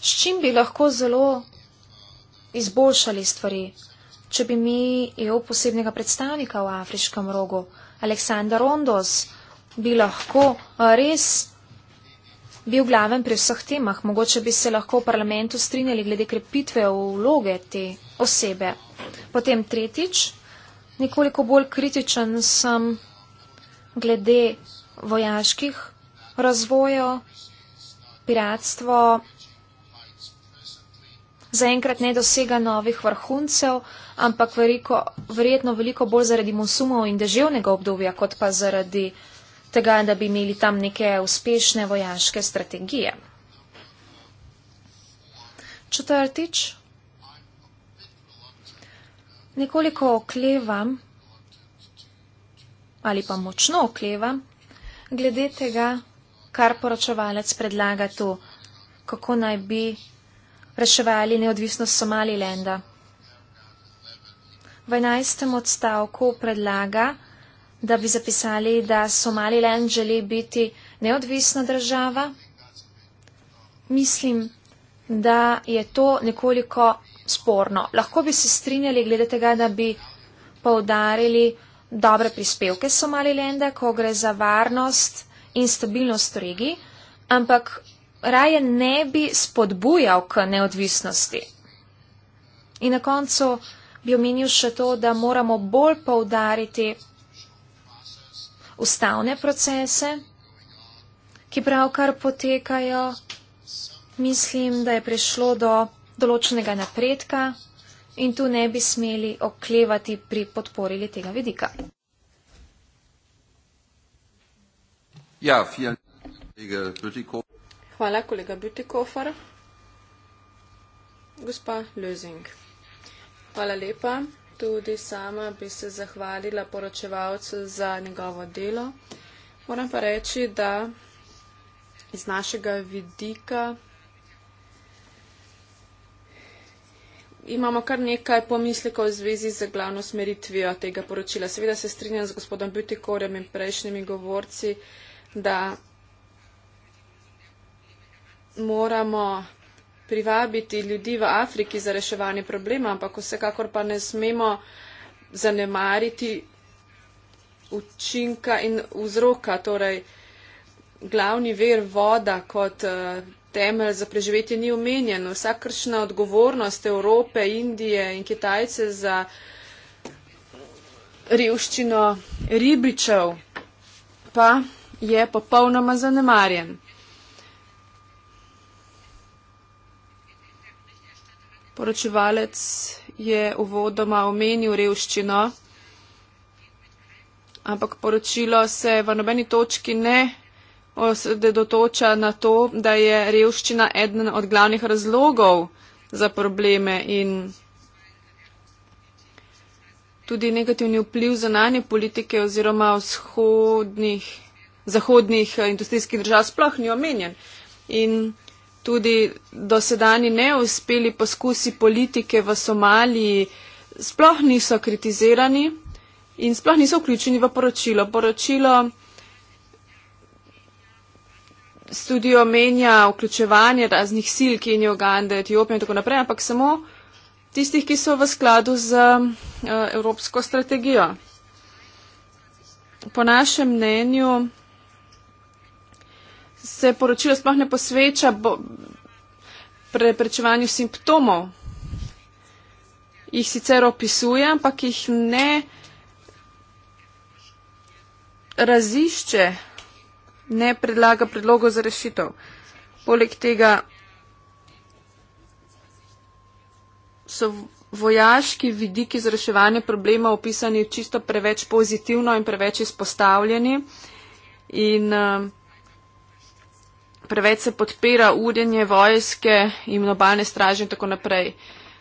S5: s čim bi lahko zelo izboljšali stvari, če bi mi EU posebnega predstavnika v afriškem rogu, Aleksandar Rondos, bi lahko res bil glaven pri vseh temah. Mogoče bi se lahko v parlamentu strinjali glede krepitve vloge te osebe. Potem tretjič, nekoliko bolj kritičen sem glede vojaških razvojev. Piratstvo zaenkrat ne dosega novih vrhuncev, ampak veliko, verjetno veliko bolj zaradi musumov in deževnega obdobja, kot pa zaradi tega, da bi imeli tam neke uspešne vojaške strategije. Četrtič. Nekoliko oklevam ali pa močno okleva, glede tega, kar poročevalec predlaga tu, kako naj bi reševali neodvisnost Somalilenda. V 11. odstavku predlaga, da bi zapisali, da Somaliland želi biti neodvisna država. Mislim, da je to nekoliko sporno. Lahko bi se strinjali glede tega, da bi poudarili dobre prispevke Somalilende, ko gre za varnost in stabilnost v regiji, ampak raje ne bi spodbujal k neodvisnosti. In na koncu bi omenil še to, da moramo bolj povdariti ustavne procese, ki pravkar potekajo. Mislim, da je prišlo do določenega napredka in tu ne bi smeli oklevati pri podporili tega vidika. Ja, Hvala, kolega Butikofar.
S2: Gospa Lözing. Hvala lepa. Tudi sama bi se zahvalila poročevalcu za njegovo delo. Moram pa reči, da iz našega vidika imamo kar nekaj pomislekov v zvezi z glavno smeritvijo tega poročila. Seveda se strinjam z gospodom Butikorjem in prejšnjimi govorci, da moramo privabiti ljudi v Afriki za reševanje problema, ampak vsekakor pa ne smemo zanemariti učinka in vzroka, torej glavni ver voda kot. Uh, temelj za preživetje ni omenjen. Vsakršna odgovornost Evrope, Indije in Kitajce za revščino ribičev pa je popolnoma zanemarjen. Poročevalec je uvodoma omenil revščino, ampak poročilo se v nobeni točki ne osredotoča na to, da je revščina eden od glavnih razlogov za probleme in tudi negativni vpliv zunanje politike oziroma vzhodnih, zahodnih eh, industrijskih držav sploh ni omenjen. In tudi dosedani neuspeli poskusi politike v Somaliji sploh niso kritizirani in sploh niso vključeni v poročilo. Poročilo tudi omenja vključevanje raznih sil, Kenije, Ugande, Etiopije in tako naprej, ampak samo tistih, ki so v skladu z uh, evropsko strategijo. Po našem mnenju se poročilo sploh ne posveča preprečevanju simptomov. Jih sicer opisuje, ampak jih ne razišče ne predlaga predlogov za rešitev. Poleg tega so vojaški vidiki za reševanje problema opisani čisto preveč pozitivno in preveč izpostavljeni in eh, preveč se podpira urjenje vojske in obalne straže in tako naprej.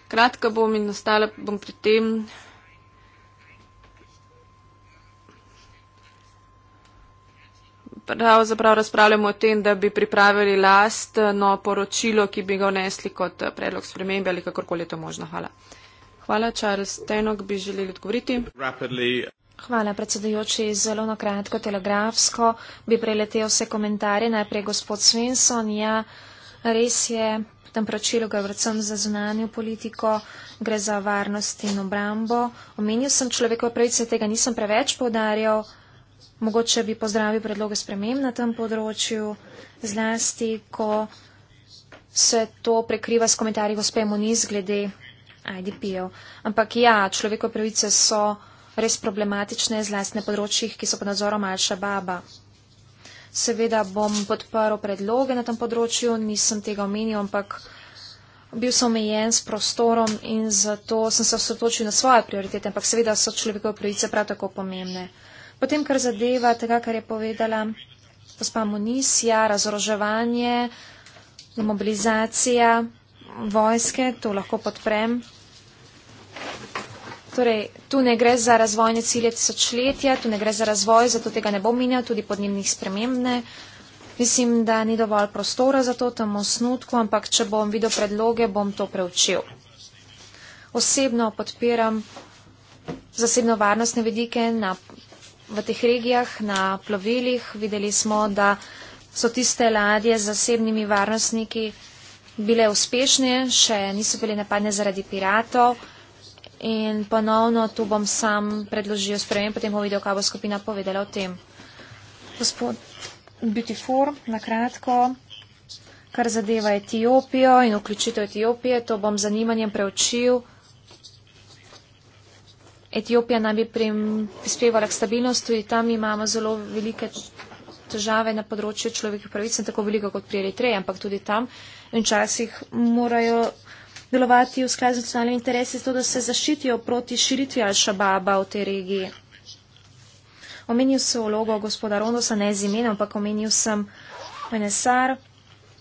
S2: Kratka bom in nastala bom pri tem, pravzaprav razpravljamo o tem, da bi pripravili lastno poročilo, ki bi ga vnesli kot predlog spremembe ali kakorkoli je to možno. Hvala. Hvala, Charles Tenok,
S5: bi želeli odgovoriti. Hvala, predsedujoči. Zelo na kratko, telegrafsko bi preletel vse komentarje. Najprej gospod Svensson. Ja, res je, tam pročilo ga vrcem za zunanjo politiko, gre za varnost in obrambo. Omenil sem človekov pravice, tega nisem preveč podarjal. Mogoče bi pozdravil predloge sprememb na tem področju, zlasti, ko se to prekriva s komentarji gospe Moniz glede IDP-ev. Ampak ja, človekove pravice so res problematične, zlasti na področjih, ki so pod nadzorom Alša Baba. Seveda bom podprl predloge na tem področju, nisem tega omenil, ampak bil sem omejen s prostorom in zato sem se osredotočil na svoje prioritete, ampak seveda so človekove pravice prav tako pomembne. Potem, kar zadeva tega, kar je povedala gospa Munisija, razoroževanje, mobilizacija vojske, to lahko podprem. Torej, tu ne gre za razvojne cilje tisočletja, tu ne gre za razvoj, zato tega ne bo minjal, tudi podnebnih spremembne. Mislim, da ni dovolj prostora za to tam osnutku, ampak če bom videl predloge, bom to preučil. Osebno podpiram zasebno varnostne vidike na v teh regijah, na plovilih. Videli smo, da so tiste ladje z zasebnimi varnostniki bile uspešne, še niso bile napadne zaradi piratov. In ponovno tu bom sam predložil spremem, potem bom videl, kaj bo skupina povedala o tem. Gospod Beautiful, na kratko, kar zadeva Etiopijo in vključitev Etiopije, to bom zanimanjem preučil. Etiopija naj bi prispevala k stabilnosti, tam imamo zelo velike težave na področju človekovih pravic, ne tako veliko kot pri Eritreji, ampak tudi tam včasih morajo delovati v skladu z nacionalnimi interesi, zato da se zaščitijo proti širitvi Al-Shababa v tej regiji. Omenil sem vlogo gospoda Rondosa, ne z imenom, ampak omenil sem Menesar,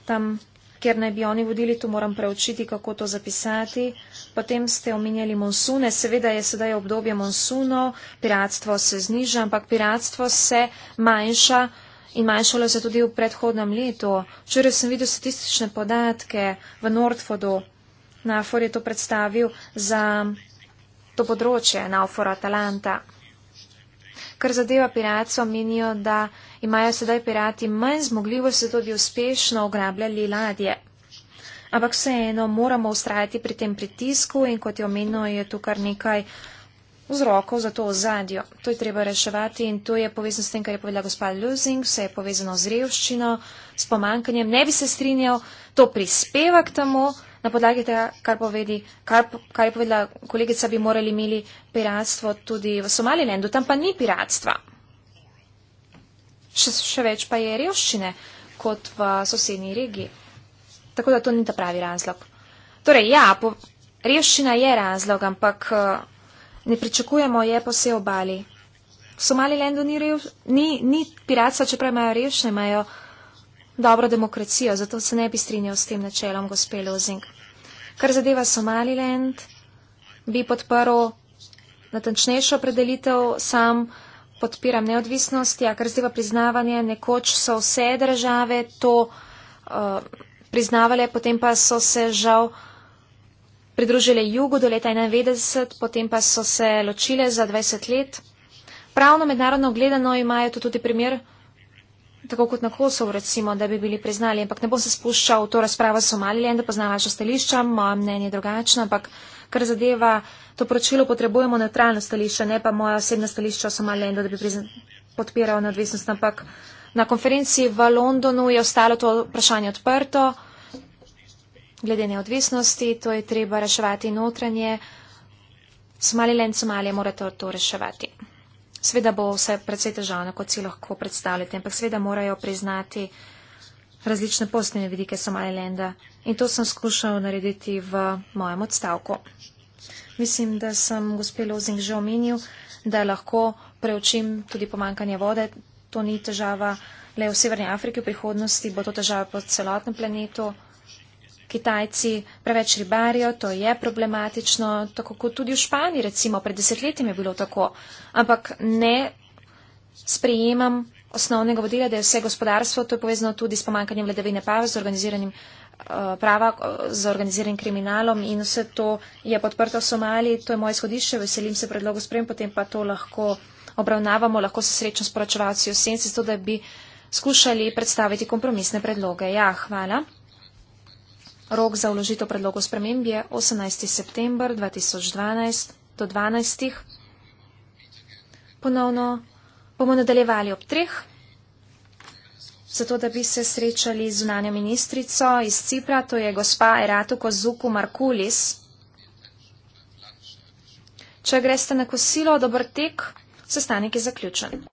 S5: tam kjer naj bi oni vodili, tu moram preučiti, kako to zapisati. Potem ste omenjali monsune, seveda je sedaj obdobje monsunov, piratstvo se zniža, ampak piratstvo se manjša in manjšalo se tudi v predhodnem letu. Včeraj sem videl statistične podatke v Nordfodu, Nafor je to predstavil za to področje, Nafor Atalanta. Kar zadeva piratstvo, menijo, da imajo sedaj pirati manj zmogljivosti, da bi uspešno ograbljali ladje. Ampak vseeno moramo ustrajati pri tem pritisku in kot je omenil, je tu kar nekaj vzrokov za to ozadjo. To je treba reševati in to je povezano s tem, kar je povedala gospa Luzing, vse je povezano z revščino, s pomankanjem. Ne bi se strinjal, to prispeva k temu, na podlagi tega, kar, povedi, kar, kar je povedala kolegica, bi morali imeli piratstvo tudi v Somalilendu, tam pa ni piratstva še, še več pa je revščine kot v sosednji regiji. Tako da to ni ta pravi razlog. Torej, ja, po, revščina je razlog, ampak eh, ne pričakujemo je po vsej obali. V Somalilandu ni, ni, ni piratstva, čeprav imajo revščine, imajo dobro demokracijo, zato se ne bi strinjal s tem načelom, gospe Lozing. Kar zadeva Somaliland, bi podprl natančnejšo predelitev sam podpiram neodvisnost, ja, kar zdaj priznavanje, nekoč so vse države to uh, priznavale, potem pa so se žal pridružile jugu do leta 1991, potem pa so se ločile za 20 let. Pravno mednarodno gledano imajo to tudi primer, tako kot na Kosovo recimo, da bi bili priznali, ampak ne bom se spuščal v to razpravo s Somalijem, da poznam vaše stališča, moja mnenja je drugačna, ampak uh, kar zadeva to pročilo, potrebujemo neutralno stališče, ne pa moja osebna stališča o Somalendu, da bi podpiral neodvisnost. Ampak na konferenci v Londonu je ostalo to vprašanje odprto. Glede neodvisnosti, to je treba reševati notranje. Somaliland, Somalija mora to, to reševati. Sveda bo vse precej težavno, kot si lahko predstavljate, ampak sveda morajo priznati, različne posebne vidike Somalilanda. In to sem skušal narediti v mojem odstavku. Mislim, da sem gospe Lozing že omenil, da lahko preučim tudi pomankanje vode. To ni težava le v Severni Afriki, v prihodnosti bo to težava po celotnem planetu. Kitajci preveč ribarijo, to je problematično, tako kot tudi v Španiji, recimo pred desetletjem je bilo tako. Ampak ne sprejemam osnovnega vodila, da je vse gospodarstvo, to je povezano tudi s pomankanjem vladavine prava, z organiziranim eh, prava, eh, z organiziranim kriminalom in vse to je podprto v Somaliji, to je moje izhodišče, veselim se predlogu sprem, potem pa to lahko obravnavamo, lahko se srečno s poročevalci v senci, zato da bi skušali predstaviti kompromisne predloge. Ja, hvala. Rok za vložitev predlogov sprememb je 18. september 2012 do 12. Ponovno bomo nadaljevali ob treh, zato da bi se srečali z unanjo ministrico iz Cipra, to je gospa Eratu Kozuku Markulis. Če greste na kosilo, dobr tek, sestanek je zaključen.